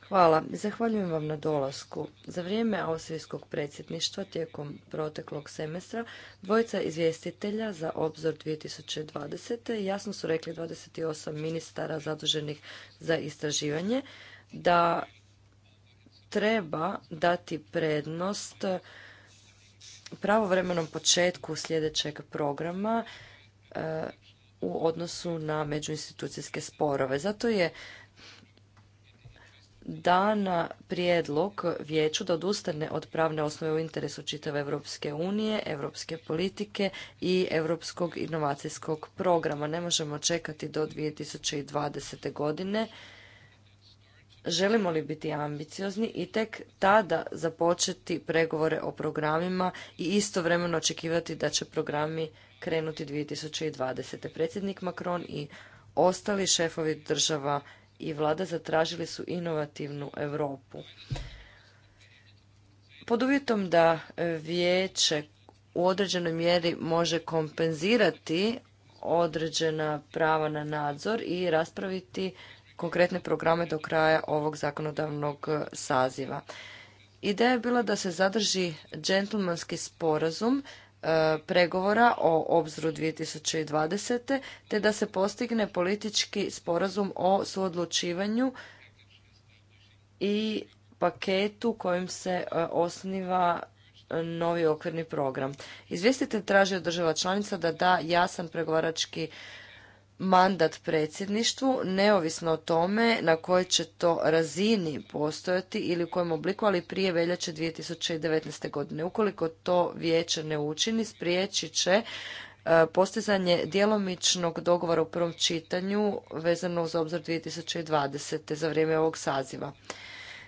Hvala. Zahvaljujem vam na dolasku. Za vrijeme austrijskog predsjedništva tijekom proteklog semestra dvojica izvjestitelja za obzor 2020. jasno su rekli 28 ministara zaduženih za istraživanje da treba dati prednost pravovremenom početku sljedećeg programa u odnosu na međuinstitucijske sporove. Zato je dana prijedlog vijeću da odustane od pravne osnove u interesu čitave Europske unije, europske politike i europskog inovacijskog programa. Ne možemo čekati do 2020. godine želimo li biti ambiciozni i tek tada započeti pregovore o programima i istovremeno očekivati da će programi krenuti 2020. Predsjednik Macron i ostali šefovi država i vlada zatražili su inovativnu Europu. Pod uvjetom da vijeće u određenoj mjeri može kompenzirati određena prava na nadzor i raspraviti konkretne programe do kraja ovog zakonodavnog e, saziva. Ideja je bila da se zadrži džentlmanski sporazum e, pregovora o obzoru 2020. te da se postigne politički sporazum o suodlučivanju i paketu kojim se e, osniva novi okvirni program. Izvjestitelj traži od država članica da da jasan pregovarački mandat predsjedništvu, neovisno o tome na kojoj će to razini postojati ili u kojem obliku, ali prije veljače 2019. godine. Ukoliko to vijeće ne učini, spriječit će e, postizanje djelomičnog dogovora u prvom čitanju vezano uz obzor 2020. za vrijeme ovog saziva.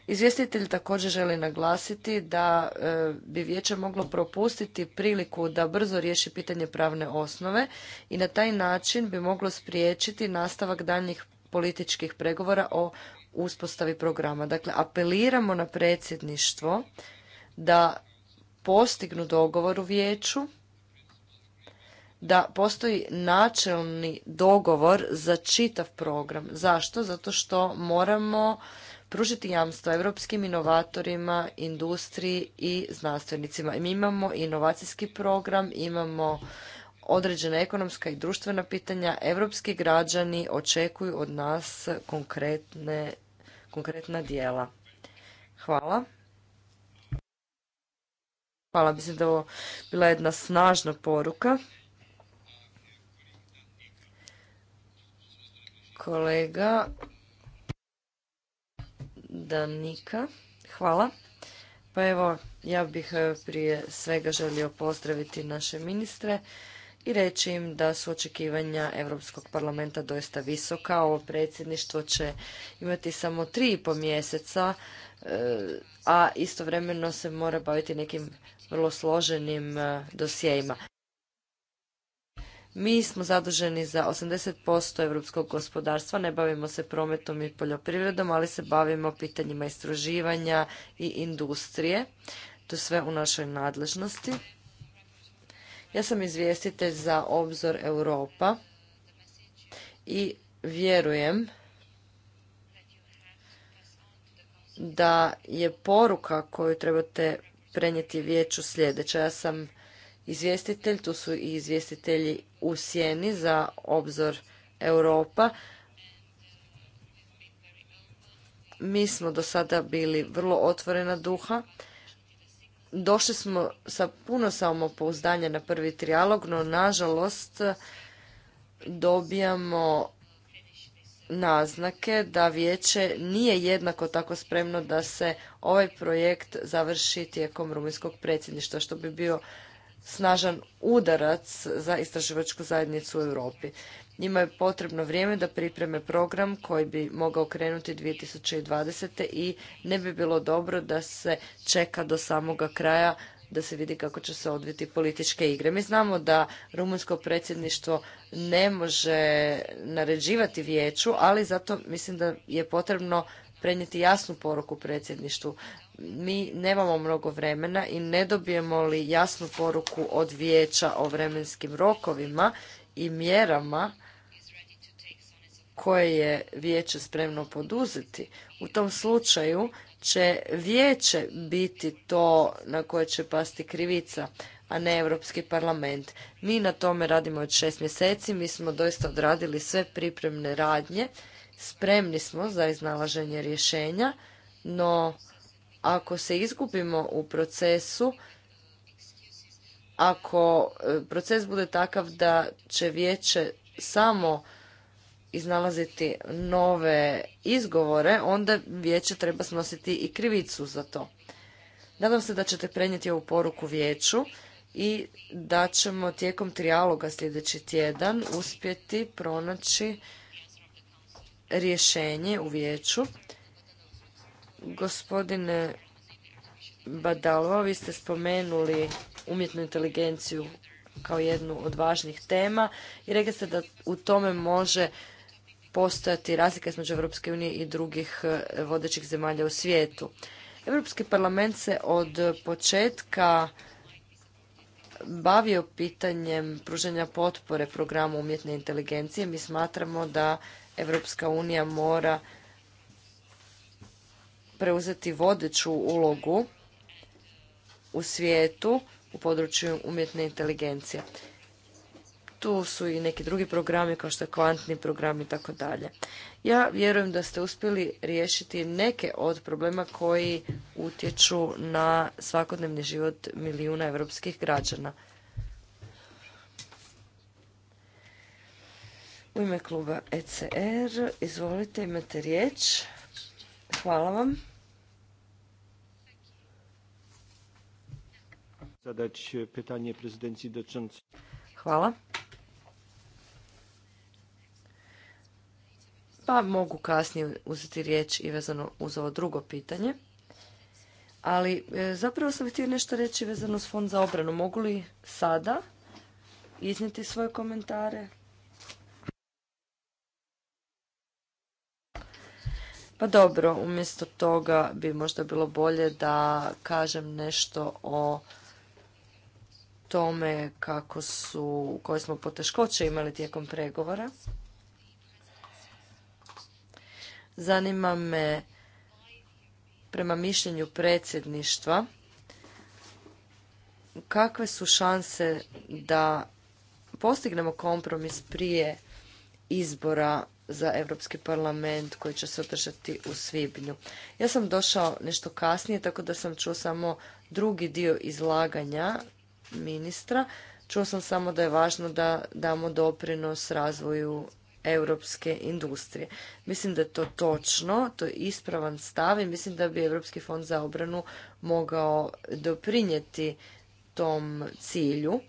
Izvjestitelj također želi naglasiti da e, bi vijeće moglo propustiti priliku da brzo riješi pitanje pravne osnove i na taj način bi moglo spriječiti nastavak daljnjih političkih pregovora o uspostavi programa. Dakle, apeliramo na predsjedništvo da postignu dogovor u vijeću da postoji načelni dogovor za čitav program. Zašto? Zato što moramo pružiti jamstva europskim inovatorima, industriji i znanstvenicima. Mi imamo inovacijski program, imamo određena ekonomska i društvena pitanja. Evropski građani očekuju od nas konkretne, konkretna dijela. Hvala. Hvala, mislim da ovo bila jedna snažna poruka. Kolega Danika. Hvala. Pa evo, ja bih e, prije svega želio pozdraviti naše ministre i reći im da su očekivanja Europskog parlamenta doista visoka. Ovo predsjedništvo će imati samo tri i po mjeseca, e, a istovremeno se mora baviti nekim vrlo složenim e, dosjejima. Mi smo zaduženi za 80% europskog gospodarstva, ne bavimo se prometom i poljoprivredom, ali se bavimo pitanjima istraživanja i industrije. To je sve u našoj nadležnosti. Ja sam izvjestitelj za obzor Europa i vjerujem da je poruka koju trebate prenijeti vijeću sljedeća. Ja sam izvjestitelj, tu su i izvjestitelji u sjeni za obzor Europa. Mi smo do sada bili vrlo otvorena duha. Došli smo sa puno samopouzdanja na prvi trijalog, no nažalost dobijamo naznake da vijeće nije jednako tako spremno da se ovaj projekt završi tijekom rumunjskog predsjedništva, što bi bio snažan udarac za istraživačku zajednicu u Europi. Njima je potrebno vrijeme da pripreme program koji bi mogao krenuti 2020. i ne bi bilo dobro da se čeka do samoga kraja da se vidi kako će se odviti političke igre. Mi znamo da rumunsko predsjedništvo ne može naređivati vijeću, ali zato mislim da je potrebno prenijeti jasnu poruku predsjedništvu mi nemamo mnogo vremena i ne dobijemo li jasnu poruku od vijeća o vremenskim rokovima i mjerama koje je vijeće spremno poduzeti, u tom slučaju će vijeće biti to na koje će pasti krivica, a ne Europski parlament. Mi na tome radimo od šest mjeseci, mi smo doista odradili sve pripremne radnje, spremni smo za iznalaženje rješenja, no ako se izgubimo u procesu, ako e, proces bude takav da će vijeće samo iznalaziti nove izgovore, onda vijeće treba snositi i krivicu za to. Nadam se da ćete prenijeti ovu poruku vijeću i da ćemo tijekom trijaloga sljedeći tjedan uspjeti pronaći rješenje u vijeću Gospodine Badalova, vi ste spomenuli umjetnu inteligenciju kao jednu od važnih tema i rekli ste da u tome može postojati razlika između Europske unije i drugih e, vodećih zemalja u svijetu. Europski parlament se od početka bavio pitanjem pružanja potpore programu umjetne inteligencije. Mi smatramo da Europska unija mora preuzeti vodeću ulogu u svijetu u području umjetne inteligencije. Tu su i neki drugi programi kao što je kvantni program i tako dalje. Ja vjerujem da ste uspjeli riješiti neke od problema koji utječu na svakodnevni život milijuna europskih građana. U ime kluba ECR, izvolite, imate riječ. Hvala vam. Zadać pytanie Hvala. Pa mogu kasnije uzeti riječ i vezano uz ovo drugo pitanje. Ali e, zapravo sam htio nešto reći vezano s Fond za obranu. Mogu li sada iznijeti svoje komentare? Pa dobro, umjesto toga bi možda bilo bolje da kažem nešto o tome kako su, koje smo poteškoće imali tijekom pregovora. Zanima me prema mišljenju predsjedništva kakve su šanse da postignemo kompromis prije izbora za Europski parlament koji će se održati u svibnju. Ja sam došao nešto kasnije, tako da sam čuo samo drugi dio izlaganja ministra. Čuo sam samo da je važno da damo doprinos razvoju europske industrije. Mislim da je to točno, to je ispravan stav i mislim da bi Europski fond za obranu mogao doprinijeti tom cilju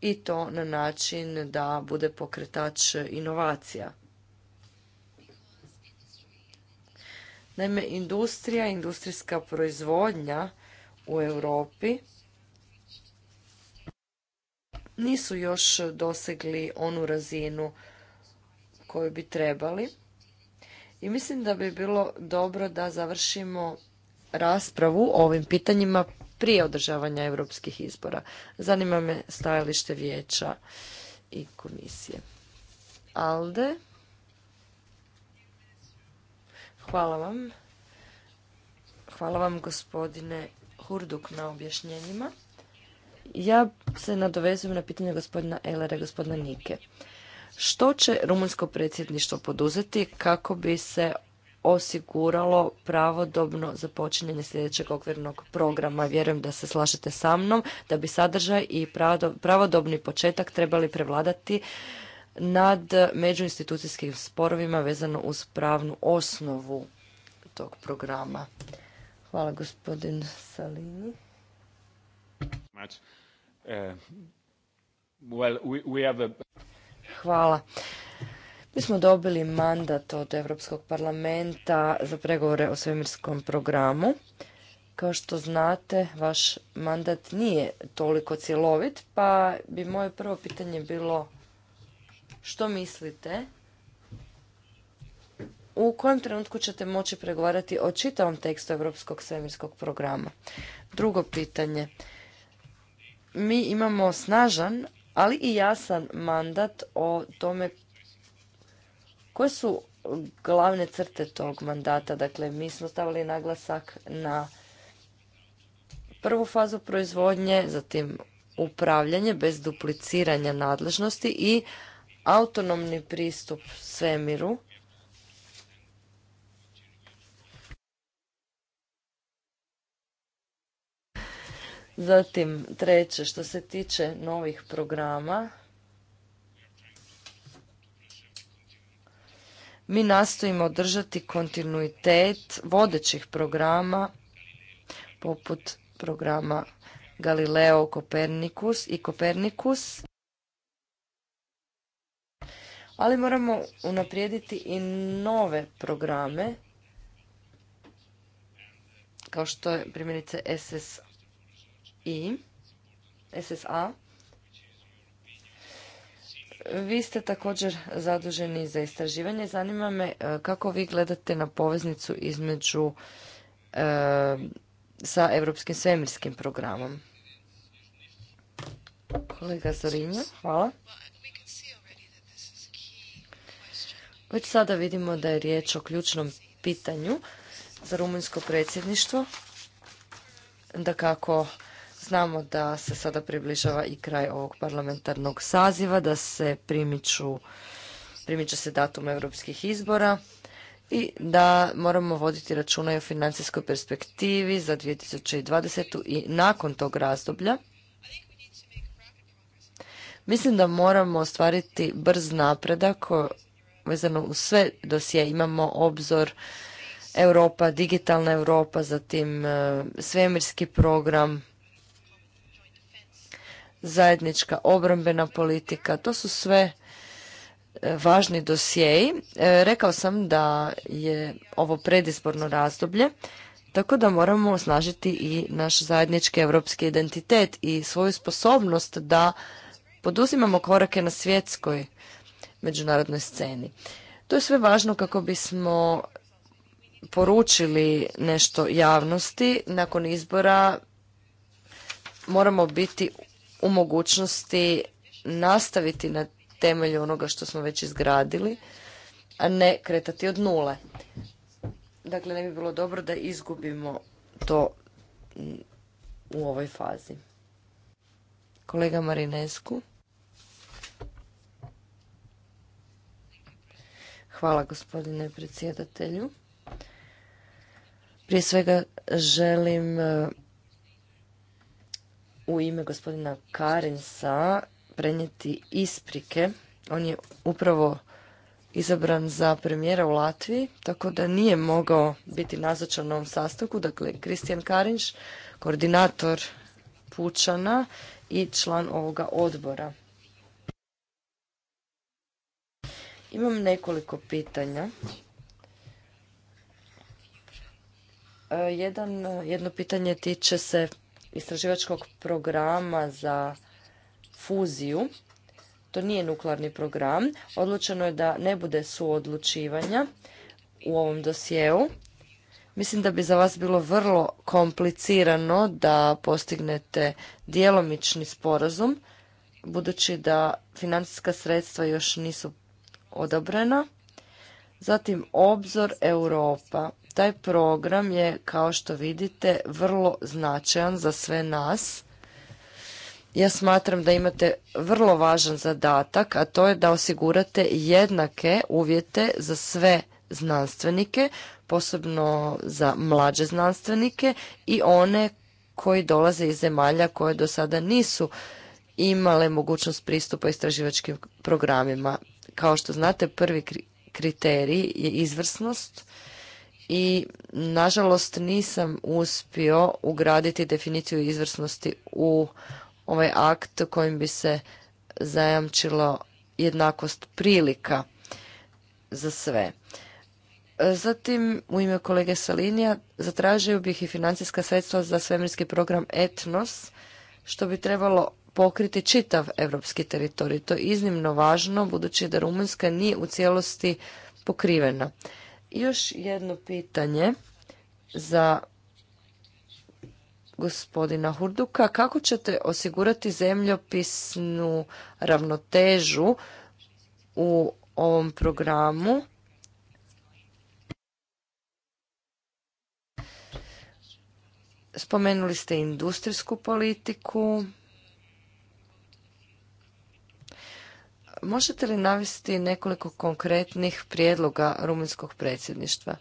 i to na način da bude pokretač inovacija. Naime, industrija, industrijska proizvodnja u Europi nisu još dosegli onu razinu koju bi trebali. I mislim da bi bilo dobro da završimo raspravu o ovim pitanjima prije održavanja europskih izbora. Zanima me stajalište vijeća i komisije. Alde. Hvala vam. Hvala vam gospodine Hurduk na objašnjenjima. Ja se nadovezujem na pitanje gospodina Elera i gospodina Nike. Što će rumunjsko predsjedništvo poduzeti kako bi se osiguralo pravodobno započinjanje sljedećeg okvirnog programa. Vjerujem da se slažete sa mnom da bi sadržaj i pravodobni početak trebali prevladati nad međuinstitucijskim sporovima vezano uz pravnu osnovu tog programa. Hvala gospodin Salini. Eh, Hvala. Mi smo dobili mandat od Europskog parlamenta za pregovore o svemirskom programu. Kao što znate, vaš mandat nije toliko cjelovit, pa bi moje prvo pitanje bilo što mislite u kojem trenutku ćete moći pregovarati o čitavom tekstu Europskog svemirskog programa? Drugo pitanje, mi imamo snažan, ali i jasan mandat o tome koje su glavne crte tog mandata. Dakle, mi smo stavili naglasak na prvu fazu proizvodnje, zatim upravljanje bez dupliciranja nadležnosti i autonomni pristup svemiru Zatim, treće, što se tiče novih programa, mi nastojimo održati kontinuitet vodećih programa, poput programa Galileo Kopernikus i Kopernikus, ali moramo unaprijediti i nove programe, kao što je primjerice SS i SSA. Vi ste također zaduženi za istraživanje. Zanima me e, kako vi gledate na poveznicu između e, sa Europskim svemirskim programom. Kolega Zorinja, hvala. Već sada vidimo da je riječ o ključnom pitanju za rumunjsko predsjedništvo. Da kako Znamo da se sada približava i kraj ovog parlamentarnog saziva, da se primiču, primiče se datum europskih izbora i da moramo voditi računa i o financijskoj perspektivi za 2020. i nakon tog razdoblja. Mislim da moramo ostvariti brz napredak vezano u sve dosije. Imamo obzor Europa, digitalna Europa, zatim e, svemirski program, zajednička obrambena politika. To su sve e, važni dosjeji. E, rekao sam da je ovo predizborno razdoblje, tako da moramo osnažiti i naš zajednički europski identitet i svoju sposobnost da poduzimamo korake na svjetskoj međunarodnoj sceni. To je sve važno kako bismo poručili nešto javnosti nakon izbora moramo biti u mogućnosti nastaviti na temelju onoga što smo već izgradili, a ne kretati od nule. Dakle, ne bi bilo dobro da izgubimo to u ovoj fazi. Kolega Marinesku. Hvala gospodine predsjedatelju. Prije svega želim u ime gospodina Karinsa prenijeti isprike. On je upravo izabran za premijera u Latviji, tako da nije mogao biti nazočan na ovom sastanku. Dakle, Kristijan Karinš, koordinator Pučana i član ovoga odbora. Imam nekoliko pitanja. E, jedan, jedno pitanje tiče se istraživačkog programa za fuziju, to nije nuklearni program, odlučeno je da ne bude suodlučivanja u ovom dosjeu. Mislim da bi za vas bilo vrlo komplicirano da postignete djelomični sporazum, budući da financijska sredstva još nisu odobrena. Zatim obzor Europa. Taj program je, kao što vidite, vrlo značajan za sve nas. Ja smatram da imate vrlo važan zadatak, a to je da osigurate jednake uvjete za sve znanstvenike, posebno za mlađe znanstvenike i one koji dolaze iz zemalja koje do sada nisu imale mogućnost pristupa istraživačkim programima. Kao što znate, prvi kriterij je izvrsnost, i nažalost nisam uspio ugraditi definiciju izvrsnosti u ovaj akt kojim bi se zajamčilo jednakost prilika za sve. Zatim, u ime kolege Salinija, zatražio bih i financijska sredstva za svemirski program Etnos, što bi trebalo pokriti čitav evropski teritorij. To je iznimno važno, budući da Rumunjska nije u cijelosti pokrivena. Još jedno pitanje za gospodina Hurduka. Kako ćete osigurati zemljopisnu ravnotežu u ovom programu? Spomenuli ste industrijsku politiku, Možete li navesti nekoliko konkretnih prijedloga rumunjskog predsjedništva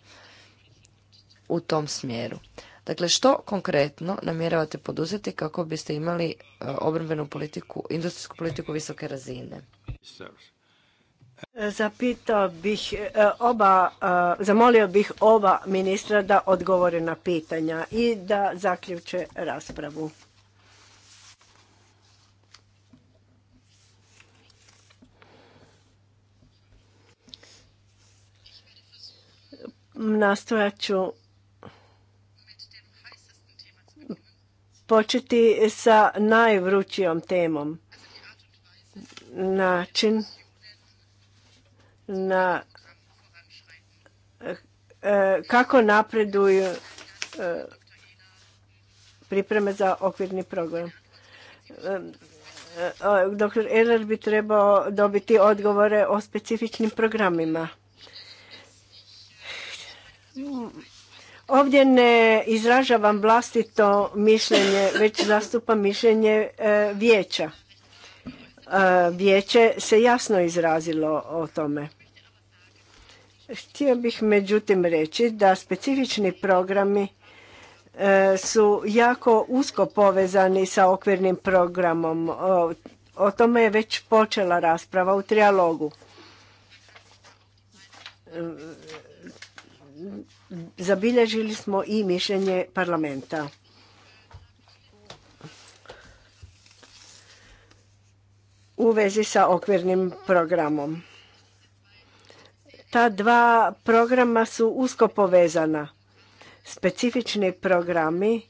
u tom smjeru? Dakle, što konkretno namjeravate poduzeti kako biste imali e, obrambenu politiku, industrijsku politiku visoke razine? Zapitao bih e, oba, e, zamolio bih oba ministra da odgovore na pitanja i da zaključe raspravu. Nastojat ću početi sa najvrućijom temom. Način na eh, kako napreduju eh, pripreme za okvirni program. Eh, Dr. Eler bi trebao dobiti odgovore o specifičnim programima. Ovdje ne izražavam vlastito mišljenje, već zastupam mišljenje e, vijeća. E, vijeće se jasno izrazilo o tome. Htio bih međutim reći da specifični programi e, su jako usko povezani sa okvirnim programom. O, o tome je već počela rasprava u trialogu zabilježili smo i mišljenje parlamenta. u vezi sa okvirnim programom. Ta dva programa su usko povezana. Specifični programi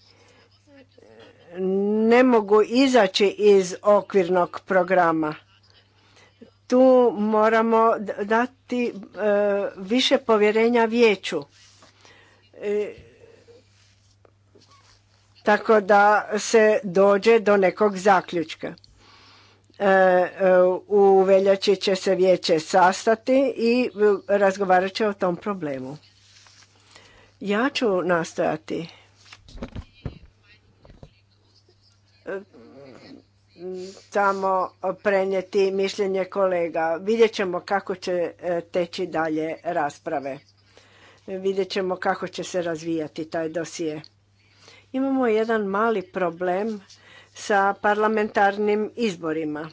ne mogu izaći iz okvirnog programa tu moramo dati e, više povjerenja vijeću. E, tako da se dođe do nekog zaključka. E, u veljači će se vijeće sastati i razgovarat će o tom problemu. Ja ću nastojati tamo prenijeti mišljenje kolega. Vidjet ćemo kako će e, teći dalje rasprave. Vidjet ćemo kako će se razvijati taj dosije. Imamo jedan mali problem sa parlamentarnim izborima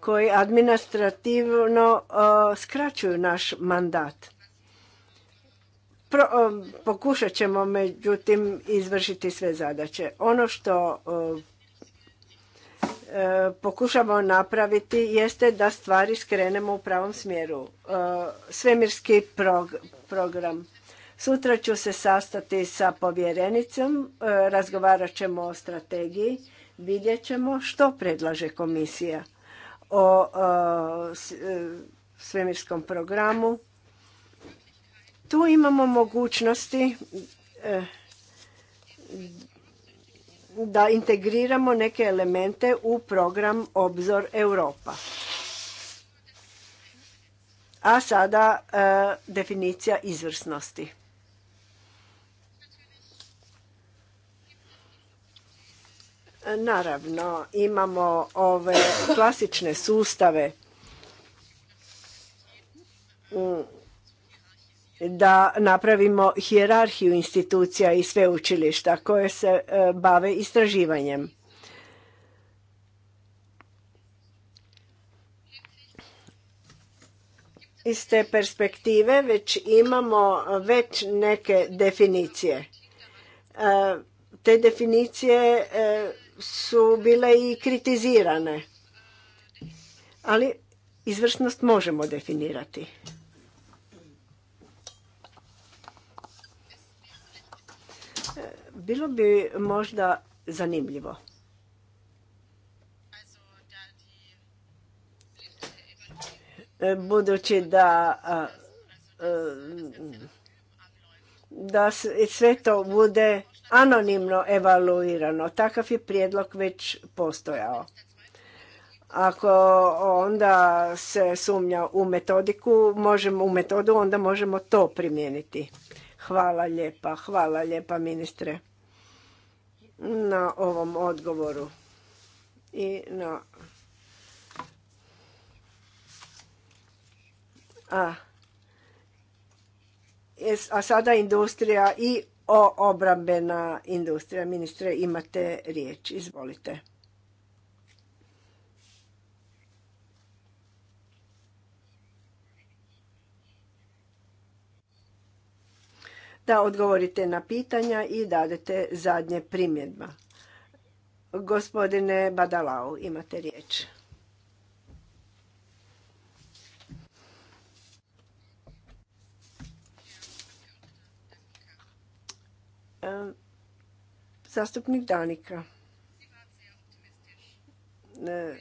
koji administrativno e, skraćuju naš mandat pokušat ćemo međutim izvršiti sve zadaće. Ono što e, pokušamo napraviti jeste da stvari skrenemo u pravom smjeru. E, svemirski program. Sutra ću se sastati sa povjerenicom, e, razgovarat ćemo o strategiji, vidjet ćemo što predlaže komisija o svemirskom programu tu imamo mogućnosti e, da integriramo neke elemente u program Obzor Europa. A sada e, definicija izvrsnosti. Naravno, imamo ove klasične sustave u da napravimo hijerarhiju institucija i sveučilišta koje se e, bave istraživanjem. Iz te perspektive već imamo već neke definicije. E, te definicije e, su bile i kritizirane. Ali izvršnost možemo definirati. Bilo bi možda zanimljivo. E, budući da e, da sve to bude anonimno evaluirano. Takav je prijedlog već postojao. Ako onda se sumnja u metodiku, možemo, u metodu, onda možemo to primijeniti. Hvala lijepa, hvala lijepa ministre na ovom odgovoru i na a, a sada industrija i obrambena industrija. Ministre, imate riječ. Izvolite. da odgovorite na pitanja i dadete zadnje primjedba. Gospodine Badalau, imate riječ. E, zastupnik Danika. E,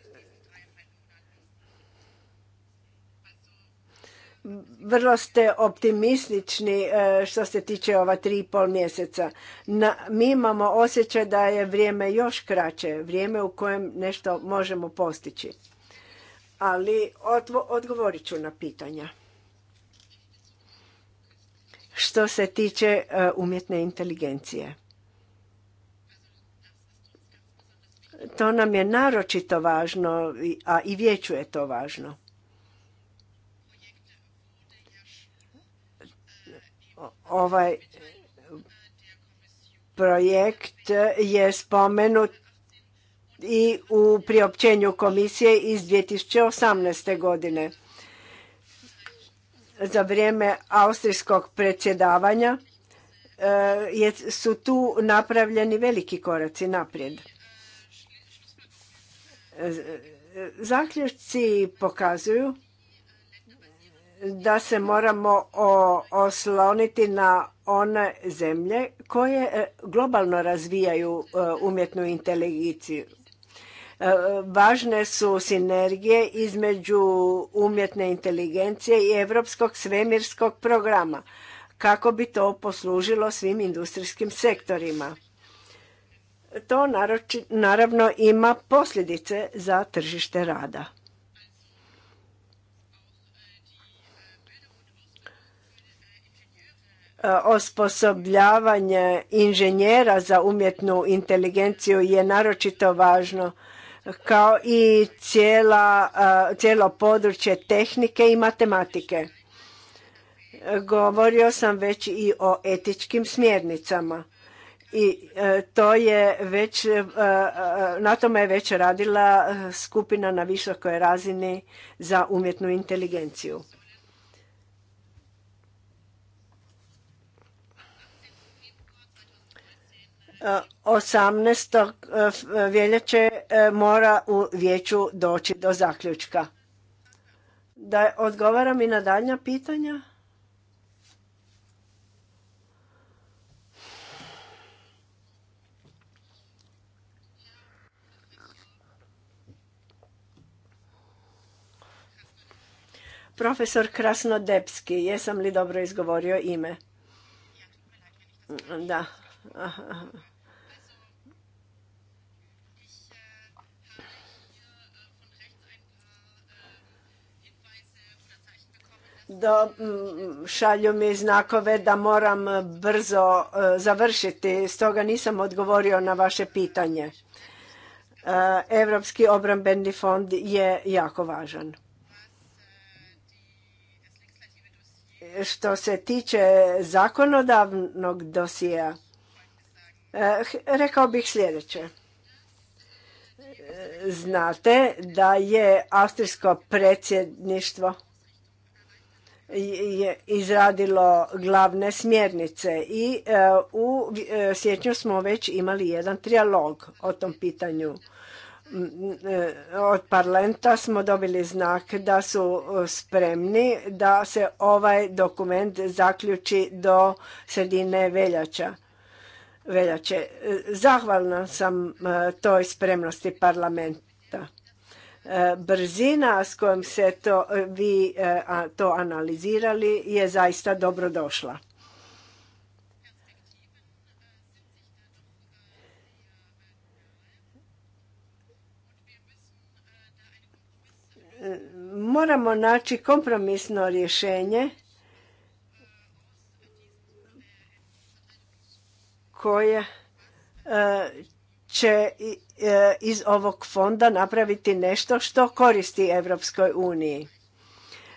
vrlo ste optimistični e, što se tiče ova tri i pol mjeseca. mi imamo osjećaj da je vrijeme još kraće, vrijeme u kojem nešto možemo postići. Ali otvo, odgovorit ću na pitanja. Što se tiče e, umjetne inteligencije. To nam je naročito važno, a i vijeću je to važno Ovaj projekt je spomenut i u priopćenju komisije iz 2018. godine. Za vrijeme austrijskog predsjedavanja e, su tu napravljeni veliki koraci naprijed. E, e, zaključci pokazuju da se moramo osloniti na one zemlje koje e, globalno razvijaju e, umjetnu inteligenciju. E, važne su sinergije između umjetne inteligencije i Europskog svemirskog programa kako bi to poslužilo svim industrijskim sektorima. To naravno ima posljedice za tržište rada. osposobljavanje inženjera za umjetnu inteligenciju je naročito važno kao i cijela, cijelo područje tehnike i matematike. Govorio sam već i o etičkim smjernicama i e, to je već, e, na tome je već radila skupina na visokoj razini za umjetnu inteligenciju. 18. Eh, veljače eh, mora u vijeću doći do zaključka. Da odgovaram i na daljnja pitanja. Profesor Krasnodepski, jesam li dobro izgovorio ime? Da. da mm, šalju mi znakove da moram brzo e, završiti, stoga nisam odgovorio na vaše pitanje. Europski obrambeni fond je jako važan. Što se tiče zakonodavnog dosija, e, rekao bih sljedeće. E, znate da je austrijsko predsjedništvo je izradilo glavne smjernice i e, u e, siječnju smo već imali jedan trijalog o tom pitanju. E, od parlamenta smo dobili znak da su spremni da se ovaj dokument zaključi do sredine veljača. veljače. Zahvalna sam toj spremnosti parlamenta. E, brzina s kojom se to, e, vi e, to analizirali je zaista dobro došla. Moramo naći kompromisno rješenje koje će E, iz ovog fonda napraviti nešto što koristi Europskoj uniji.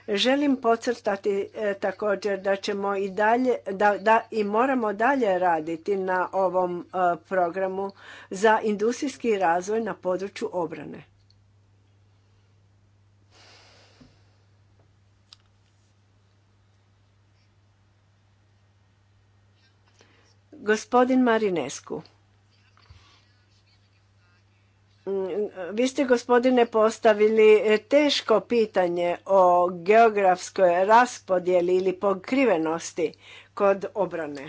Želim podcrtati e, također da ćemo i dalje, da, i moramo dalje raditi na ovom e, programu za industrijski razvoj na području obrane. Gospodin Marinesku. Vi ste gospodine postavili e, teško pitanje o geografskoj raspodjeli ili pokrivenosti kod obrane.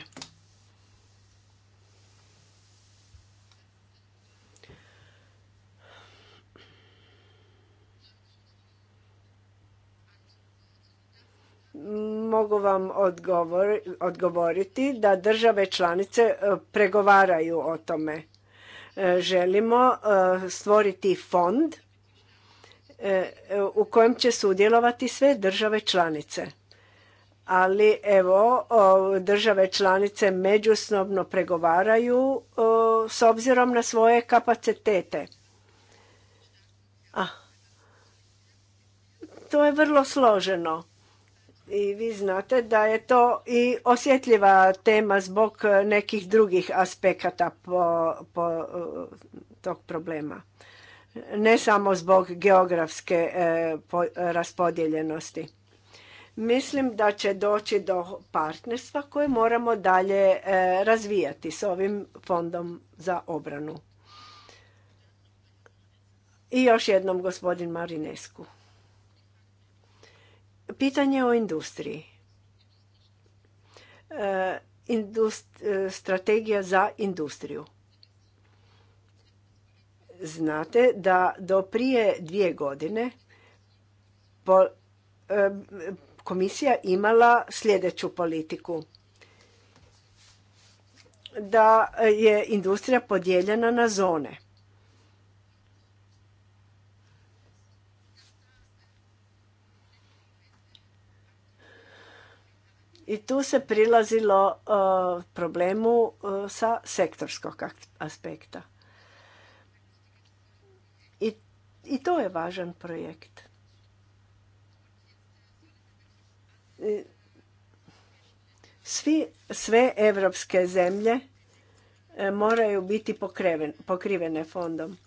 mogu vam odgovoriti da države članice e, pregovaraju o tome Želimo e, stvoriti fond e, u kojem će sudjelovati sve države članice. Ali evo, države članice međusobno pregovaraju s obzirom na svoje kapacitete. to je vrlo složeno i vi znate da je to i osjetljiva tema zbog nekih drugih aspekata po, po eh, tog problema. Ne samo zbog geografske e, eh, raspodjeljenosti. Mislim da će doći do partnerstva koje moramo dalje eh, razvijati s ovim fondom za obranu. I još jednom gospodin Marinesku. Pitanje o industriji. E, e, strategija za industriju. Znate da do prije dvije godine po, e, komisija imala sljedeću politiku. Da je industrija podijeljena na zone. I tu se prilazilo e, problemu e, sa sektorskog aspekta. I, to je važan projekt. E, sve evropske zemlje moraju biti pokrivene fondom.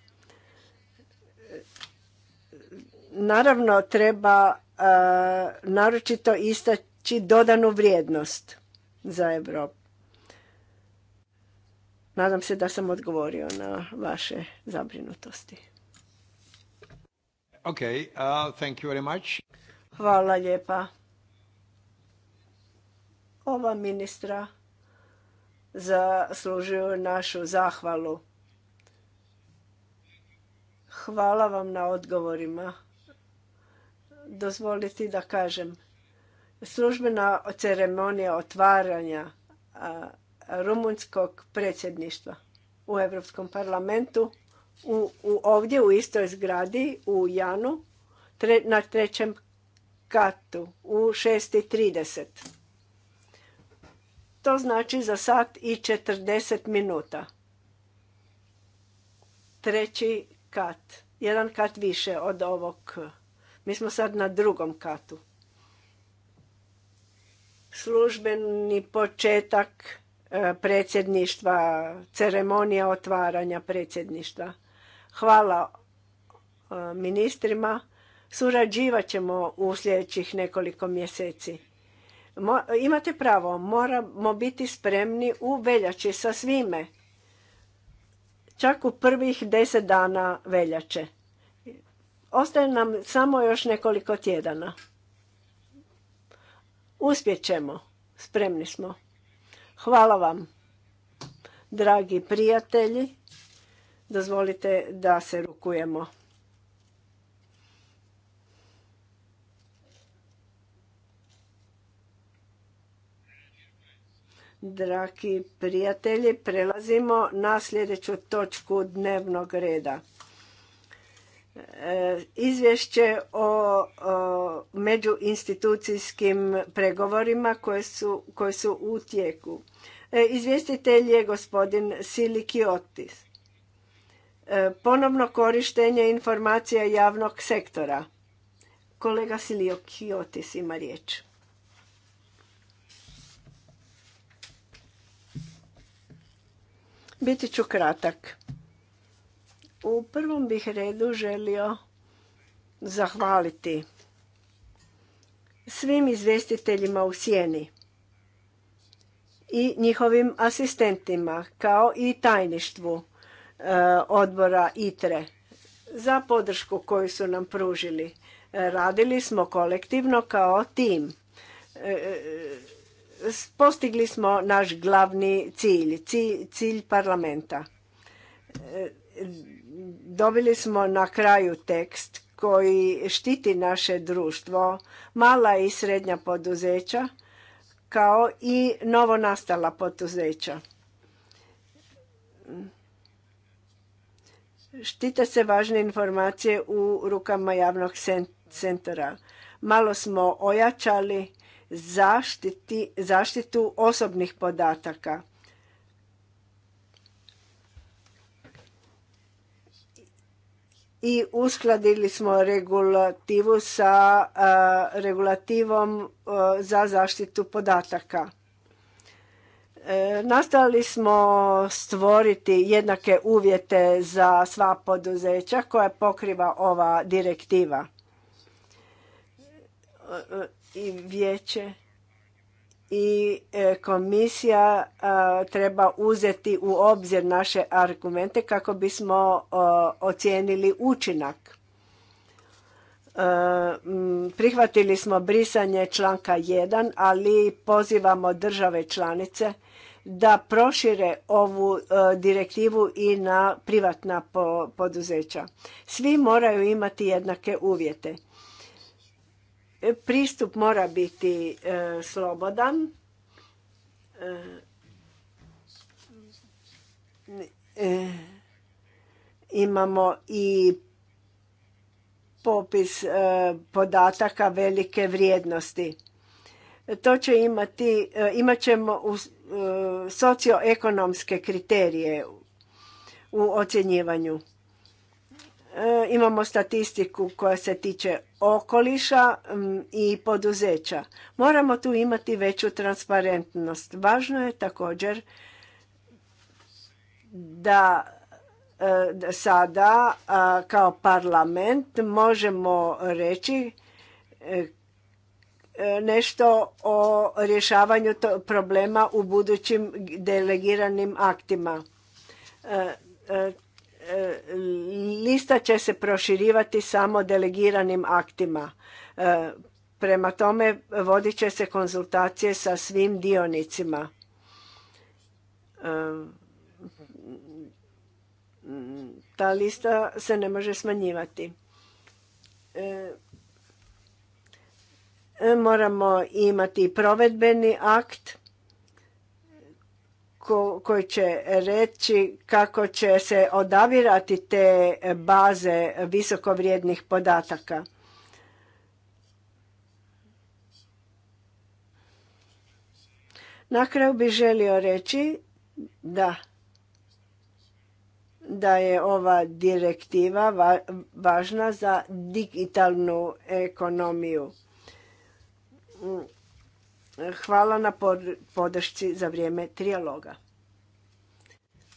Naravno, treba naročito znači dodanu vrijednost za Europu. Nadam se da sam odgovorio na vaše zabrinutosti. Okay, uh, thank you very much. Hvala lijepa. Ova ministra zaslužuju našu zahvalu. Hvala vam na odgovorima. Dozvolite da kažem službena ceremonija otvaranja rumunjskog predsjedništva u Europskom parlamentu u, ovdje u istoj zgradi u Janu na trećem katu u 6.30. To znači za sat i 40 minuta. Treći kat. Jedan kat više od ovog. Mi smo sad na drugom katu službeni početak e, predsjedništva, ceremonija otvaranja predsjedništva. Hvala e, ministrima. Surađivat ćemo u sljedećih nekoliko mjeseci. imate pravo, moramo biti spremni u veljači sa svime. Čak u prvih deset dana veljače. Ostaje nam samo još nekoliko tjedana ćemo. Spremni smo. Hvala vam, dragi prijatelji. Dozvolite da se rukujemo. Dragi prijatelji, prelazimo na sljedeću točku dnevnog reda izvješće o, međuinstitucijskim pregovorima koje su, u tijeku. E, izvjestitelj je gospodin Sili e, Ponovno korištenje informacija javnog sektora. Kolega Silio Kiotis ima riječ. Biti ću kratak. U prvom bih redu želio zahvaliti svim izvjestiteljima u sjeni i njihovim asistentima kao i tajništvu e, odbora ITRE za podršku koju su nam pružili. E, radili smo kolektivno kao tim. E, postigli smo naš glavni cilj, cilj parlamenta dobili smo na kraju tekst koji štiti naše društvo, mala i srednja poduzeća, kao i novo nastala poduzeća. Štite se važne informacije u rukama javnog centra. Malo smo ojačali zaštiti, zaštitu osobnih podataka i uskladili smo regulativu sa regulativom za zaštitu podataka. E, Nastavili smo stvoriti jednake uvjete za sva poduzeća koja pokriva ova direktiva e, e, i vijeće i e, komisija treba uzeti u obzir naše argumente kako bismo ocijenili učinak. E, prihvatili smo brisanje članka 1, ali pozivamo države članice da prošire ovu e, direktivu i na privatna poduzeća. Svi moraju imati jednake uvjete Pristup mora biti e, slobodan. E, e, imamo i popis podataka velike vrijednosti. To će imati, imat ćemo socioekonomske kriterije u ocjenjivanju. E, imamo statistiku koja se tiče okoliša i poduzeća. Moramo tu imati veću transparentnost. Važno je također da e, sada kao parlament možemo reći e, nešto o rješavanju problema u budućim delegiranim aktima lista će se proširivati samo delegiranim aktima. E, prema tome vodit će se konzultacije sa svim dionicima. E, ta lista se ne može smanjivati. E, moramo imati provedbeni akt ko, koji će reći kako će se odabirati te baze visokovrijednih podataka. Na kraju bih želio reći da da je ova direktiva važna za digitalnu ekonomiju Hvala na podršci za vrijeme trijaloga.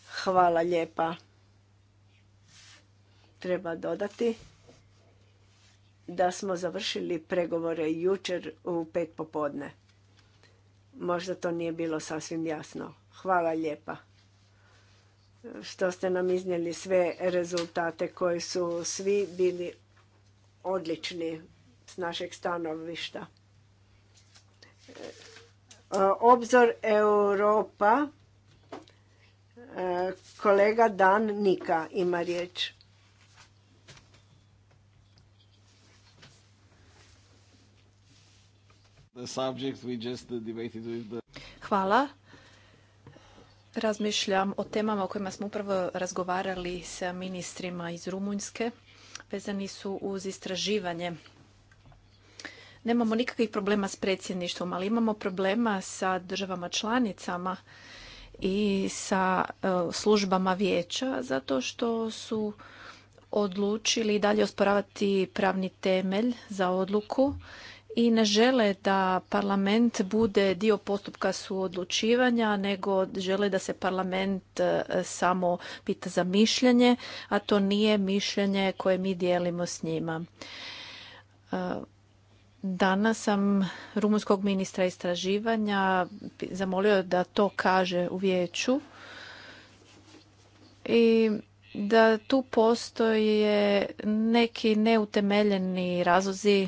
Hvala lijepa. Treba dodati da smo završili pregovore jučer u pet popodne. Možda to nije bilo sasvim jasno. Hvala lijepa što ste nam iznijeli sve rezultate koji su svi bili odlični s našeg stanovišta. E, obzor Europa, e, kolega Dan Nika ima riječ. Hvala. Razmišljam o temama o kojima smo upravo razgovarali sa ministrima iz Rumunjske. Vezani su uz istraživanje nemamo nikakvih problema s predsjedništvom, ali imamo problema sa državama članicama i sa e, službama vijeća zato što su odlučili dalje osporavati pravni temelj za odluku i ne žele da parlament bude dio postupka suodlučivanja, nego žele da se parlament e, samo pita za mišljenje, a to nije mišljenje koje mi dijelimo s njima. E, Danas sam rumunskog ministra istraživanja zamolio da to kaže u vijeću i da tu postoje neki neutemeljeni razlozi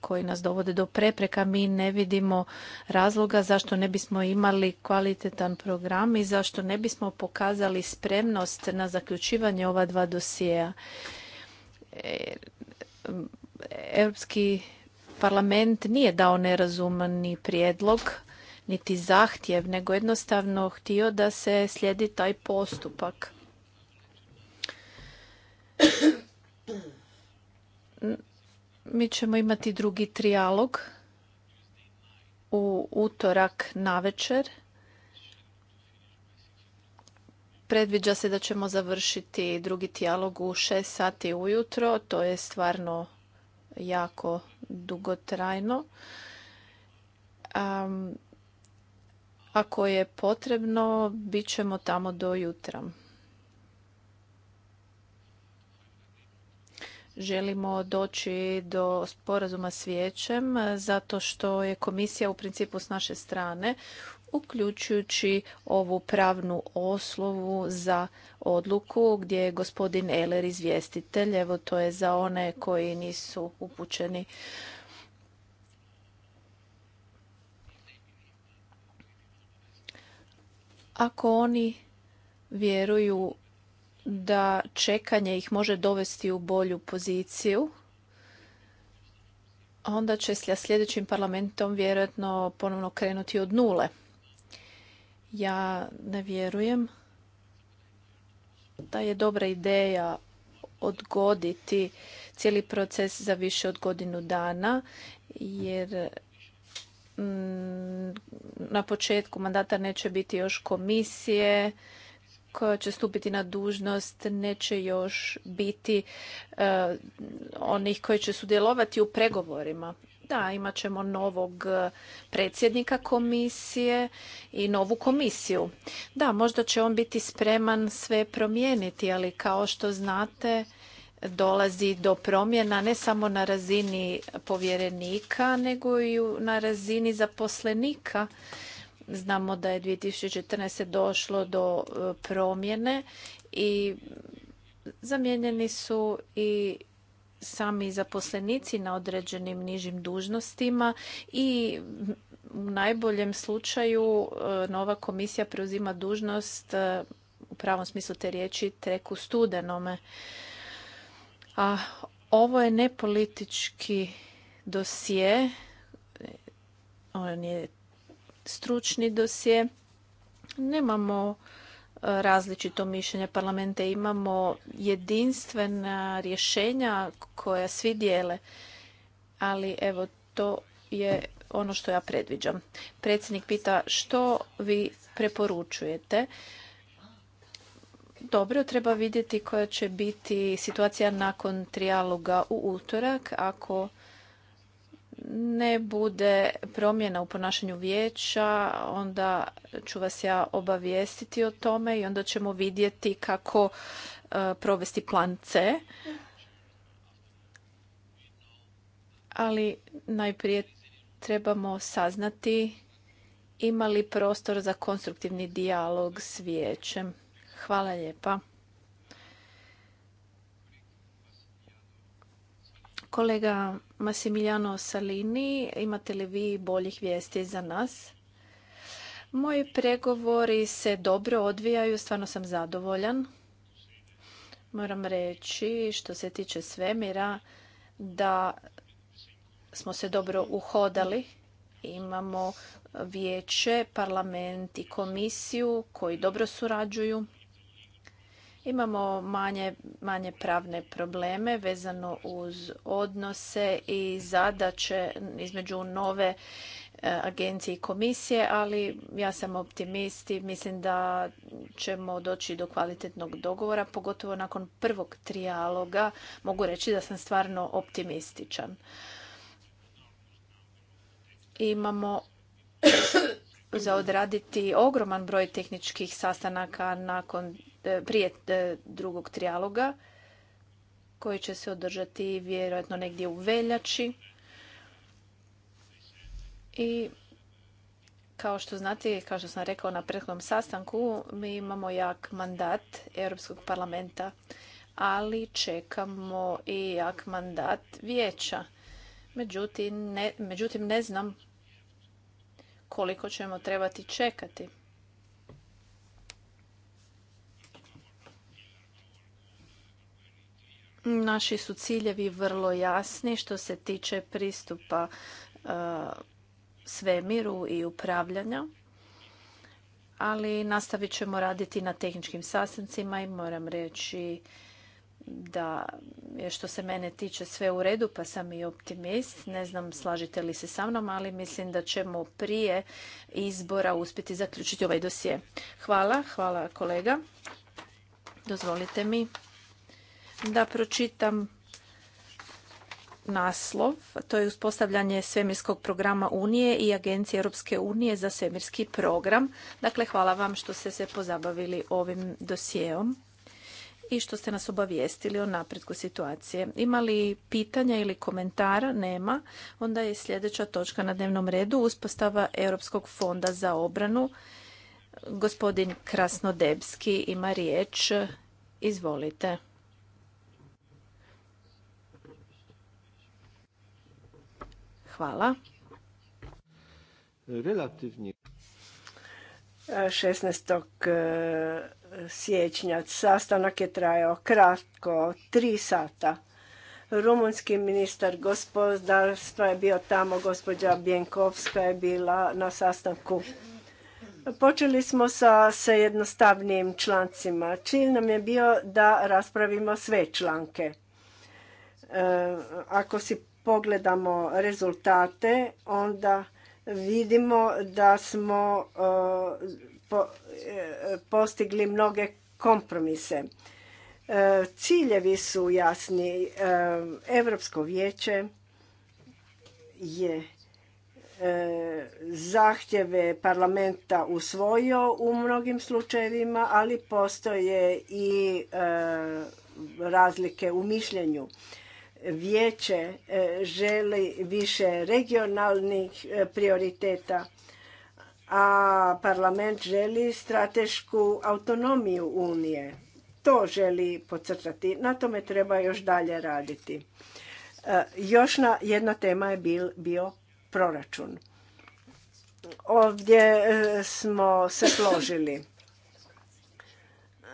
koji nas dovode do prepreka. Mi ne vidimo razloga zašto ne bismo imali kvalitetan program i zašto ne bismo pokazali spremnost na zaključivanje ova dva dosijeja. E, Europski parlament nije dao nerazumani prijedlog niti zahtjev, nego jednostavno htio da se slijedi taj postupak. Mi ćemo imati drugi trijalog u utorak večer. Predviđa se da ćemo završiti drugi dijalog u 6 sati ujutro. To je stvarno jako dugotrajno. Ako je potrebno, bit ćemo tamo do jutra. želimo doći do sporazuma s vijećem zato što je komisija u principu s naše strane uključujući ovu pravnu oslovu za odluku gdje je gospodin Eler izvjestitelj. Evo to je za one koji nisu upućeni. Ako oni vjeruju da čekanje ih može dovesti u bolju poziciju, onda će sljedećim parlamentom vjerojatno ponovno krenuti od nule. Ja ne vjerujem da je dobra ideja odgoditi cijeli proces za više od godinu dana, jer mm, na početku mandata neće biti još komisije koja će stupiti na dužnost, neće još biti eh, onih koji će sudjelovati u pregovorima. Da, imat ćemo novog e, predsjednika komisije i novu komisiju. Da, možda će on biti spreman sve promijeniti, ali kao što znate dolazi do promjena ne samo na razini povjerenika, nego i na razini zaposlenika. Znamo da je 2014. došlo do e, promjene i zamijenjeni su i sami zaposlenici na određenim nižim dužnostima i u najboljem slučaju e, nova komisija preuzima dužnost e, u pravom smislu te riječi treku studenome. A ovo je nepolitički dosje, on je stručni dosje. Nemamo različito mišljenje parlamenta. Imamo jedinstvena rješenja koja svi dijele, ali evo to je ono što ja predviđam. Predsjednik pita što vi preporučujete. Dobro, treba vidjeti koja će biti situacija nakon trijaloga u utorak. Ako ne bude promjena u ponašanju vijeća, onda ću vas ja obavijestiti o tome i onda ćemo vidjeti kako e, provesti plan C. Ali najprije trebamo saznati ima li prostor za konstruktivni dijalog s vijećem. Hvala lijepa. Kolega Massimiliano Salini, imate li vi boljih vijesti za nas? Moji pregovori se dobro odvijaju, stvarno sam zadovoljan. Moram reći što se tiče svemira da smo se dobro uhodali. Imamo vijeće, parlament i komisiju koji dobro surađuju. Imamo manje, pravne probleme vezano uz odnose i zadaće između nove e, agencije i komisije, ali ja sam optimist i mislim da ćemo doći do kvalitetnog dogovora, pogotovo nakon prvog trijaloga. Mogu reći da sam stvarno optimističan. Imamo za odraditi ogroman broj tehničkih sastanaka nakon E, prije e, drugog trijaloga koji će se održati vjerojatno negdje u veljači. I kao što znate, kao što sam rekao na prethodnom sastanku, mi imamo jak mandat Europskog parlamenta, ali čekamo i jak mandat vijeća. Međutim međutim, ne znam koliko ćemo trebati čekati. Naši su ciljevi vrlo jasni što se tiče pristupa e, svemiru i upravljanja, ali nastavit ćemo raditi na tehničkim sastancima i moram reći da je što se mene tiče sve u redu, pa sam i optimist. Ne znam slažite li se sa mnom, ali mislim da ćemo prije izbora uspjeti zaključiti ovaj dosje. Hvala, hvala kolega. Dozvolite mi da pročitam naslov. To je uspostavljanje svemirskog programa Unije i Agencije Europske unije za svemirski program. Dakle, hvala vam što ste se pozabavili ovim dosijeom i što ste nas obavijestili o napretku situacije. Ima li pitanja ili komentara? Nema. Onda je sljedeća točka na dnevnom redu uspostava Europskog fonda za obranu. Gospodin Krasnodebski ima riječ. Izvolite. Hvala. Relativni. 16. E, e, siječnja sastanak je trajao kratko, tri sata. Rumunski ministar gospodarstva je bio tamo, gospođa Bjenkovska je bila na sastanku. Počeli smo sa, sa jednostavnijim člancima. cilj nam je bio da raspravimo sve članke. E, ako si pogledamo rezultate, onda vidimo da smo e, e, postigli mnoge kompromise. E, ciljevi su jasni. Europsko vijeće je zahtjeve parlamenta usvojio u mnogim slučajevima, ali postoje i razlike u mišljenju vijeće e, želi više regionalnih e, prioriteta, a parlament želi stratešku autonomiju Unije. To želi podcrtati. Na tome treba još dalje raditi. E, još jedna tema je bil, bio proračun. Ovdje smo se složili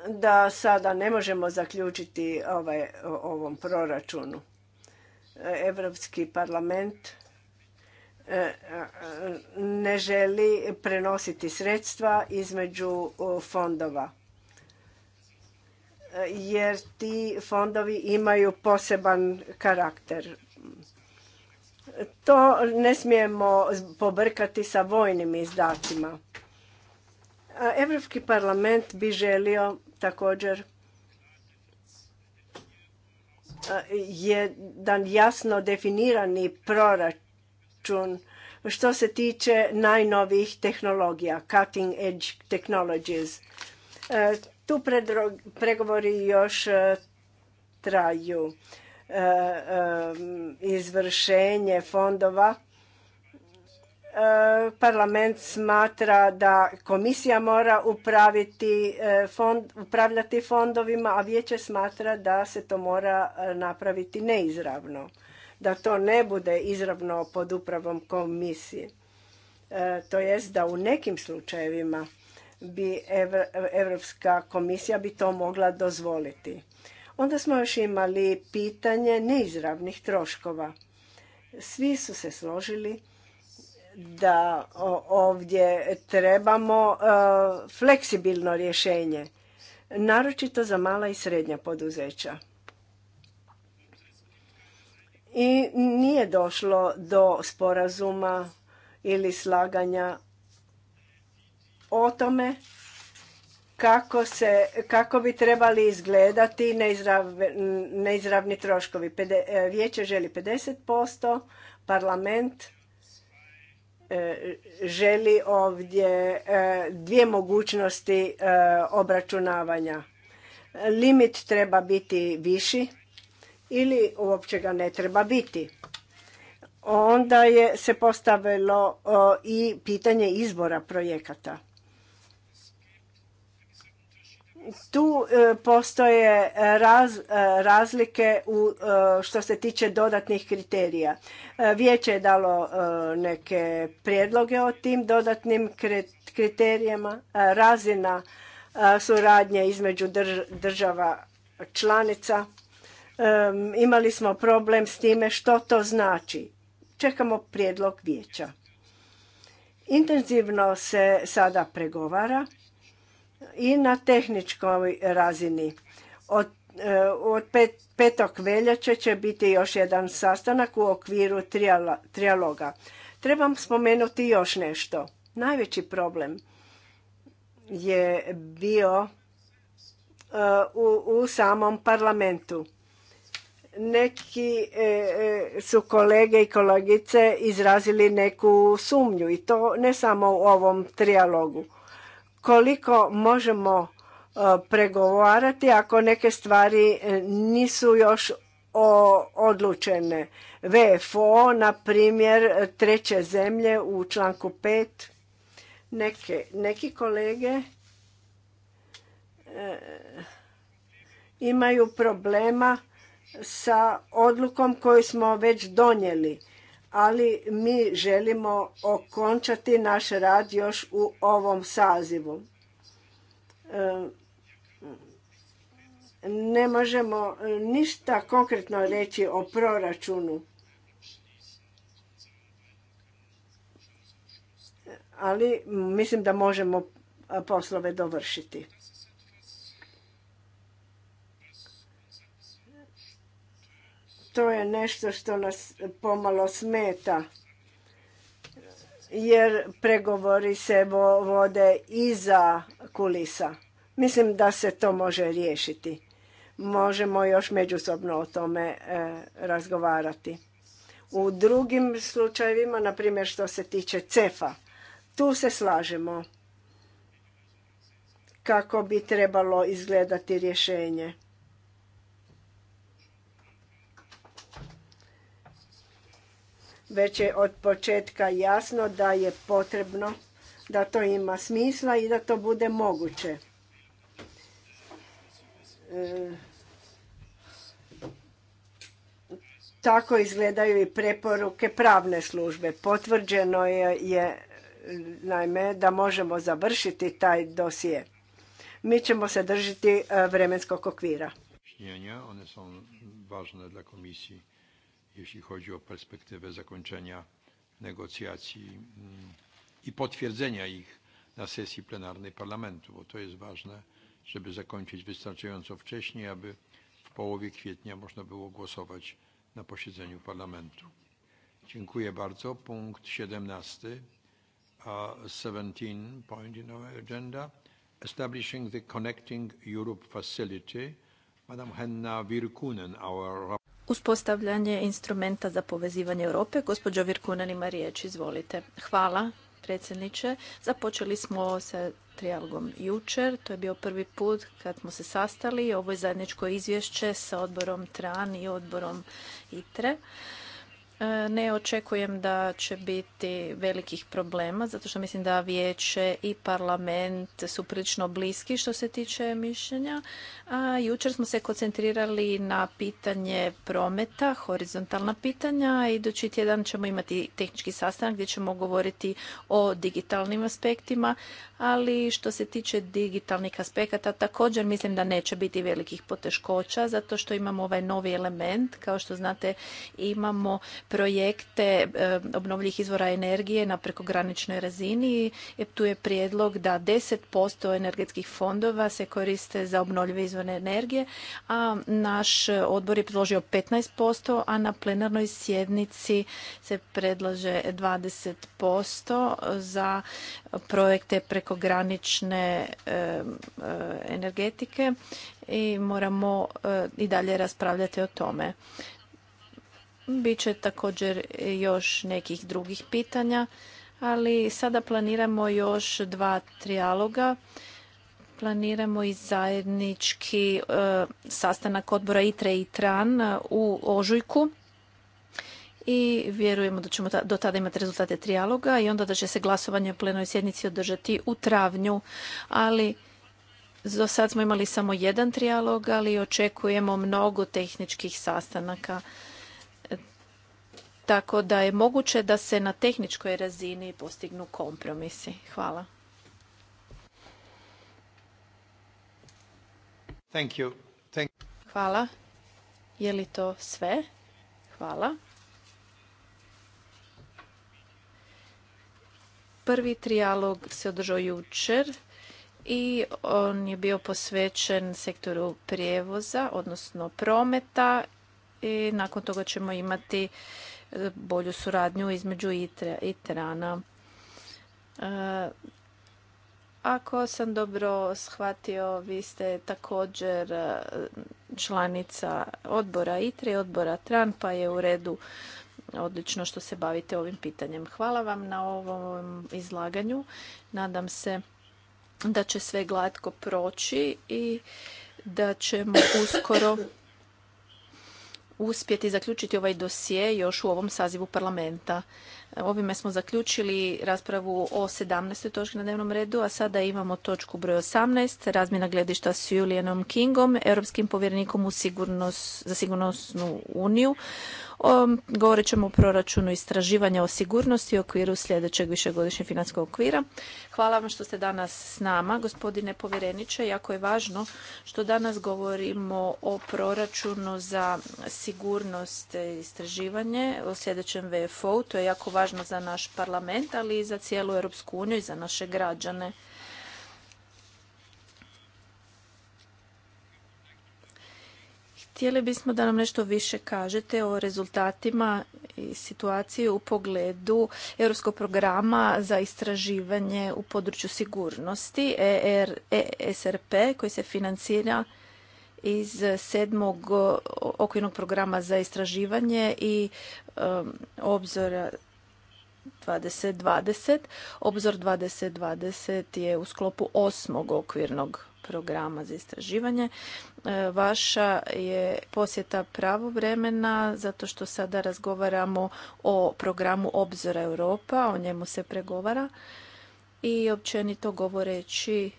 da sada ne možemo zaključiti ovaj, ovom proračunu Europski parlament e, e, ne želi prenositi sredstva između fondova e, jer ti fondovi imaju poseban karakter. To ne smijemo pobrkati sa vojnim izdacima. Europski parlament bi želio također jedan jasno definirani proračun što se tiče najnovijih tehnologija, cutting edge technologies. E, tu pregovori još e, traju. E, izvršenje fondova E, parlament smatra da komisija mora upraviti e, upravljati fondovima, a vijeće smatra da se to mora e, napraviti neizravno, da to ne bude izravno pod upravom komisije. To jest da u nekim slučajevima bi Europska komisija bi to mogla dozvoliti. Onda smo još imali pitanje neizravnih troškova. Svi su se složili da ovdje trebamo e, fleksibilno rješenje, naročito za mala i srednja poduzeća. I nije došlo do sporazuma ili slaganja o tome kako, se, kako bi trebali izgledati neizrav, neizravni troškovi. E, vijeće želi 50%, parlament E, želi ovdje e, dvije mogućnosti e, obračunavanja. Limit treba biti viši ili uopće ga ne treba biti. Onda je se postavilo i pitanje izbora projekata tu e, postoje e, e, razlike u što se tiče dodatnih kriterija. Vijeće je dalo neke prijedloge o tim dodatnim kriterijama, razina suradnje između država članica. Imali smo problem s time što to znači. Čekamo prijedlog vijeća. Intenzivno se sada pregovara i na tehničkoj razini. Od, e, od pet, petog veljače će biti još jedan sastanak u okviru trijaloga. Trebam spomenuti još nešto. Najveći problem je bio e, u, u samom parlamentu. Neki e, su kolege i kolegice izrazili neku sumnju i to ne samo u ovom trijalogu koliko možemo e, pregovarati ako neke stvari e, nisu još odlučene. VFO, na primjer, treće zemlje u članku 5. neki kolege e, imaju problema sa odlukom koju smo već donijeli ali mi želimo okončati naš rad još u ovom sazivu. E, ne možemo ništa konkretno reći o proračunu, ali mislim da možemo poslove dovršiti. to je nešto što nas pomalo smeta jer pregovori se vode iza kulisa. Mislim da se to može riješiti. Možemo još međusobno o tome e, razgovarati. U drugim slučajevima, na primjer što se tiče cefa, tu se slažemo kako bi trebalo izgledati rješenje. Već je od početka jasno da je potrebno da to ima smisla i da to bude moguće. E, tako izgledaju i preporuke pravne službe. Potvrđeno je, je naime da možemo završiti taj dosije. Mi ćemo se držati e, vremenskog okvira. One su važne za komisiju jeśli chodzi o perspektywę zakończenia negocjacji mm, i potwierdzenia ich na sesji plenarnej parlamentu, bo to jest ważne, żeby zakończyć wystarczająco wcześniej, aby w połowie kwietnia można było głosować na posiedzeniu parlamentu. Dziękuję bardzo. Punkt 17, uh, 17 point in our agenda, establishing the Connecting Europe Facility. Madam Henna Virkunen, our uspostavljanje instrumenta za povezivanje Europe. Gospođo Virkunen ima riječ, izvolite. Hvala predsjedniče. Započeli smo sa trijalogom jučer. To je bio prvi put kad smo se sastali. Ovo je zajedničko izvješće sa odborom TRAN i odborom ITRE. E, ne očekujem da će biti velikih problema, zato što mislim da vijeće i parlament su prilično bliski što se tiče mišljenja. A jučer smo se koncentrirali na pitanje prometa, horizontalna pitanja. Idući tjedan ćemo imati tehnički sastanak gdje ćemo govoriti o digitalnim aspektima, ali što se tiče digitalnih aspekata također mislim da neće biti velikih poteškoća, zato što imamo ovaj novi element. Kao što znate, imamo projekte e, obnovljivih izvora energije na prekograničnoj razini. E, tu je prijedlog da 10% energetskih fondova se koriste za obnovljive izvore energije, a naš odbor je predložio 15%, a na plenarnoj sjednici se predlaže 20% za projekte prekogranične e, energetike i moramo i dalje raspravljati o tome će također još nekih drugih pitanja, ali sada planiramo još dva trijaloga. Planiramo i zajednički e, sastanak odbora ITRE i TRAN e, u Ožujku i vjerujemo da ćemo do tada imati rezultate trijaloga i onda da će se glasovanje u plenoj sjednici održati u travnju, ali do sad smo imali samo jedan trijalog, ali očekujemo mnogo tehničkih sastanaka tako da je moguće da se na tehničkoj razini postignu kompromisi. Hvala. Hvala. Je li to sve? Hvala. Prvi trijalog se održao jučer i on je bio posvećen sektoru prijevoza, odnosno prometa i nakon toga ćemo imati bolju suradnju između ITRE i TRANA. E, ako sam dobro shvatio, vi ste također e, članica odbora ITRE i odbora TRAN, pa je u redu odlično što se bavite ovim pitanjem. Hvala vam na ovom izlaganju. Nadam se da će sve glatko proći i da ćemo uskoro uspjeti zaključiti ovaj dosije još u ovom sazivu parlamenta. Ovime smo zaključili raspravu o 17. točki na dnevnom redu, a sada imamo točku broj 18, razmjena gledišta s Julianom Kingom, europskim povjerenikom u za sigurnosnu uniju govorit ćemo o proračunu istraživanja o sigurnosti u okviru sljedećeg višegodišnjeg financijskog okvira. Hvala vam što ste danas s nama, gospodine povjereniče. Jako je važno što danas govorimo o proračunu za sigurnost i istraživanje o sljedećem VFO-u. To je jako važno za naš parlament, ali i za cijelu Europsku uniju i za naše građane. Htjeli bismo da nam nešto više kažete o rezultatima i situaciji u pogledu Europskog programa za istraživanje u području sigurnosti ER, ESRP koji se financira iz sedmog okvirnog programa za istraživanje i um, obzora 2020. Obzor 2020 je u sklopu osmog okvirnog programa za istraživanje. E, vaša je posjeta pravovremena zato što sada razgovaramo o programu Obzora Europa, o njemu se pregovara i općenito govoreći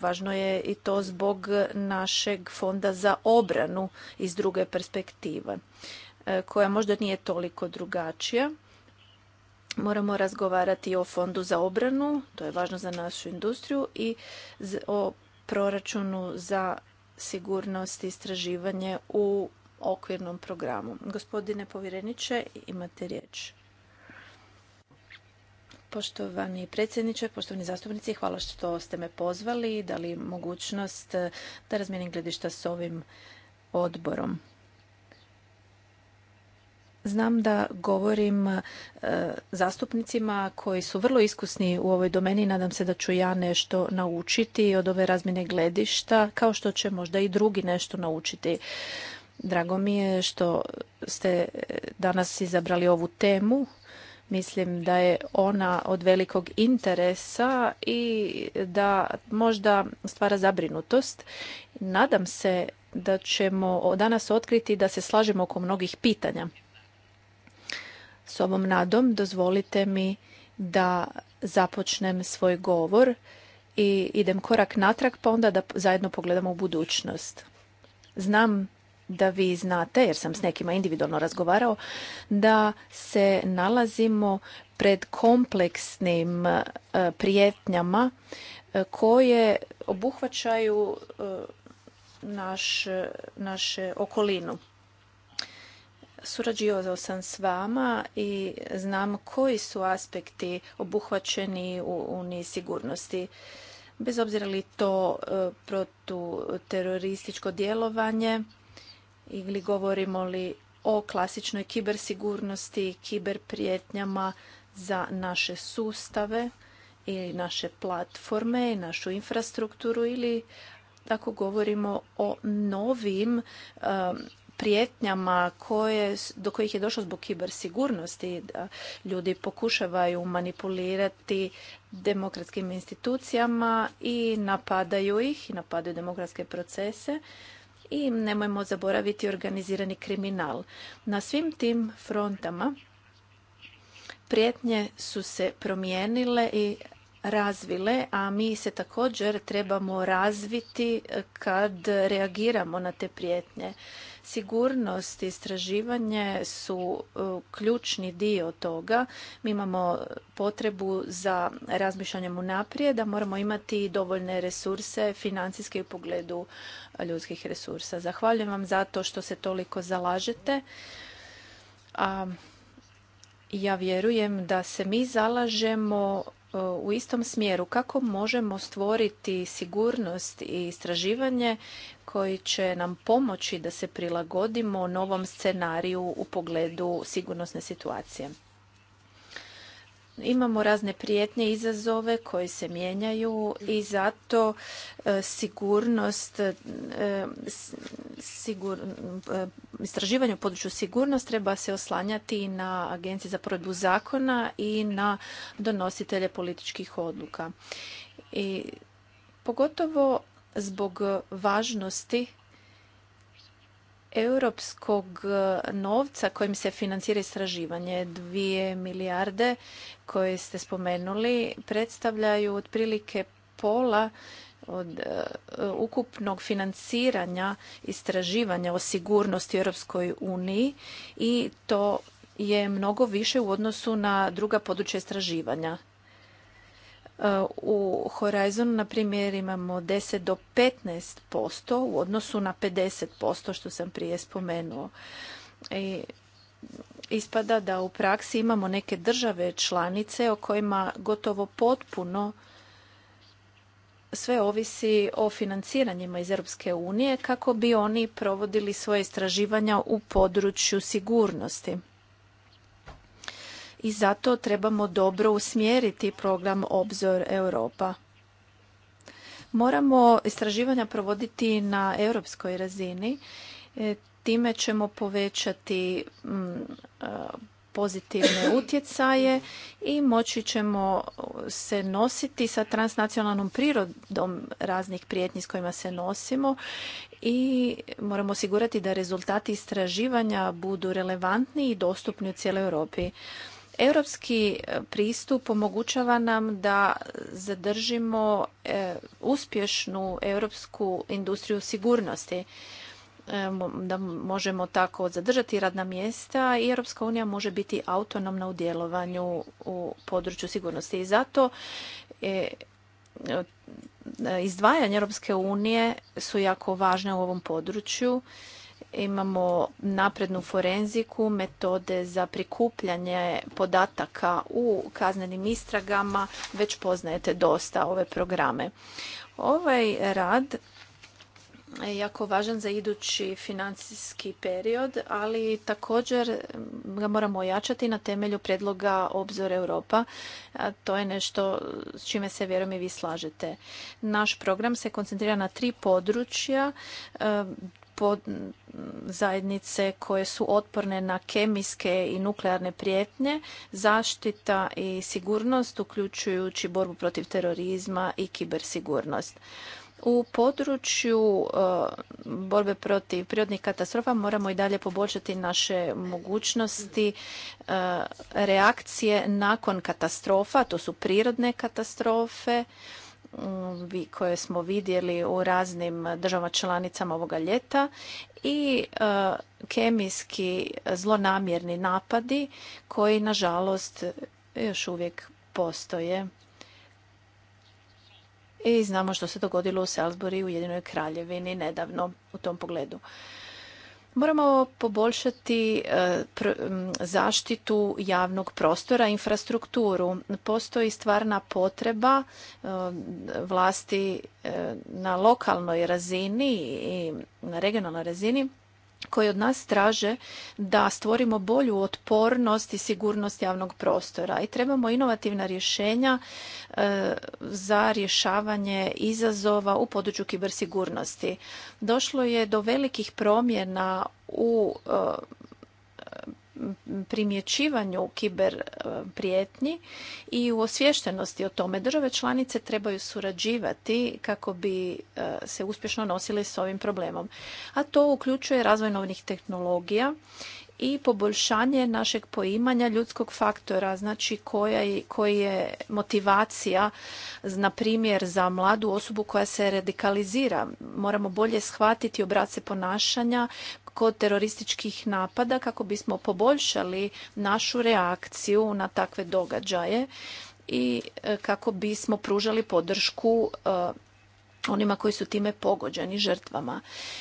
važno je i to zbog našeg fonda za obranu iz druge perspektive e, koja možda nije toliko drugačija moramo razgovarati o fondu za obranu, to je važno za našu industriju, i o proračunu za sigurnost i istraživanje u okvirnom programu. Gospodine povjereniče, imate riječ. Poštovani predsjedniče, poštovani zastupnici, hvala što ste me pozvali i dali mogućnost da razmijenim gledišta s ovim odborom. Znam da govorim e, zastupnicima koji su vrlo iskusni u ovoj domeni. Nadam se da ću ja nešto naučiti od ove razmjene gledišta, kao što će možda i drugi nešto naučiti. Drago mi je što ste e, danas izabrali ovu temu. Mislim da je ona od velikog interesa i da možda stvara zabrinutost. Nadam se da ćemo danas otkriti da se slažemo oko mnogih pitanja. S ovom nadom dozvolite mi da započnem svoj govor i idem korak natrag pa onda da zajedno pogledamo u budućnost. Znam da vi znate, jer sam s nekima individualno razgovarao, da se nalazimo pred kompleksnim e, prijetnjama e, koje obuhvaćaju e, naš, naše okolinu surađivao sam s vama i znam koji su aspekti obuhvaćeni u Uniji sigurnosti. Bez obzira li to e, protuterorističko djelovanje ili govorimo li o klasičnoj kibersigurnosti, kiberprijetnjama za naše sustave ili naše platforme i našu infrastrukturu ili ako govorimo o novim e, prijetnjama koje, do kojih je došlo zbog kibersigurnosti, da ljudi pokušavaju manipulirati demokratskim institucijama i napadaju ih, i napadaju demokratske procese i nemojmo zaboraviti organizirani kriminal. Na svim tim frontama prijetnje su se promijenile i razvile, a mi se također trebamo razviti kad reagiramo na te prijetnje. Sigurnost i istraživanje su e, ključni dio toga. Mi imamo potrebu za razmišljanjem unaprijed, da moramo imati dovoljne resurse financijske u pogledu ljudskih resursa. Zahvaljujem vam zato što se toliko zalažete. A ja vjerujem da se mi zalažemo E, u istom smjeru kako možemo stvoriti sigurnost i istraživanje koji će nam pomoći da se prilagodimo novom scenariju u pogledu sigurnosne situacije. Imamo razne prijetnje, izazove koji se mijenjaju i zato e, sigurnost, e, sigur, e, istraživanje u području sigurnost treba se oslanjati i na agencije za provedbu zakona i na donositelje političkih odluka. I pogotovo zbog važnosti europskog e, novca kojim se financira istraživanje, dvije milijarde koje ste spomenuli, predstavljaju otprilike pola od e, ukupnog financiranja istraživanja o sigurnosti u Europskoj uniji i to je mnogo više u odnosu na druga područja istraživanja. E, u Horizon, na primjer, imamo 10 do 15% u odnosu na 50% što sam prije spomenuo. I ispada da u praksi imamo neke države članice o kojima gotovo potpuno sve ovisi o financiranjima iz Europske unije kako bi oni provodili svoje istraživanja u području sigurnosti i zato trebamo dobro usmjeriti program Obzor Europa. Moramo istraživanja provoditi na europskoj razini. E, time ćemo povećati mm, e, pozitivne utjecaje i moći ćemo se nositi sa transnacionalnom prirodom raznih prijetnji s kojima se nosimo i moramo osigurati da rezultati istraživanja budu relevantni i dostupni u cijeloj Europi. Europski e, pristup omogućava nam da zadržimo e, uspješnu europsku industriju sigurnosti e, da možemo tako zadržati radna mjesta i Europska unija može biti autonomna u djelovanju u području sigurnosti. I zato izdvajanje Europske unije su jako važne u ovom području Imamo naprednu forenziku, metode za prikupljanje podataka u kaznenim istragama, već poznajete dosta ove programe. Ovaj rad je jako važan za idući financijski period, ali također ga moramo ojačati na temelju predloga Obzor Europa. To je nešto s čime se vjerujem i vi slažete. Naš program se koncentrira na tri područja pod zajednice koje su otporne na kemijske i nuklearne prijetnje, zaštita i sigurnost uključujući borbu protiv terorizma i kibersigurnost. U području e, borbe protiv prirodnih katastrofa moramo i dalje poboljšati naše mogućnosti e, reakcije nakon katastrofa, to su prirodne katastrofe, koje smo vidjeli u raznim državama članicama ovoga ljeta i e, kemijski zlonamjerni napadi koji nažalost još uvijek postoje. I znamo što se dogodilo u Salisbury u Jedinoj kraljevini nedavno u tom pogledu. Moramo poboljšati e, zaštitu javnog prostora, infrastrukturu. Postoji stvarna potreba e, vlasti e, na lokalnoj razini i na regionalnoj razini koji od nas traže da stvorimo bolju otpornost i sigurnost javnog prostora i trebamo inovativna rješenja e, za rješavanje izazova u području kibersigurnosti. Došlo je do velikih promjena u e, primjećivanju kiber e, prijetnji i u osviještenosti o tome. Države članice trebaju surađivati kako bi e, se uspješno nosili s ovim problemom. A to uključuje razvoj novih tehnologija i poboljšanje našeg poimanja ljudskog faktora, znači koja, koji je motivacija, na primjer, za mladu osobu koja se radikalizira. Moramo bolje shvatiti obrace ponašanja kod terorističkih napada kako bismo poboljšali našu reakciju na takve događaje i e, kako bismo pružali podršku e, onima koji su time pogođeni žrtvama.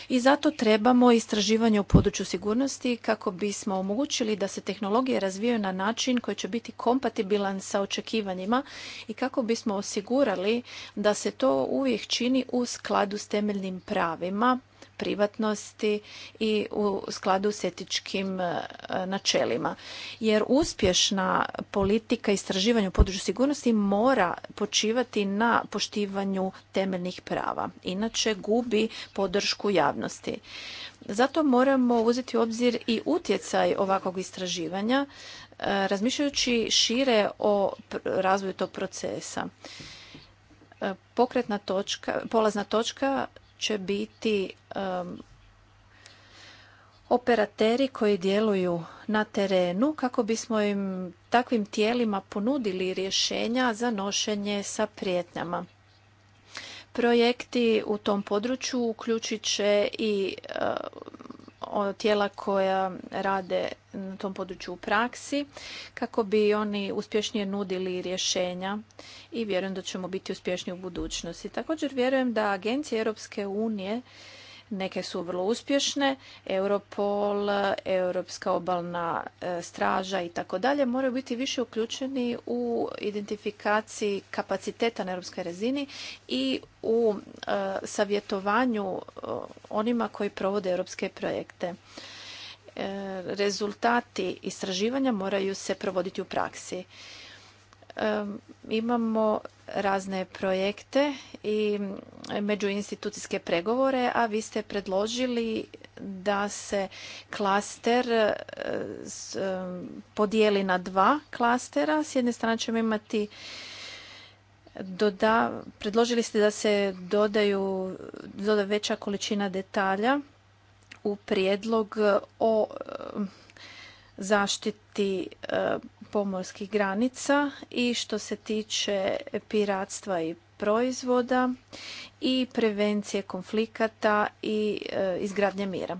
I zato trebamo istraživanje u području sigurnosti kako bismo omogućili da se tehnologije razvijaju na način koji će biti kompatibilan sa očekivanjima i kako bismo osigurali da se to uvijek čini u skladu s temeljnim pravima privatnosti i u skladu s etičkim e, načelima. Jer uspješna politika istraživanja u području sigurnosti mora počivati na poštivanju temeljnih prava. Inače gubi podršku javnosti. Zato moramo uzeti u obzir i utjecaj ovakvog istraživanja e, razmišljajući šire o razvoju tog procesa. E, pokretna točka, polazna točka će biti operateri koji djeluju na terenu kako bismo im takvim tijelima ponudili rješenja za nošenje sa prijetnjama. Projekti u tom području uključit će i tijela koja rade na tom području u praksi kako bi oni uspješnije nudili rješenja i vjerujem da ćemo biti uspješniji u budućnosti. Također vjerujem da agencije Europske unije Neke su vrlo uspješne, Europol, Europska obalna e, straža i tako dalje, moraju biti više uključeni u identifikaciji kapaciteta na europskoj razini i u e, savjetovanju e, onima koji provode europske projekte rezultati istraživanja moraju se provoditi u praksi. Imamo razne projekte i međuinstitucijske pregovore, a vi ste predložili da se klaster eh, podijeli na dva klastera. S jedne strane ćemo imati doda, predložili ste da se dodaju doda veća količina detalja u prijedlog o zaštiti eh, pomorskih granica i što se tiče piratstva i proizvoda i prevencije konflikata i e, izgradnje mira.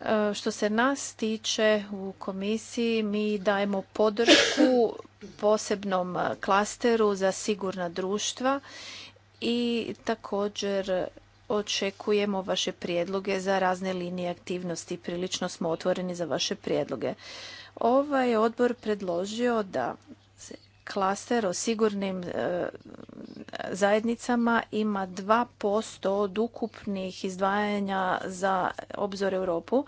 E, što se nas tiče u komisiji, mi dajemo podršku posebnom klasteru za sigurna društva i također očekujemo vaše prijedloge za razne linije aktivnosti. Prilično smo otvoreni za vaše prijedloge. Ovaj odbor predložio da se klaster o sigurnim e, zajednicama ima 2% od ukupnih izdvajanja za obzor Europu.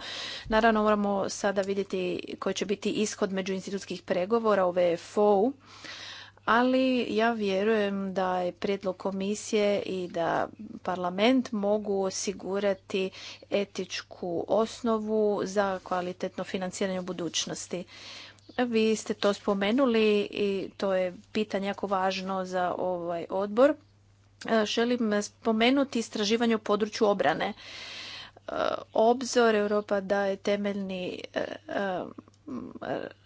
Naravno moramo sada vidjeti koji će biti ishod međuinstitutskih pregovora u VFO-u ali ja vjerujem da je prijedlog komisije i da parlament mogu osigurati etičku osnovu za kvalitetno financiranje u budućnosti. Vi ste to spomenuli i to je pitanje jako važno za ovaj odbor. Želim spomenuti istraživanje u području obrane. Obzor Europa daje temeljni eh, eh,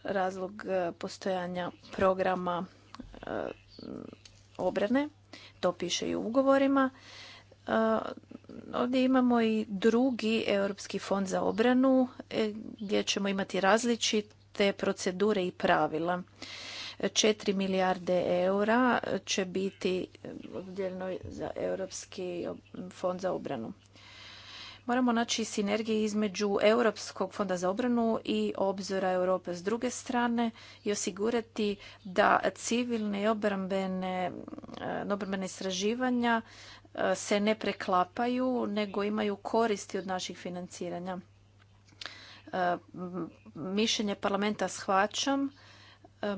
razlog eh, postojanja programa E, obrane. To piše i u ugovorima. E, ovdje imamo i drugi Europski fond za obranu e, gdje ćemo imati različite procedure i pravila. 4 milijarde eura će biti odjeljeno za Europski fond za obranu. Moramo naći sinergije između Europskog fonda za obranu i obzora Europe s druge strane i osigurati da civilne i obrambene, eh, obrambene istraživanja eh, se ne preklapaju, nego imaju koristi od naših financiranja. Eh, mišljenje parlamenta shvaćam.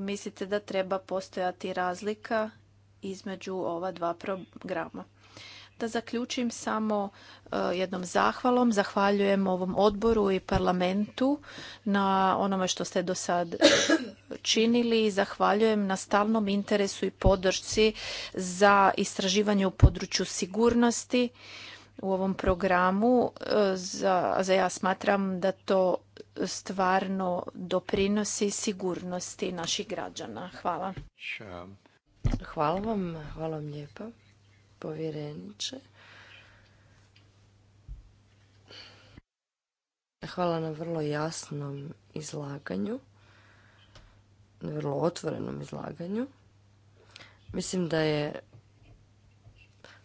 Mislite da treba postojati razlika između ova dva programa. Da zaključim samo e, jednom zahvalom. Zahvaljujem ovom odboru i parlamentu na onome što ste do sad činili i zahvaljujem na stalnom interesu i podršci za istraživanje u području sigurnosti u ovom programu. E, za, za ja smatram da to stvarno doprinosi sigurnosti naših građana. Hvala. Hvala vam, hvala vam lijepa povjereniče. Hvala na vrlo jasnom izlaganju, na vrlo otvorenom izlaganju. Mislim da je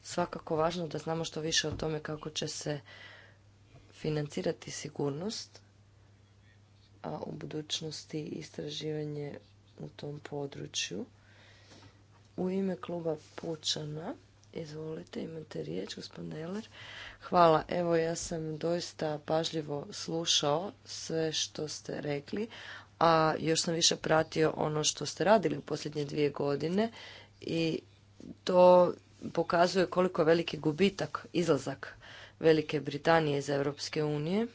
svakako važno da znamo što više o tome kako će se financirati sigurnost, a u budućnosti istraživanje u tom području. U ime kluba Pučana Izvolite, imate riječ, gospodin Eller. Hvala. Evo, ja sam doista pažljivo slušao sve što ste rekli, a još sam više pratio ono što ste radili u posljednje dvije godine i to pokazuje koliko je veliki gubitak, izlazak Velike Britanije iz Europske unije.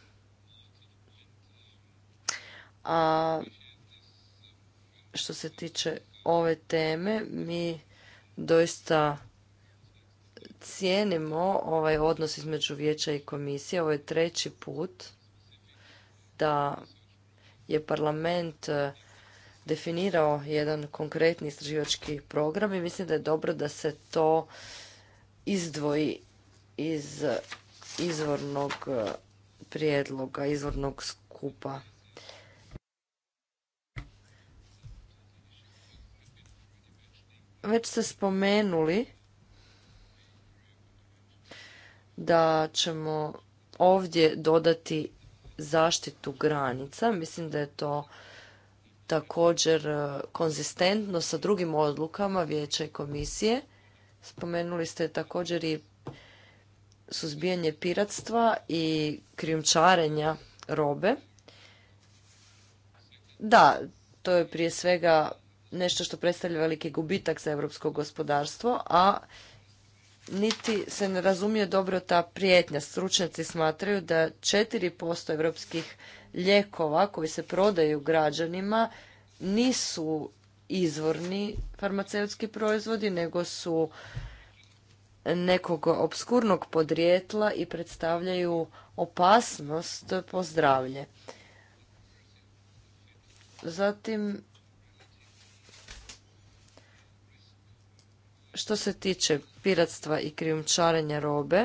A što se tiče ove teme, mi doista cijenimo ovaj odnos između vijeća i komisije. Ovo je treći put da je parlament e, definirao jedan konkretni istraživački program i mislim da je dobro da se to izdvoji iz izvornog e, prijedloga, izvornog skupa. Već ste spomenuli da ćemo ovdje dodati zaštitu granica. Mislim da je to također e, konzistentno sa drugim odlukama vijeća i komisije. Spomenuli ste također i suzbijanje piratstva i krijumčarenja robe. Da, to je prije svega nešto što predstavlja veliki gubitak za europsko gospodarstvo, a niti se ne razumije dobro ta prijetnja. Stručnjaci smatraju da 4% europskih lijekova koji se prodaju građanima nisu izvorni farmaceutski proizvodi, nego su nekog obskurnog podrijetla i predstavljaju opasnost po zdravlje. Zatim Što se tiče piratstva i krijumčarenja robe,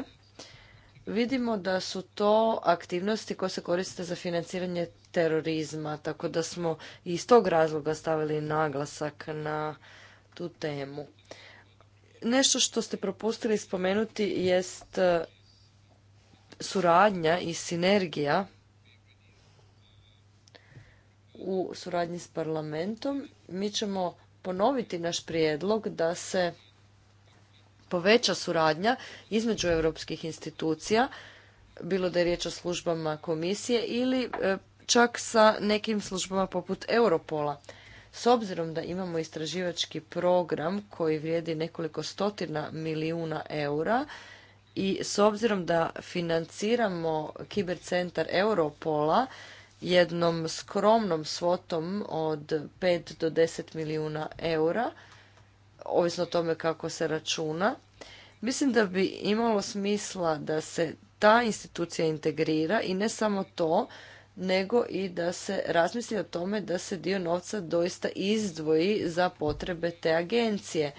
vidimo da su to aktivnosti koje se koriste za financiranje terorizma, tako da smo iz tog razloga stavili naglasak na tu temu. Nešto što ste propustili spomenuti jest e, suradnja i sinergija u suradnji s parlamentom. Mi ćemo ponoviti naš prijedlog da se poveća suradnja između europskih institucija, bilo da je riječ o službama komisije ili e, čak sa nekim službama poput Europola. S obzirom da imamo istraživački program koji vrijedi nekoliko stotina milijuna eura i s obzirom da financiramo kibercentar Europola jednom skromnom svotom od 5 do 10 milijuna eura, ovisno o tome kako se računa. Mislim da bi imalo smisla da se ta institucija integrira i ne samo to, nego i da se razmisli o tome da se dio novca doista izdvoji za potrebe te agencije.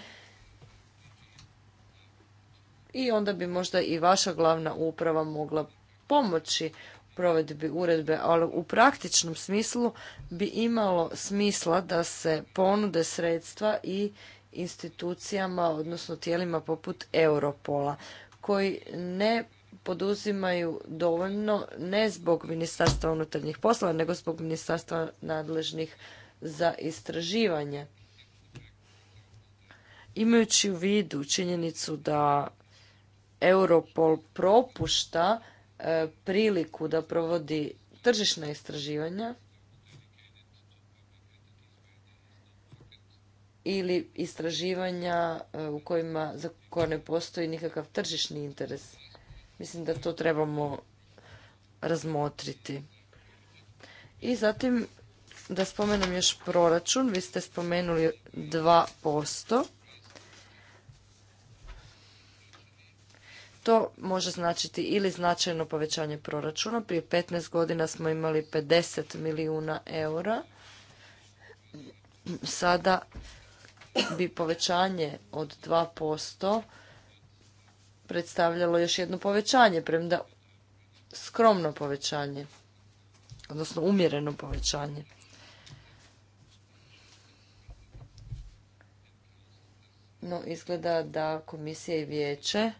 I onda bi možda i vaša glavna uprava mogla pomoći provedbi uredbe, ali u praktičnom smislu bi imalo smisla da se ponude sredstva i institucijama, odnosno tijelima poput Europola, koji ne poduzimaju dovoljno ne zbog ministarstva unutarnjih poslova, nego zbog ministarstva nadležnih za istraživanje. Imajući u vidu činjenicu da Europol propušta e, priliku da provodi tržišna istraživanja, ili istraživanja e, u kojima, za koje ne postoji nikakav tržišni interes. Mislim da to trebamo razmotriti. I zatim da spomenem još proračun. Vi ste spomenuli 2%. To može značiti ili značajno povećanje proračuna. Prije 15 godina smo imali 50 milijuna eura. Sada bi povećanje od 2% predstavljalo još jedno povećanje, premda skromno povećanje, odnosno umjereno povećanje. No, izgleda da komisija i vijeće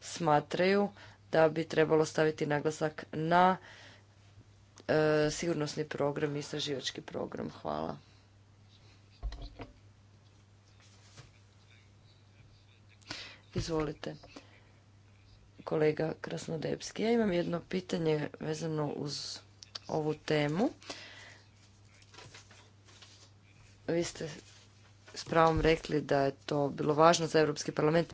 smatraju da bi trebalo staviti naglasak na e, sigurnosni program i istraživački program. Hvala. Izvolite. Kolega Krasnodebski, ja imam jedno pitanje vezano uz ovu temu. Vi ste s pravom rekli da je to bilo važno za Europski parlament.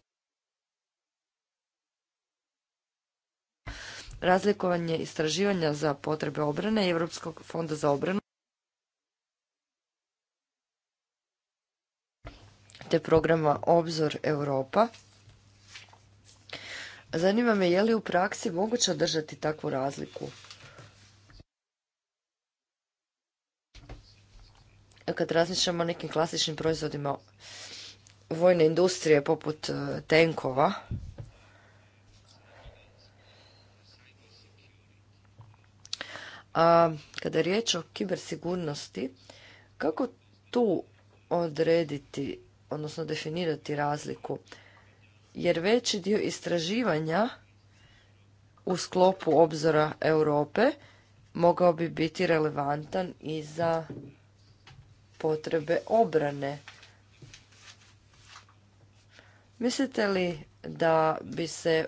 Razlikovanje istraživanja za potrebe obrane i Europskog fonda za obranu te programa Obzor Europa Zanima me je li u praksi moguće održati takvu razliku. Kad razmišljamo o nekim klasičnim proizvodima vojne industrije poput e, tenkova, A kada je riječ o kibersigurnosti, kako tu odrediti, odnosno definirati razliku? jer veći dio istraživanja u sklopu obzora Europe mogao bi biti relevantan i za potrebe obrane. Mislite li da bi se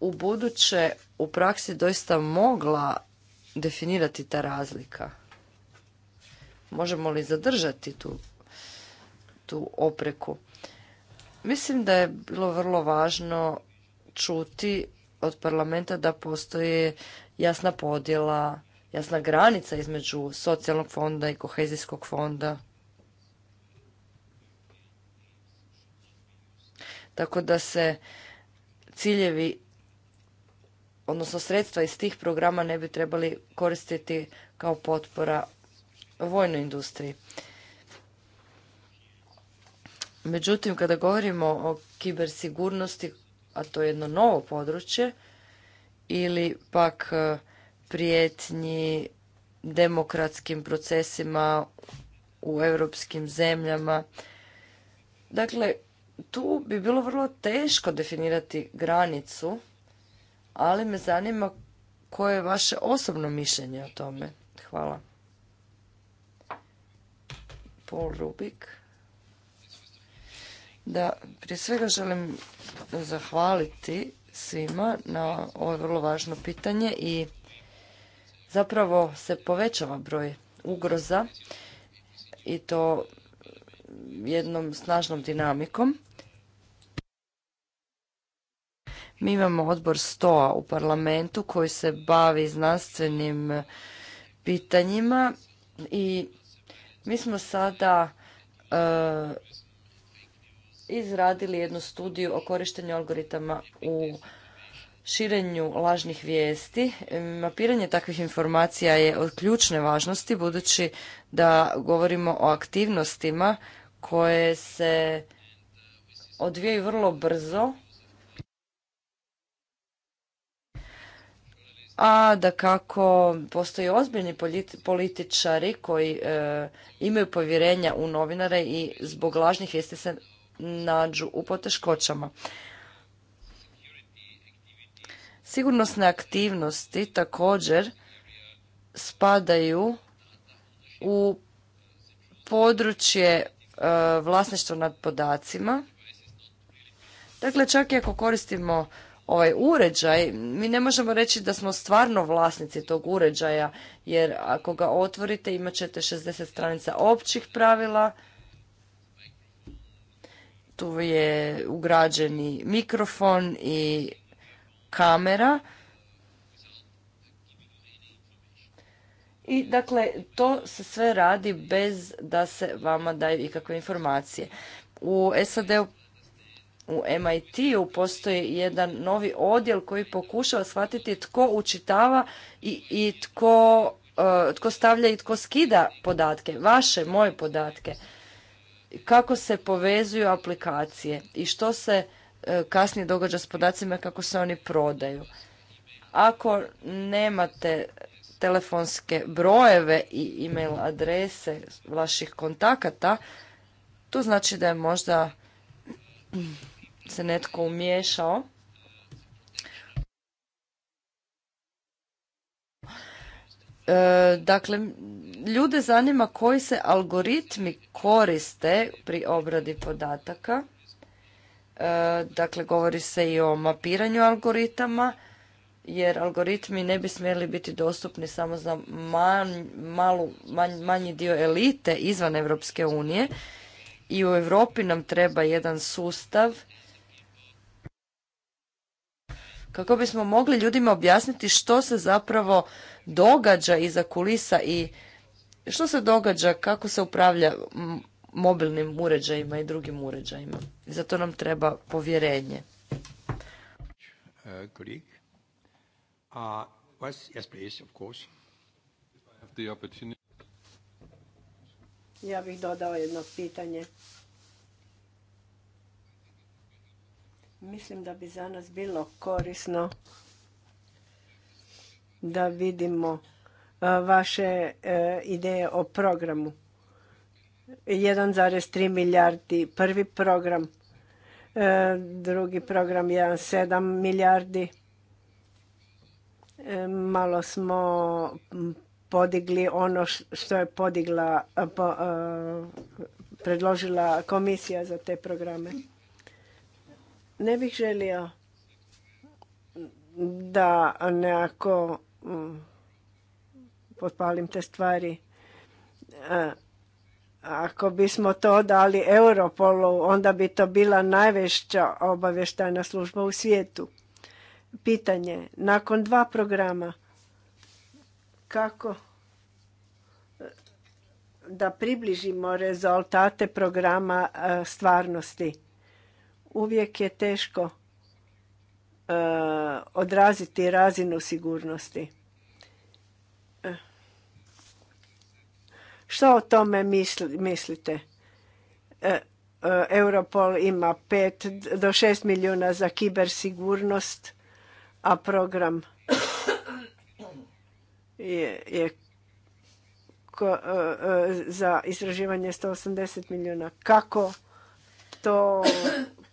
u buduće u praksi doista mogla definirati ta razlika? Možemo li zadržati tu, tu opreku? Mislim da je bilo vrlo važno čuti od parlamenta da postoji jasna podjela, jasna granica između socijalnog fonda i kohezijskog fonda. Tako da se ciljevi, odnosno sredstva iz tih programa ne bi trebali koristiti kao potpora vojnoj industriji. Međutim, kada govorimo o kibersigurnosti, a to je jedno novo područje, ili pak e, prijetnji demokratskim procesima u europskim zemljama. Dakle, tu bi bilo vrlo teško definirati granicu, ali me zanima koje je vaše osobno mišljenje o tome. Hvala. Paul Rubik da prije svega želim zahvaliti svima na ovo vrlo važno pitanje i zapravo se povećava broj ugroza i to jednom snažnom dinamikom. Mi imamo odbor STOA u parlamentu koji se bavi znanstvenim pitanjima i mi smo sada e, izradili jednu studiju o korištenju algoritama u širenju lažnih vijesti. Mapiranje takvih informacija je od ključne važnosti budući da govorimo o aktivnostima koje se odvijaju vrlo brzo, a da kako postoje ozbiljni političari koji e, imaju povjerenja u novinare i zbog lažnih vijesti se nađu u poteškoćama. Sigurnosne aktivnosti također spadaju u područje e, vlasništva nad podacima. Dakle, čak i ako koristimo ovaj uređaj, mi ne možemo reći da smo stvarno vlasnici tog uređaja, jer ako ga otvorite imat ćete 60 stranica općih pravila, tu je ugrađeni mikrofon i kamera. I dakle, to se sve radi bez da se vama daju ikakve informacije. U SAD-u u mit u postoji jedan novi odjel koji pokušava shvatiti tko učitava i, i tko, e, tko stavlja i tko skida podatke, vaše, moje podatke kako se povezuju aplikacije i što se e, kasnije događa s podacima kako se oni prodaju. Ako nemate telefonske brojeve i email adrese vaših kontakata, to znači da je možda se netko umiješao E, dakle, ljude zanima koji se algoritmi koriste pri obradi podataka. E, dakle, govori se i o mapiranju algoritama, jer algoritmi ne bi smjeli biti dostupni samo za malu, manji dio elite izvan Europske unije. I u Europi nam treba jedan sustav kako bismo mogli ljudima objasniti što se zapravo događa iza kulisa i što se događa, kako se upravlja mobilnim uređajima i drugim uređajima. Zato nam treba povjerenje. Uh, uh, ja bih dodao jedno pitanje. Mislim da bi za nas bilo korisno da vidimo vaše e, ideje o programu. 1,3 milijardi prvi program, e, drugi program 1,7 milijardi. E, malo smo podigli ono što je podigla, predložila komisija za te programe. Ne bih želio da nekako Mm. potpalim te stvari. E, ako bismo to dali Europolu, onda bi to bila najveća obavještajna služba u svijetu. Pitanje, nakon dva programa, kako da približimo rezultate programa e, stvarnosti? Uvijek je teško Eh, odraziti razinu sigurnosti. Eh. Što o tome mislite? Eh, Europol ima 5 do 6 milijuna za kibersigurnost, a program je, za istraživanje 180 milijuna. Kako to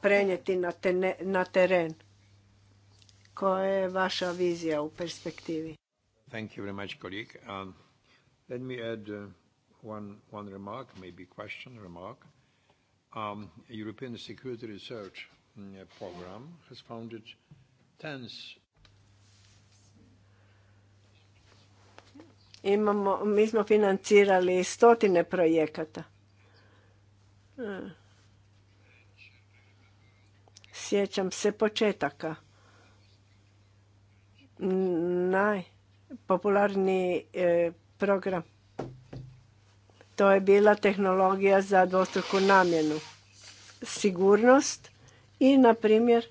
prenijeti na teren? koja je vaša vizija u perspektivi? Thank you very much, colleague. Um, let me add uh, one, one remark, maybe question, remark. Um, European Security Research mm, uh, Program has founded tens Imamo, mi smo financirali stotine projekata. Hmm. Sjećam se početaka najpopularniji e, program. To je bila tehnologija za dvostruku namjenu. Sigurnost i, na primjer,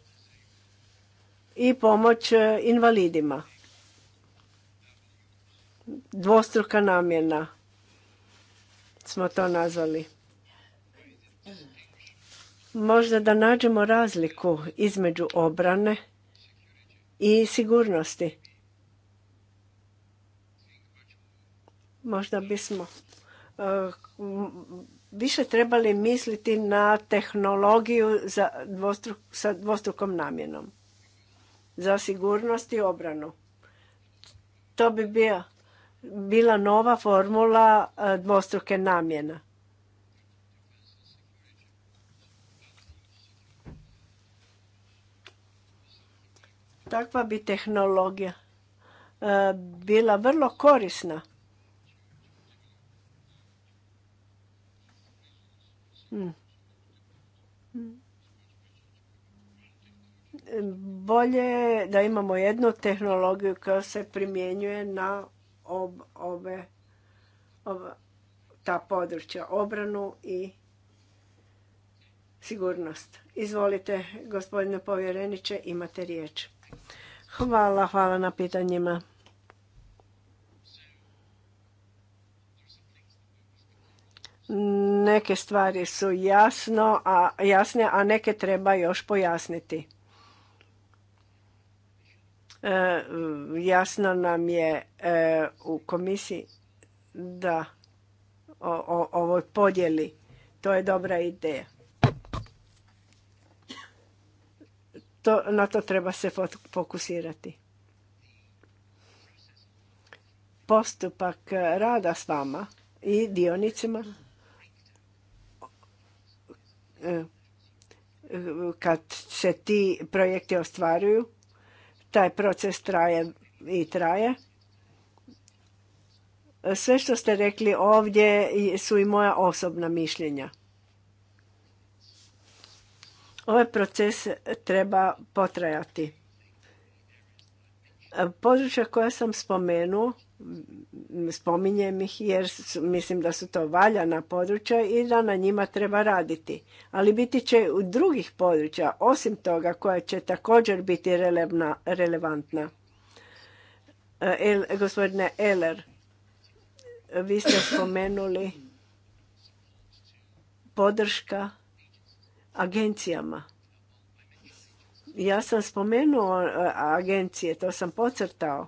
i pomoć e, invalidima. Dvostruka namjena smo to nazvali. Možda da nađemo razliku između obrane i sigurnosti. Možda bismo e, više trebali misliti na tehnologiju za sa dvostrukom namjenom. Za sigurnost i obranu. To bi bila nova formula e, dvostruke namjena. Takva bi tehnologija e, bila vrlo korisna. Hmm. Bolje je da imamo jednu tehnologiju koja se primjenjuje na ob, ta područja, obranu i sigurnost. Izvolite, gospodine povjereniče, imate riječ. Hvala, hvala na pitanjima. Neke stvari su jasno, a, jasne, a neke treba još pojasniti. E, jasno nam je e, u komisiji da o, o ovoj podjeli. To je dobra ideja. na to treba se fokusirati. Postupak e, rada s vama i dionicima e, kad se ti projekti ostvaruju, taj proces traje i traje. Sve što ste rekli ovdje su i moja osobna mišljenja. Ovaj proces treba potrajati. Područja koja sam spomenuo, spominjem ih jer mislim da su to valjana područja i da na njima treba raditi. Ali biti će u drugih područja, osim toga koja će također biti relevantna. E, gospodine Eller, vi ste spomenuli podrška agencijama. Ja sam spomenuo e, agencije, to sam pocrtao.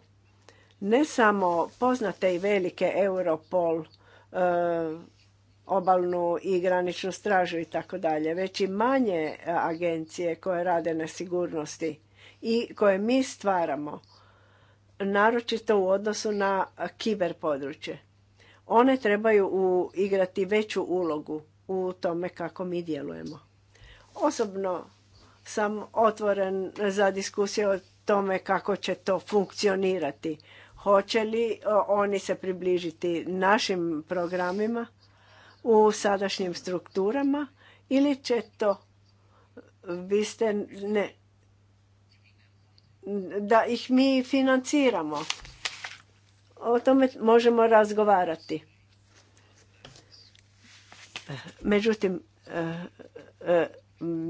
Ne samo poznate i velike Europol, e, obalnu i graničnu stražu i tako dalje, već i manje e, agencije koje rade na sigurnosti i koje mi stvaramo, naročito u odnosu na kiber područje. One trebaju igrati veću ulogu u tome kako mi djelujemo. Osobno sam otvoren za diskusiju o tome kako će to funkcionirati. Hoće li oni se približiti našim programima u sadašnjim strukturama ili će to vi ste ne da ih mi financiramo. O tome možemo razgovarati. Međutim, e, e,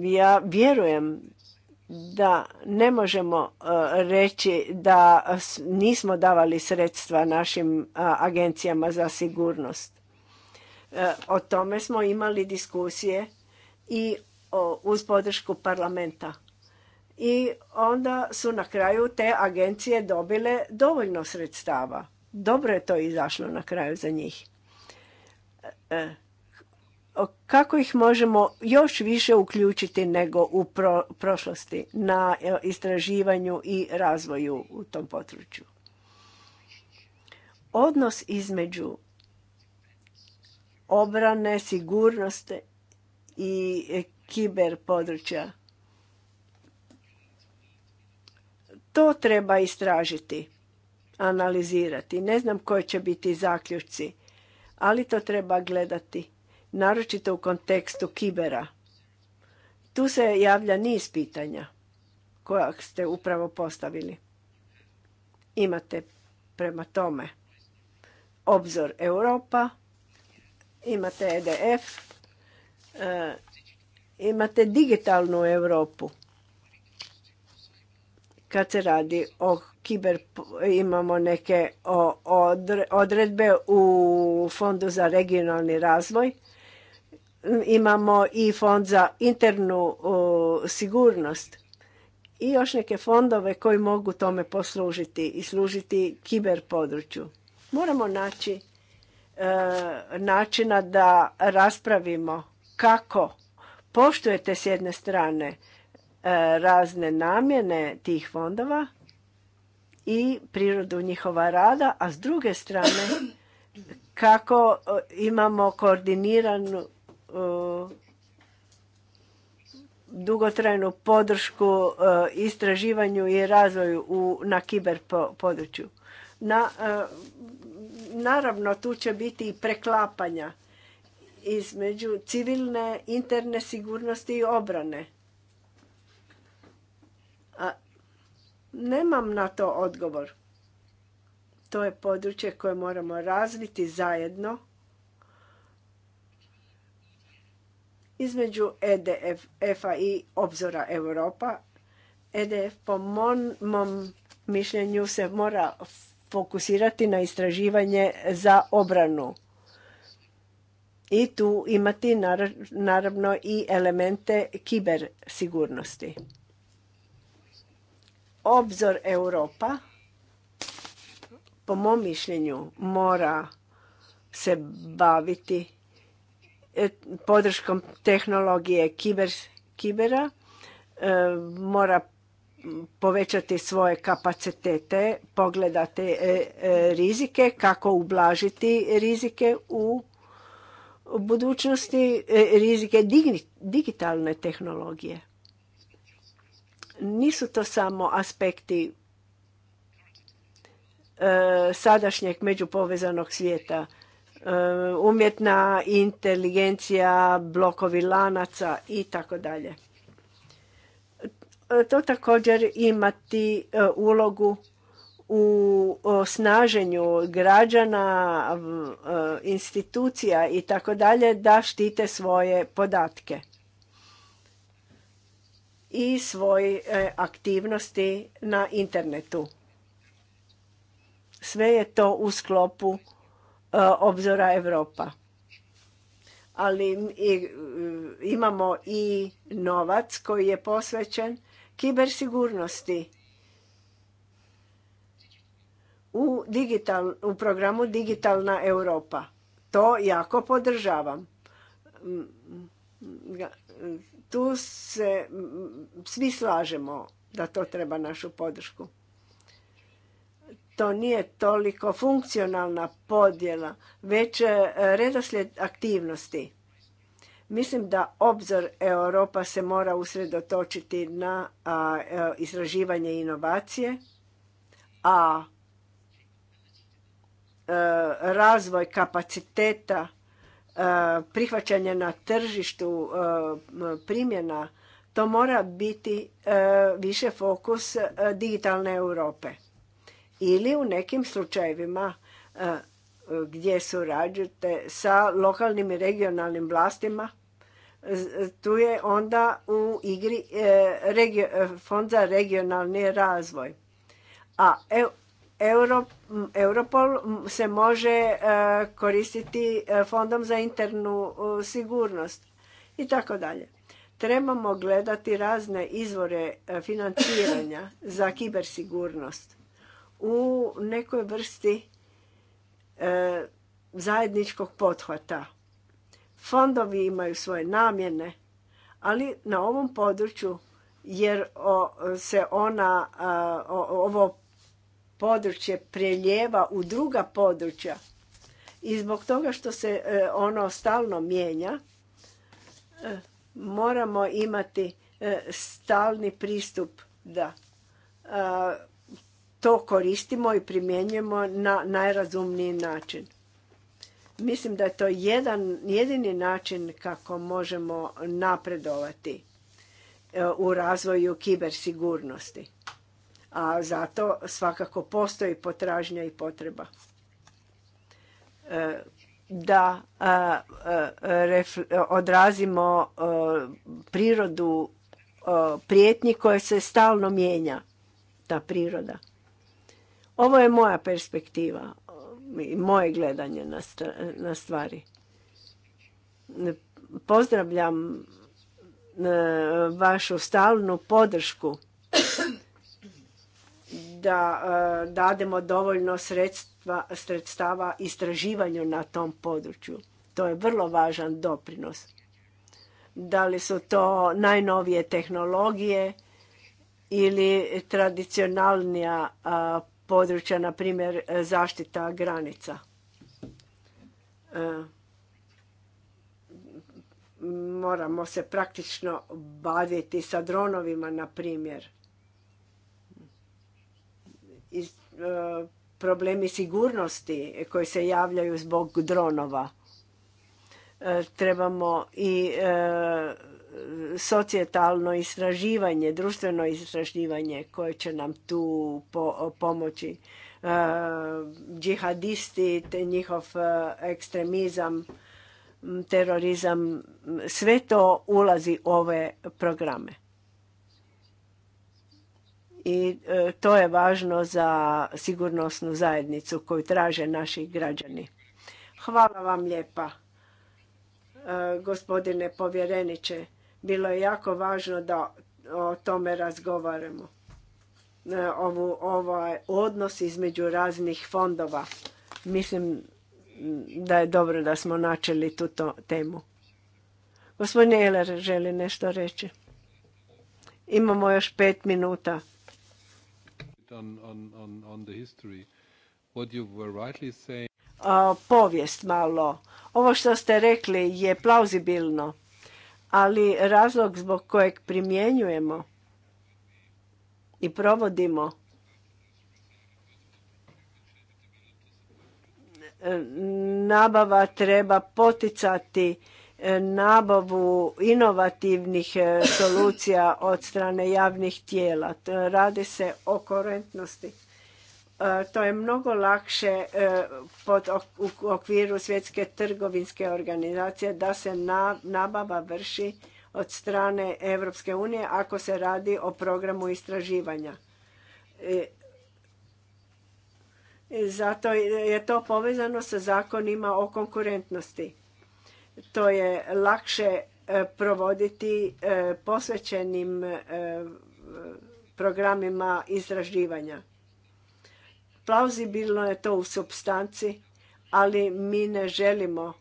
ja vjerujem da ne možemo e, reći da nismo davali sredstva našim e, agencijama za sigurnost. E, o tome smo imali diskusije i uz podršku parlamenta. I onda su na kraju te agencije dobile dovoljno sredstava. Dobro je to izašlo na kraju za njih kako ih možemo još više uključiti nego u prošlosti na e, istraživanju i razvoju u tom području. Odnos između obrane, sigurnosti i e, kiber područja. To treba istražiti, analizirati. Ne znam koji će biti zaključci, ali to treba gledati naročito u kontekstu kibera. Tu se javlja niz pitanja koja ste upravo postavili. Imate prema tome obzor Europa, imate EDF, e, imate digitalnu Europu. Kad se radi o kiber, imamo neke odredbe u Fondu za regionalni razvoj imamo i fond za internu sigurnost i još neke fondove koji mogu tome poslužiti i služiti kiber području. Moramo naći e, načina da raspravimo kako poštujete s jedne strane e, razne namjene tih fondova i prirodu njihova rada, a s druge strane kako e, imamo koordiniranu E, dugotrajnu podršku e, istraživanju i razvoju na kiber području. E, naravno, tu će biti i preklapanja između civilne, interne sigurnosti i obrane. nemam na to odgovor. To je područje koje moramo razviti zajedno između EDF-a i obzora Europa. EDF po mom, mišljenju se mora fokusirati na istraživanje za obranu i tu imati naravno i elemente kiber sigurnosti. Obzor Europa po mom mišljenju mora se baviti E, podrškom tehnologije kiber, kibera e, mora povećati svoje kapacitete, pogledati e, rizike, kako ublažiti rizike u budućnosti, rizike digitalne tehnologije. Nisu to samo aspekti sadašnjeg međupovezanog svijeta, E, umjetna inteligencija, blokovi lanaca i tako dalje. E, to također imati e, ulogu u snaženju građana, institucija i tako dalje da štite svoje podatke i svoje aktivnosti na internetu. Sve je to u sklopu E, obzora Europa. Ali e, imamo i novac koji je posvećen kibersigurnosti u, digital, u programu Digitalna Europa. To jako podržavam. Tu se svi slažemo da to treba našu podršku to nije toliko funkcionalna podjela, već e, redoslijed aktivnosti. Mislim da obzor Europa se mora usredotočiti na e, istraživanje inovacije, a e, razvoj kapaciteta prihvaćanja na tržištu primjena, to mora biti više fokus digitalne Europe ili u nekim slučajevima e, gdje surađujete sa lokalnim i regionalnim vlastima, tu je onda u igri e, e, Fond za regionalni razvoj. A Europol se može koristiti Fondom za internu sigurnost i tako dalje. Trebamo gledati razne izvore financiranja za kibersigurnost u nekoj vrsti e, zajedničkog pothvata. Fondovi imaju svoje namjene, ali na ovom području jer se ona ovo područje preljeva u druga područja i zbog toga što se e, ono stalno mijenja e, moramo imati stalni pristup da to koristimo i primjenjujemo na najrazumniji način. Mislim da je to jedan, jedini način kako možemo napredovati e, u razvoju kibersigurnosti. A zato svakako postoji potražnja i potreba e, da odrazimo e, prirodu prijetnji koje se stalno mijenja, ta priroda. Ovo je moja perspektiva i moje gledanje na stvari. Pozdravljam e, vašu stalnu podršku da e, dademo dovoljno sredstva, sredstava istraživanju na tom području. To je vrlo važan doprinos. Da li su to najnovije tehnologije ili tradicionalnija područja, na primjer e, zaštita granica. E, moramo se praktično baviti sa dronovima, na primjer. E, problemi sigurnosti koji se javljaju zbog dronova. Trebamo i socijetalno istraživanje, društveno istraživanje koje će nam tu pomoći. E, džihadisti, te njihov e, ekstremizam, terorizam, sve to ulazi u ove programe. I e, to je važno za sigurnosnu zajednicu koju traže naši građani. Hvala vam lijepa, gospodine povjereniče. Bilo je jako važno da o tome razgovaramo. E, Ovo, ovaj odnos između raznih fondova. Mislim mm, da je dobro da smo načeli tu temu. Gospodin Eler želi nešto reći. Imamo još pet minuta. povijest malo. Ovo što ste rekli je plauzibilno ali razlog zbog kojeg primjenjujemo i provodimo e, nabava treba poticati e, nabavu inovativnih e, solucija od strane javnih tijela. Radi se o korentnosti E, to je mnogo lakše e, pod u okviru svjetske trgovinske organizacije da se nabava vrši od strane Europske unije ako se radi o programu istraživanja. E, zato je to povezano sa zakonima o konkurentnosti. To je lakše provoditi posvećenim programima istraživanja. Plauzibilno je to u substanci, ali mi ne želimo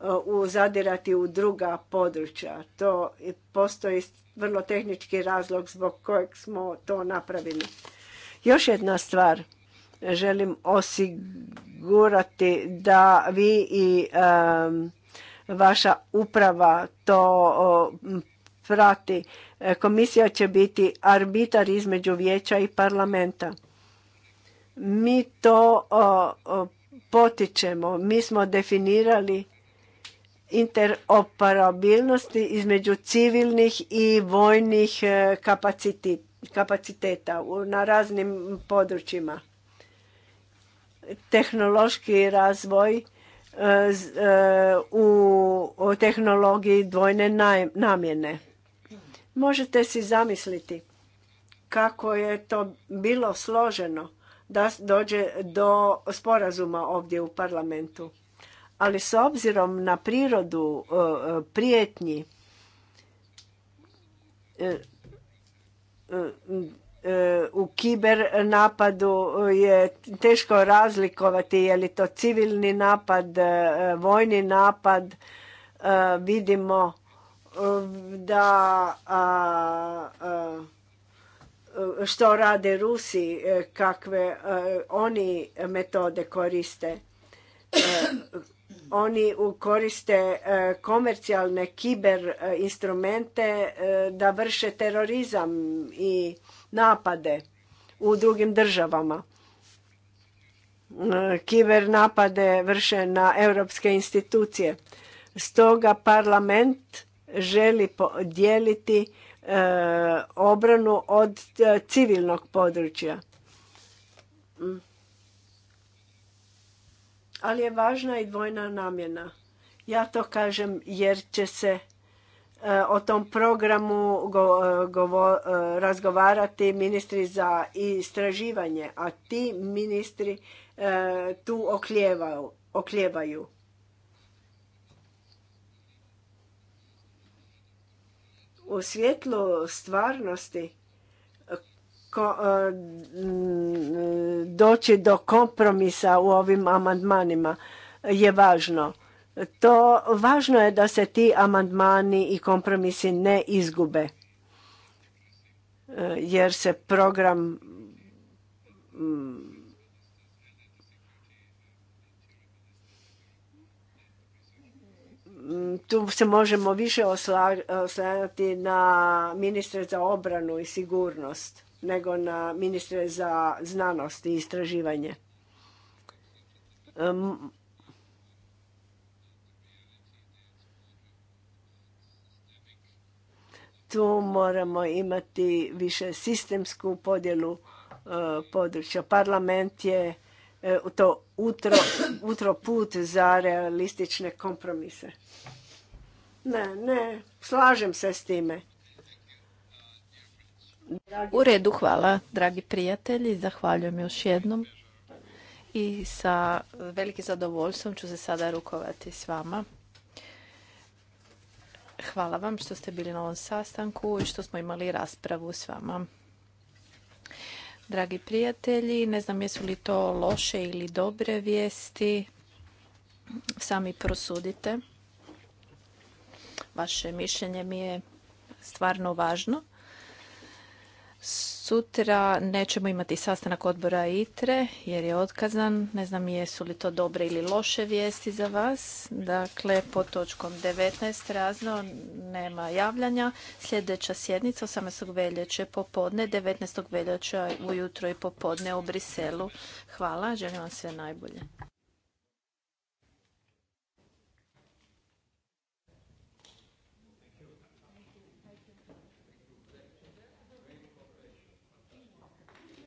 e, zadirati u druga područja. To postoji vrlo tehnički razlog zbog kojeg smo to napravili. Još jedna stvar želim osigurati da vi i vaša uprava to um, prati. E, komisija će biti arbitar između vijeća i parlamenta. Mi to potičemo. Mi smo definirali interoperabilnosti između civilnih i vojnih e, kapaciteta na raznim područjima. Tehnološki razvoj e, e, u tehnologiji dvojne namjene. Možete si zamisliti kako je to bilo složeno da dođe do sporazuma ovdje u parlamentu. Ali s obzirom na prirodu e, prijetnji e, e, u kiber napadu je teško razlikovati je li to civilni napad, vojni napad. Vidimo da što rade Rusi, e, kakve e, oni metode koriste. E, oni koriste komercijalne kiber instrumente da vrše terorizam i napade u drugim državama. Kiber napade vrše na europske institucije. Stoga parlament želi podijeliti E, obranu od e, civilnog područja. Mm. Ali je važna i dvojna namjena. Ja to kažem jer će se e, o tom programu razgovarati ministri za istraživanje, a ti ministri tu oklijevaju U svjetlu stvarnosti e, doći do kompromisa u ovim amandmanima je važno. To važno je da se ti amandmani i kompromisi ne izgube. E, jer se program tu se možemo više oslanjati na ministre za obranu i sigurnost nego na ministre za znanost i istraživanje. tu moramo imati više sistemsku podjelu e, područja. Parlament je e, u to utro, utro put za realistične kompromise. Ne, ne, slažem se s time. U redu, hvala, dragi prijatelji. Zahvaljujem još jednom. I sa velikim zadovoljstvom ću se sada rukovati s vama. Hvala vam što ste bili na ovom sastanku i što smo imali raspravu s vama dragi prijatelji. Ne znam jesu li to loše ili dobre vijesti. Sami prosudite. Vaše mišljenje mi je stvarno važno. Sutra nećemo imati sastanak odbora ITRE jer je otkazan. Ne znam jesu li to dobre ili loše vijesti za vas. Dakle, po točkom 19 razno nema javljanja. Sljedeća sjednica 18. veljače popodne, 19. veljača ujutro i popodne u Briselu. Hvala, želim vam sve najbolje.